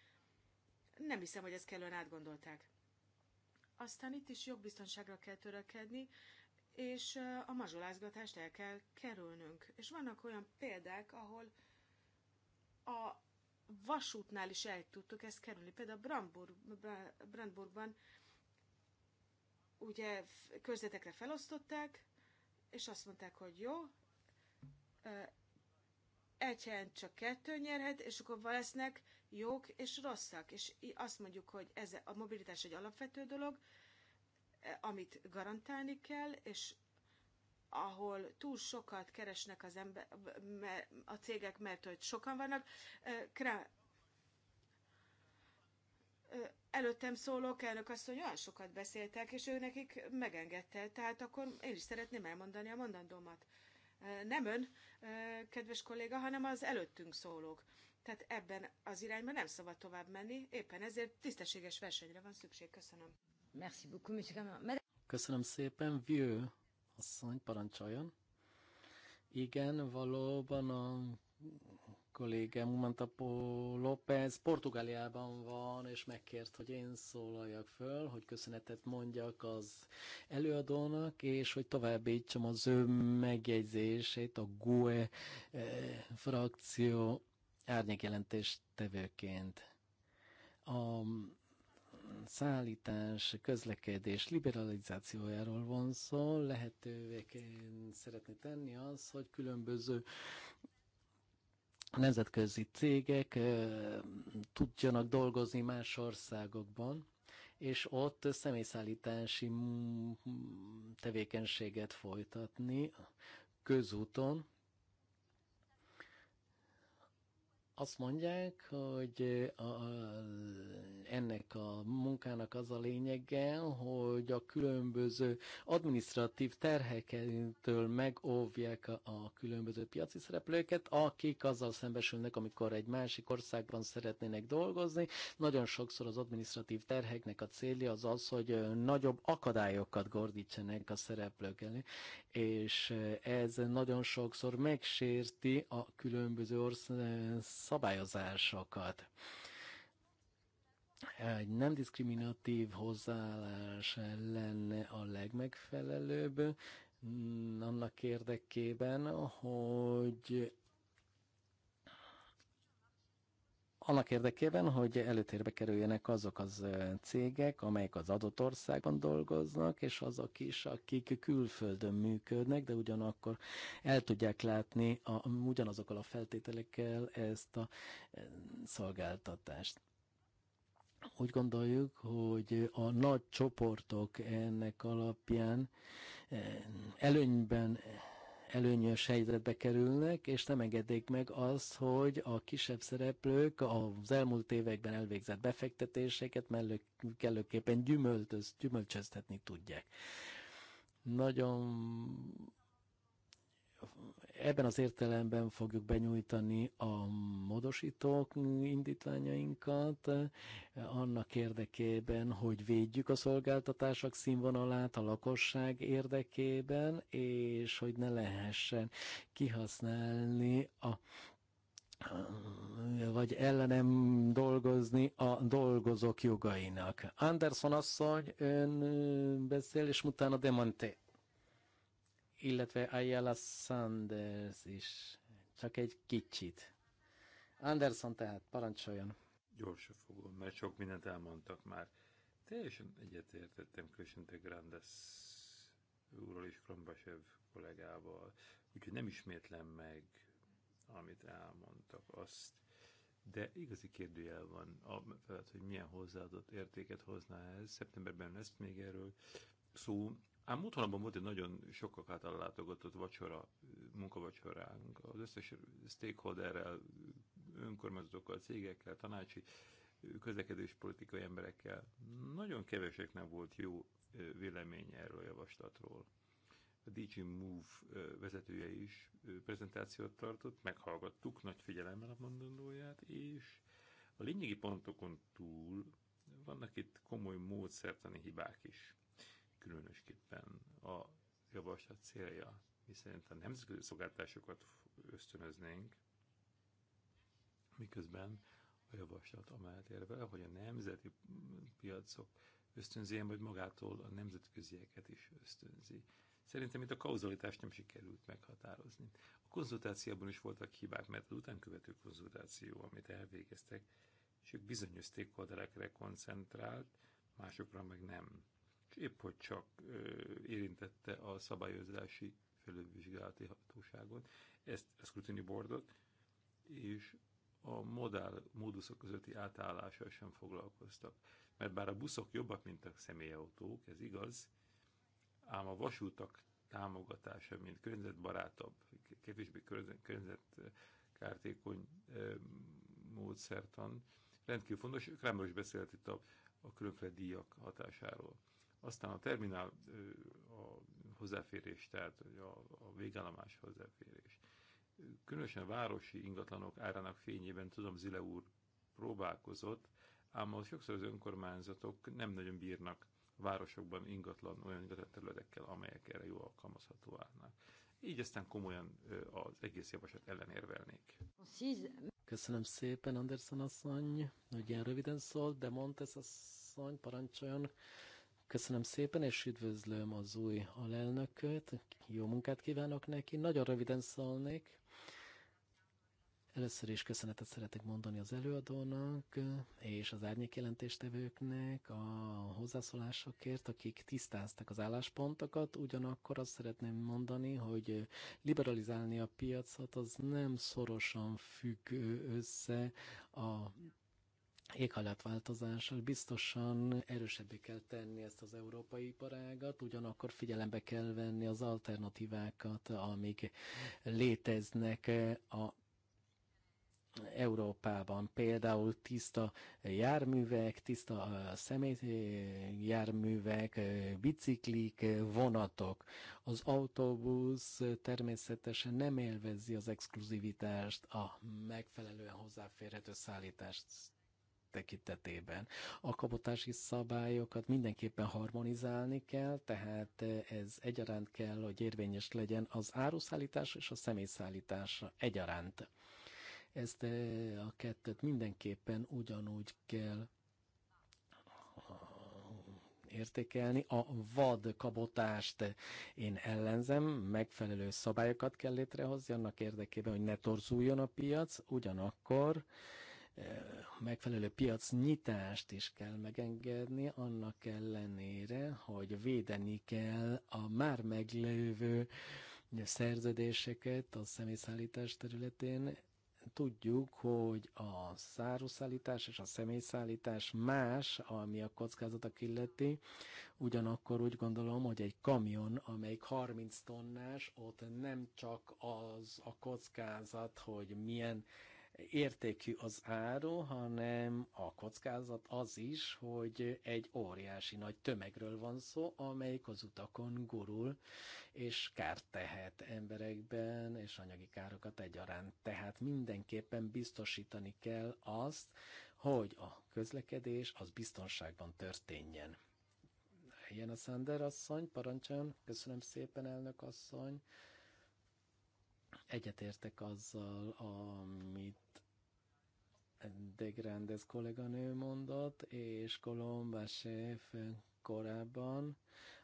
nem hiszem, hogy ezt kellően átgondolták. Aztán itt is jogbiztonságra kell törekedni, és a mazsolázgatást el kell kerülnünk. És vannak olyan példák, ahol a vasútnál is el tudtuk ezt kerülni. Például Brandburg, Brandburgban ugye körzetekre felosztották, és azt mondták, hogy jó, egy helyen csak kettő nyerhet, és akkor lesznek jók és rosszak. És azt mondjuk, hogy ez a mobilitás egy alapvető dolog, amit garantálni kell, és ahol túl sokat keresnek az ember, a cégek, mert hogy sokan vannak, krá, előttem szólók elnök hogy olyan sokat beszéltek, és ő nekik megengedte, tehát akkor én is szeretném elmondani a mondandómat. Nem ön, kedves kolléga, hanem az előttünk szólók. Tehát ebben az irányban nem szabad tovább menni, éppen ezért tisztességes versenyre van szükség. Köszönöm. Köszönöm szépen, Vieux asszony, parancsoljon. Igen, valóban a kollégám Mantapó López Portugáliában van, és megkért, hogy én szólaljak föl, hogy köszönetet mondjak az előadónak, és hogy továbbítsam az ő megjegyzését a GUE eh, frakció árnyékjelentést tevőként. A szállítás, közlekedés liberalizációjáról van szó, lehetővé szeretné tenni az, hogy különböző nemzetközi cégek tudjanak dolgozni más országokban, és ott személyszállítási tevékenységet folytatni közúton, azt mondják, hogy a, ennek a munkának az a lényege, hogy a különböző administratív terhekentől megóvják a, a különböző piaci szereplőket, akik azzal szembesülnek, amikor egy másik országban szeretnének dolgozni. Nagyon sokszor az administratív terheknek a célja az az, hogy nagyobb akadályokat gordítsanak a szereplők elé, és ez nagyon sokszor megsérti a különböző országok szabályozásokat. Egy nem diszkriminatív hozzáállás lenne a legmegfelelőbb mm, annak érdekében, hogy annak érdekében, hogy előtérbe kerüljenek azok az cégek, amelyek az adott országban dolgoznak, és azok is, akik külföldön működnek, de ugyanakkor el tudják látni a, ugyanazokkal a feltételekkel ezt a szolgáltatást. Úgy gondoljuk, hogy a nagy csoportok ennek alapján előnyben előnyös helyzetbe kerülnek, és nem engedik meg azt, hogy a kisebb szereplők az elmúlt években elvégzett befektetéseket mellő, kellőképpen gyümölcsöztetni tudják. Nagyon Ebben az értelemben fogjuk benyújtani a módosítók indítványainkat annak érdekében, hogy védjük a szolgáltatások színvonalát a lakosság érdekében, és hogy ne lehessen kihasználni a vagy ellenem dolgozni a dolgozók jogainak. Anderson asszony ön beszél, és utána Demonté illetve Ayala Sanders is. Csak egy kicsit. Anderson tehát, parancsoljon. Gyorsan fogom, mert sok mindent elmondtak már. Teljesen egyetértettem Christian Grandes úrral és Krombasev kollégával, úgyhogy nem ismétlem meg, amit elmondtak, azt. De igazi kérdőjel van, hogy milyen hozzáadott értéket hozna ez. Szeptemberben lesz még erről szó, Ám múlt volt egy nagyon sokak által látogatott vacsora, munkavacsoránk, az összes stakeholderrel, önkormányzatokkal, cégekkel, tanácsi, közlekedéspolitikai emberekkel. Nagyon keveseknek volt jó véleménye erről a javaslatról. A DG Move vezetője is prezentációt tartott, meghallgattuk nagy figyelemmel a mondandóját, és a lényegi pontokon túl vannak itt komoly módszertani hibák is különösképpen a javaslat célja, hiszen a nemzetközi szolgáltatásokat ösztönöznénk, miközben a javaslat amellett érvel, hogy a nemzeti piacok ösztönzéje, vagy magától a nemzetközieket is ösztönzi. Szerintem itt a kauzalitást nem sikerült meghatározni. A konzultációban is voltak hibák, mert az utánkövető konzultáció, amit elvégeztek, és ők bizonyos stakeholderekre koncentrált, másokra meg nem épp hogy csak érintette a szabályozási felülvizsgálati hatóságot, ezt a scrutiny boardot, és a modál móduszok közötti átállással sem foglalkoztak. Mert bár a buszok jobbak, mint a személyautók, ez igaz, ám a vasútak támogatása, mint környezetbarátabb, kevésbé környezetkártékony módszertan rendkívül fontos. Kramer is beszélt itt a, a különféle díjak hatásáról. Aztán a terminál a hozzáférés, tehát a végállomás hozzáférés. Különösen városi ingatlanok árának fényében, tudom, Zile úr próbálkozott, ám az sokszor az önkormányzatok nem nagyon bírnak városokban ingatlan, olyan ingatlan területekkel, amelyek erre jó alkalmazható állnak. Így aztán komolyan az egész javaslat ellenérvelnék. Köszönöm szépen, Anderson asszony, hogy ilyen röviden szólt, de Montes asszony parancsoljon. Köszönöm szépen, és üdvözlöm az új alelnököt. Jó munkát kívánok neki. Nagyon röviden szólnék. Először is köszönetet szeretek mondani az előadónak és az árnyék jelentéstevőknek a hozzászólásokért, akik tisztázták az álláspontokat. Ugyanakkor azt szeretném mondani, hogy liberalizálni a piacot az nem szorosan függ össze a éghajlatváltozással biztosan erősebbé kell tenni ezt az európai iparágat, ugyanakkor figyelembe kell venni az alternatívákat, amik léteznek a Európában például tiszta járművek, tiszta személyjárművek, biciklik, vonatok. Az autóbusz természetesen nem élvezi az exkluzivitást, a megfelelően hozzáférhető szállítást tekintetében. A kabotási szabályokat mindenképpen harmonizálni kell, tehát ez egyaránt kell, hogy érvényes legyen az áruszállítás és a személyszállítás egyaránt. Ezt e, a kettőt mindenképpen ugyanúgy kell értékelni. A vad kabotást én ellenzem, megfelelő szabályokat kell létrehozni annak érdekében, hogy ne torzuljon a piac, ugyanakkor megfelelő piac nyitást is kell megengedni, annak ellenére, hogy védeni kell a már meglévő szerződéseket a személyszállítás területén. Tudjuk, hogy a száruszállítás és a személyszállítás más, ami a kockázatok illeti. Ugyanakkor úgy gondolom, hogy egy kamion, amelyik 30 tonnás, ott nem csak az a kockázat, hogy milyen értékű az áru, hanem a kockázat az is, hogy egy óriási nagy tömegről van szó, amelyik az utakon gurul, és kárt tehet emberekben, és anyagi károkat egyaránt. Tehát mindenképpen biztosítani kell azt, hogy a közlekedés az biztonságban történjen. Ilyen a Sander asszony, parancsoljon, köszönöm szépen elnök asszony. Egyetértek azzal, amit de Grandes kolléganő mondott, és Colomba Chef korábban,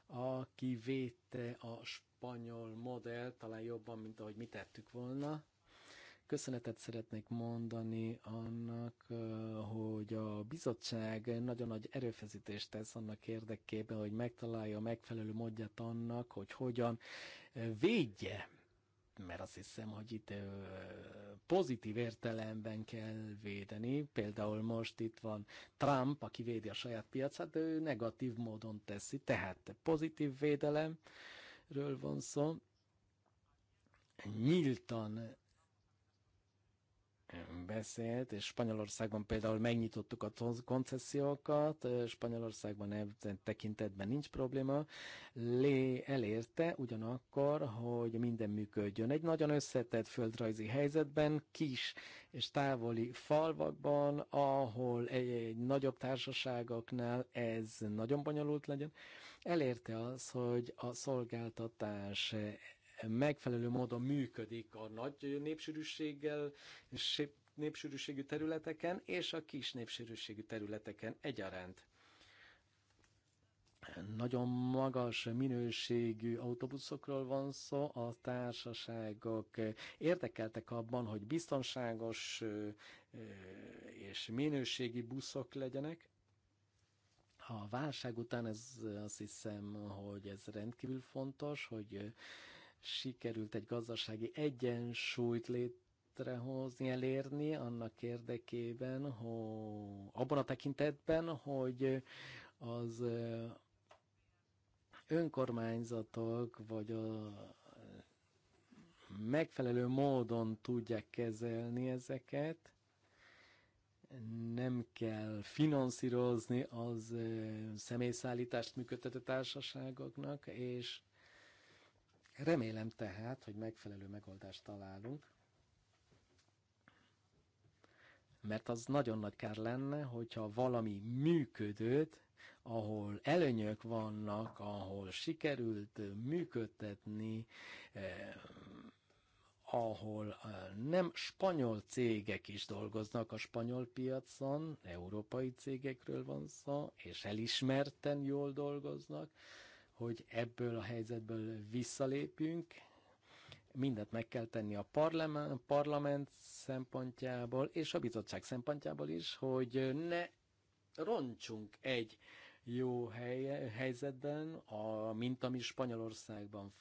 aki védte a spanyol modell, talán jobban, mint ahogy mi tettük volna. Köszönetet szeretnék mondani annak, hogy a bizottság nagyon nagy erőfeszítést tesz annak érdekében, hogy megtalálja a megfelelő módját annak, hogy hogyan védje mert azt hiszem, hogy itt pozitív értelemben kell védeni. Például most itt van Trump, aki védi a saját piacát, de ő negatív módon teszi, tehát pozitív védelemről van szó. Nyíltan beszélt, és Spanyolországban például megnyitottuk a koncesziókat, Spanyolországban ebben tekintetben nincs probléma, Lé elérte ugyanakkor, hogy minden működjön. Egy nagyon összetett földrajzi helyzetben, kis és távoli falvakban, ahol egy, egy nagyobb társaságoknál ez nagyon bonyolult legyen, elérte az, hogy a szolgáltatás megfelelő módon működik a nagy népsűrűséggel, népsűrűségű területeken és a kis népsűrűségű területeken egyaránt nagyon magas minőségű autóbuszokról van szó, a társaságok érdekeltek abban, hogy biztonságos és minőségi buszok legyenek. A válság után ez azt hiszem, hogy ez rendkívül fontos, hogy sikerült egy gazdasági egyensúlyt létrehozni, elérni annak érdekében, hogy abban a tekintetben, hogy az önkormányzatok vagy a megfelelő módon tudják kezelni ezeket, nem kell finanszírozni az személyszállítást működtető társaságoknak, és Remélem tehát, hogy megfelelő megoldást találunk, mert az nagyon nagy kár lenne, hogyha valami működőt, ahol előnyök vannak, ahol sikerült működtetni, eh, ahol eh, nem spanyol cégek is dolgoznak a spanyol piacon, európai cégekről van szó, és elismerten jól dolgoznak, hogy ebből a helyzetből visszalépjünk. Mindent meg kell tenni a parlament, parlament szempontjából és a bizottság szempontjából is, hogy ne roncsunk egy jó hely, helyzetben, a, mint ami Spanyolországban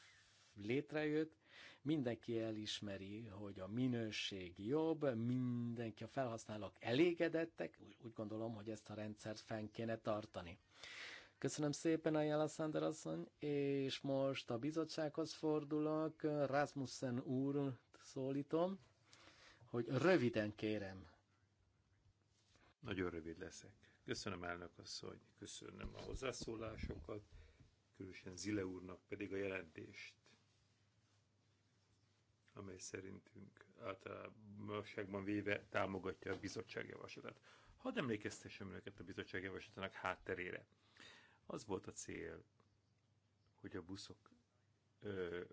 létrejött, mindenki elismeri, hogy a minőség jobb, mindenki a felhasználók elégedettek, úgy, úgy gondolom, hogy ezt a rendszert fenn kéne tartani. Köszönöm szépen, Ajala Szándor asszony, és most a bizottsághoz fordulok. Rasmussen úr szólítom, hogy röviden kérem. Nagyon rövid leszek. Köszönöm elnök asszony, köszönöm a hozzászólásokat, különösen Zile úrnak pedig a jelentést, amely szerintünk általánosságban véve támogatja a bizottság javaslatát. Hadd emlékeztessem önöket a bizottság javaslatának hátterére. Az volt a cél, hogy a buszok ö,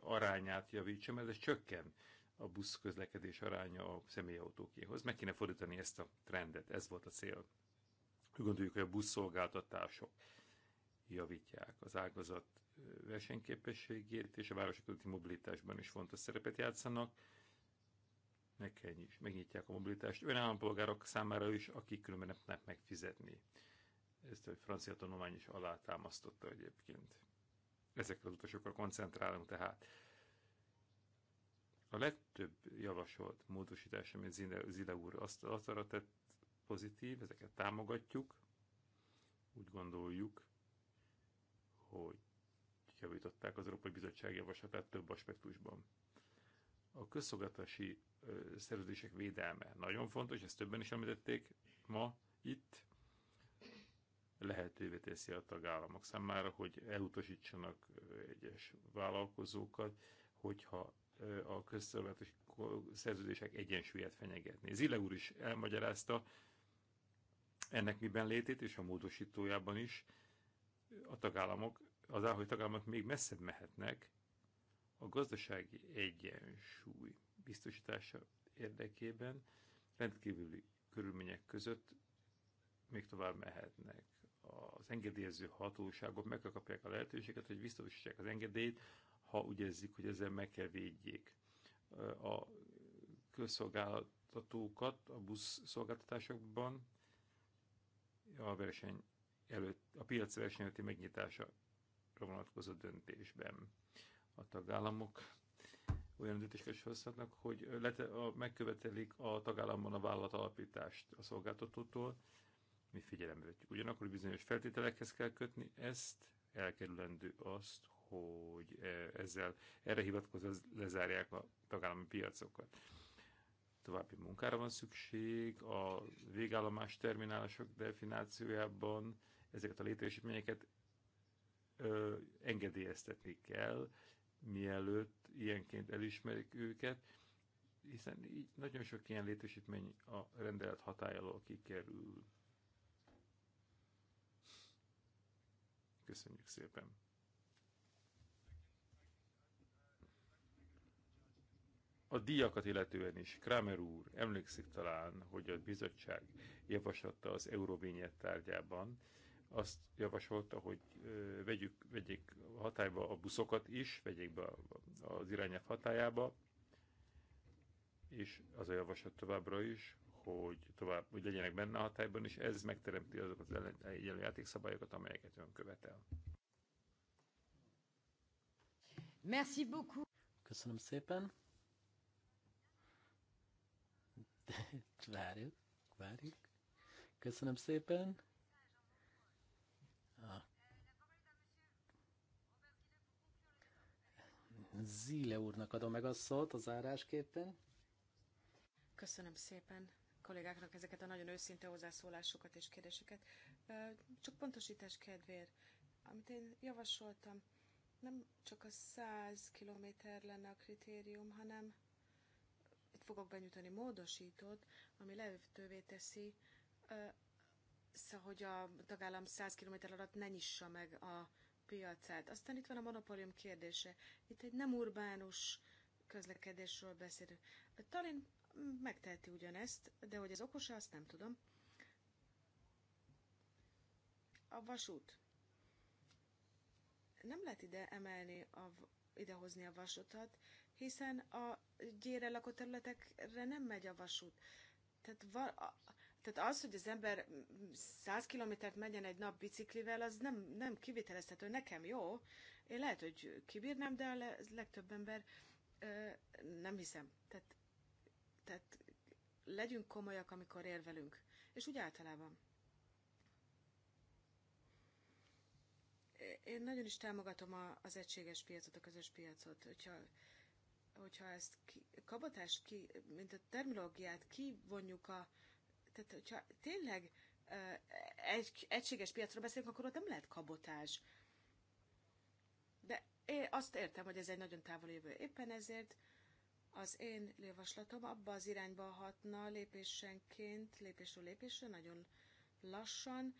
arányát javítsam, ez csökken a busz közlekedés aránya a személyautókéhoz. Meg kéne fordítani ezt a trendet, ez volt a cél. Gondoljuk, hogy a buszszolgáltatások javítják az ágazat versenyképességét, és a városok közötti mobilitásban is fontos szerepet játszanak. Meg kell, megnyitják a mobilitást olyan állampolgárok számára is, akik különben nem tudnak megfizetni ezt a francia tanulmány is alátámasztotta egyébként. Ezekre az utasokra koncentrálunk tehát. A legtöbb javasolt módosítás, amit Zile, Zile úr azt, azt arra tett pozitív, ezeket támogatjuk, úgy gondoljuk, hogy javították az Európai Bizottság javaslatát több aspektusban. A közszolgatási szerződések védelme nagyon fontos, ezt többen is említették ma itt lehetővé teszi a tagállamok számára, hogy elutasítsanak egyes vállalkozókat, hogyha a közszolgálatos szerződések egyensúlyát fenyegetni. Zile úr is elmagyarázta ennek miben létét, és a módosítójában is a tagállamok, az hogy tagállamok még messzebb mehetnek a gazdasági egyensúly biztosítása érdekében rendkívüli körülmények között még tovább mehetnek az engedélyező hatóságok megkapják a lehetőséget, hogy biztosítsák az engedélyt, ha úgy érzik, hogy ezzel meg kell védjék a közszolgáltatókat a busz szolgáltatásokban a verseny előtt, a piac verseny előtti megnyitása vonatkozó döntésben a tagállamok olyan döntéseket hozhatnak, hogy lete, a, megkövetelik a tagállamban a vállalat alapítást a szolgáltatótól, mi figyelembe vetjük. Ugyanakkor bizonyos feltételekhez kell kötni ezt, elkerülendő azt, hogy e, ezzel erre hivatkozva lezárják a tagállami piacokat. További munkára van szükség, a végállomás terminálások definációjában ezeket a létesítményeket engedélyeztetni kell, mielőtt ilyenként elismerik őket, hiszen így nagyon sok ilyen létesítmény a rendelet hatája alól kikerül. Köszönjük szépen! A díjakat illetően is, Kramer úr emlékszik talán, hogy a bizottság javasolta az Euróvényet tárgyában, azt javasolta, hogy vegyük, vegyék hatályba a buszokat is, vegyék be az irányelv hatályába, és az a javaslat továbbra is, hogy tovább, hogy legyenek benne a hatályban, és ez megteremti azokat az egyenlő játékszabályokat, amelyeket ön követel. Merci beaucoup. Köszönöm szépen. várjuk, várjuk. Köszönöm szépen. Ah. Zile úrnak adom meg a szót a zárásképpen. Köszönöm szépen kollégáknak ezeket a nagyon őszinte hozzászólásokat és kérdéseket. Csak pontosítás kedvéért, amit én javasoltam, nem csak a 100 kilométer lenne a kritérium, hanem itt fogok benyújtani módosítót, ami lehetővé teszi, hogy a tagállam 100 km alatt ne nyissa meg a piacát. Aztán itt van a monopólium kérdése. Itt egy nem urbánus közlekedésről beszélünk. de Tallinn megteheti ugyanezt, de hogy az okos, azt nem tudom. A vasút. Nem lehet ide emelni, a, idehozni a vasutat, hiszen a gyére lakott területekre nem megy a vasút. Tehát, va, a, tehát az, hogy az ember 100 kilométert megyen egy nap biciklivel, az nem, nem kivitelezhető. Nekem jó, én lehet, hogy kibírnám, de a legtöbb ember ö, nem hiszem. Tehát tehát legyünk komolyak, amikor érvelünk. És úgy általában. Én nagyon is támogatom a az egységes piacot, a közös piacot. Hogyha, hogyha ezt ki, kabotást, ki, mint a terminológiát kivonjuk a... Tehát, hogyha tényleg egy, egységes piacról beszélünk, akkor ott nem lehet kabotás. De én azt értem, hogy ez egy nagyon távoli jövő. Éppen ezért az én javaslatom abba az irányba hatna lépésenként, lépésről lépésre, nagyon lassan,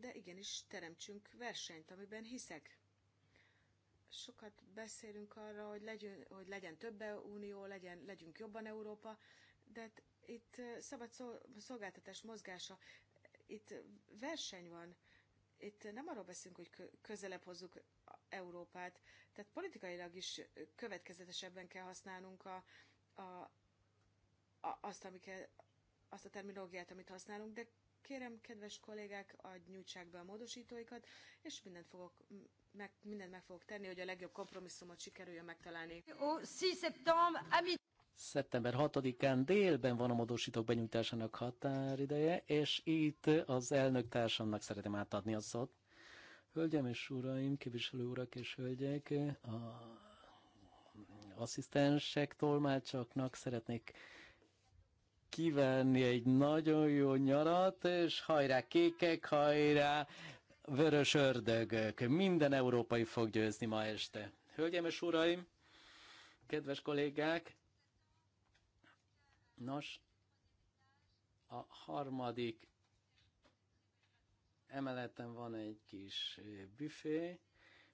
de igenis teremtsünk versenyt, amiben hiszek. Sokat beszélünk arra, hogy legyen, hogy legyen több unió, legyen, legyünk jobban Európa, de hát itt szabad szolgáltatás mozgása, itt verseny van. Itt nem arról beszélünk, hogy közelebb hozzuk Európát. Tehát politikailag is következetesebben kell használnunk a, a, a, azt, amiket, azt a terminológiát, amit használunk, de kérem, kedves kollégák, nyújtsák be a módosítóikat, és mindent fogok meg, mindent meg fogok tenni, hogy a legjobb kompromisszumot sikerüljön megtalálni. Szeptember 6-án délben van a módosítók benyújtásának határideje, és itt az elnök társamnak szeretem átadni a szót. Hölgyem és uraim, képviselő urak és hölgyek, a asszisztensek, tolmácsoknak szeretnék kívánni egy nagyon jó nyarat, és hajrá kékek, hajrá vörös ördögök. Minden európai fog győzni ma este. Hölgyem és uraim, kedves kollégák, nos, a harmadik emeleten van egy kis eh, büfé,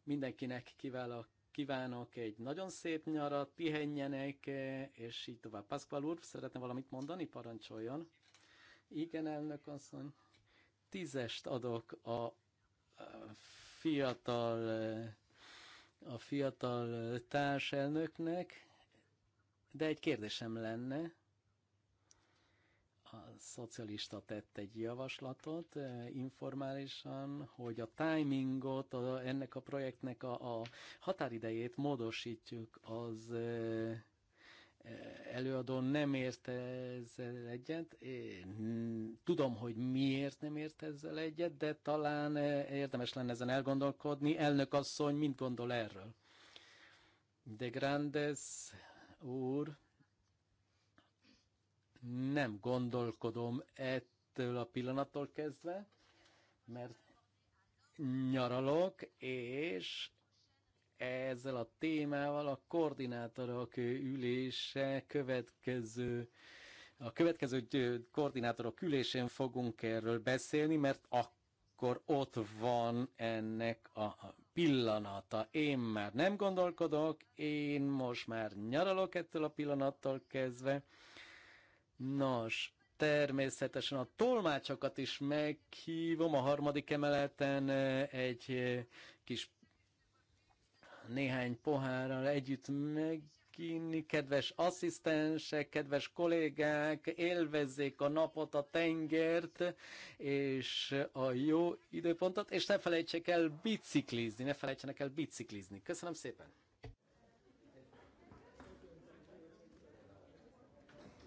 mindenkinek kiválok, kívánok egy nagyon szép nyarat, pihenjenek, eh, és így tovább. Pascual úr, szeretne valamit mondani? Parancsoljon. Igen, elnök asszony. Tízest adok a fiatal a fiatal eh, társelnöknek, de egy kérdésem lenne a szocialista tett egy javaslatot eh, informálisan, hogy a timingot, a, ennek a projektnek a, a határidejét módosítjuk az eh, eh, előadó nem érte ezzel egyet. Én tudom, hogy miért nem érte ezzel egyet, de talán érdemes lenne ezen elgondolkodni. Elnök asszony, mint gondol erről? De Grandes úr, nem gondolkodom ettől a pillanattól kezdve, mert nyaralok, és ezzel a témával a koordinátorok ülése következő a következő koordinátorok ülésén fogunk erről beszélni, mert akkor ott van ennek a pillanata. Én már nem gondolkodok, én most már nyaralok ettől a pillanattól kezdve, Nos, természetesen a tolmácsokat is meghívom a harmadik emeleten eh, egy eh, kis néhány pohárral együtt meginni. Kedves asszisztensek, kedves kollégák, élvezzék a napot, a tengert és a jó időpontot, és ne felejtsék el biciklizni, ne felejtsenek el biciklizni. Köszönöm szépen!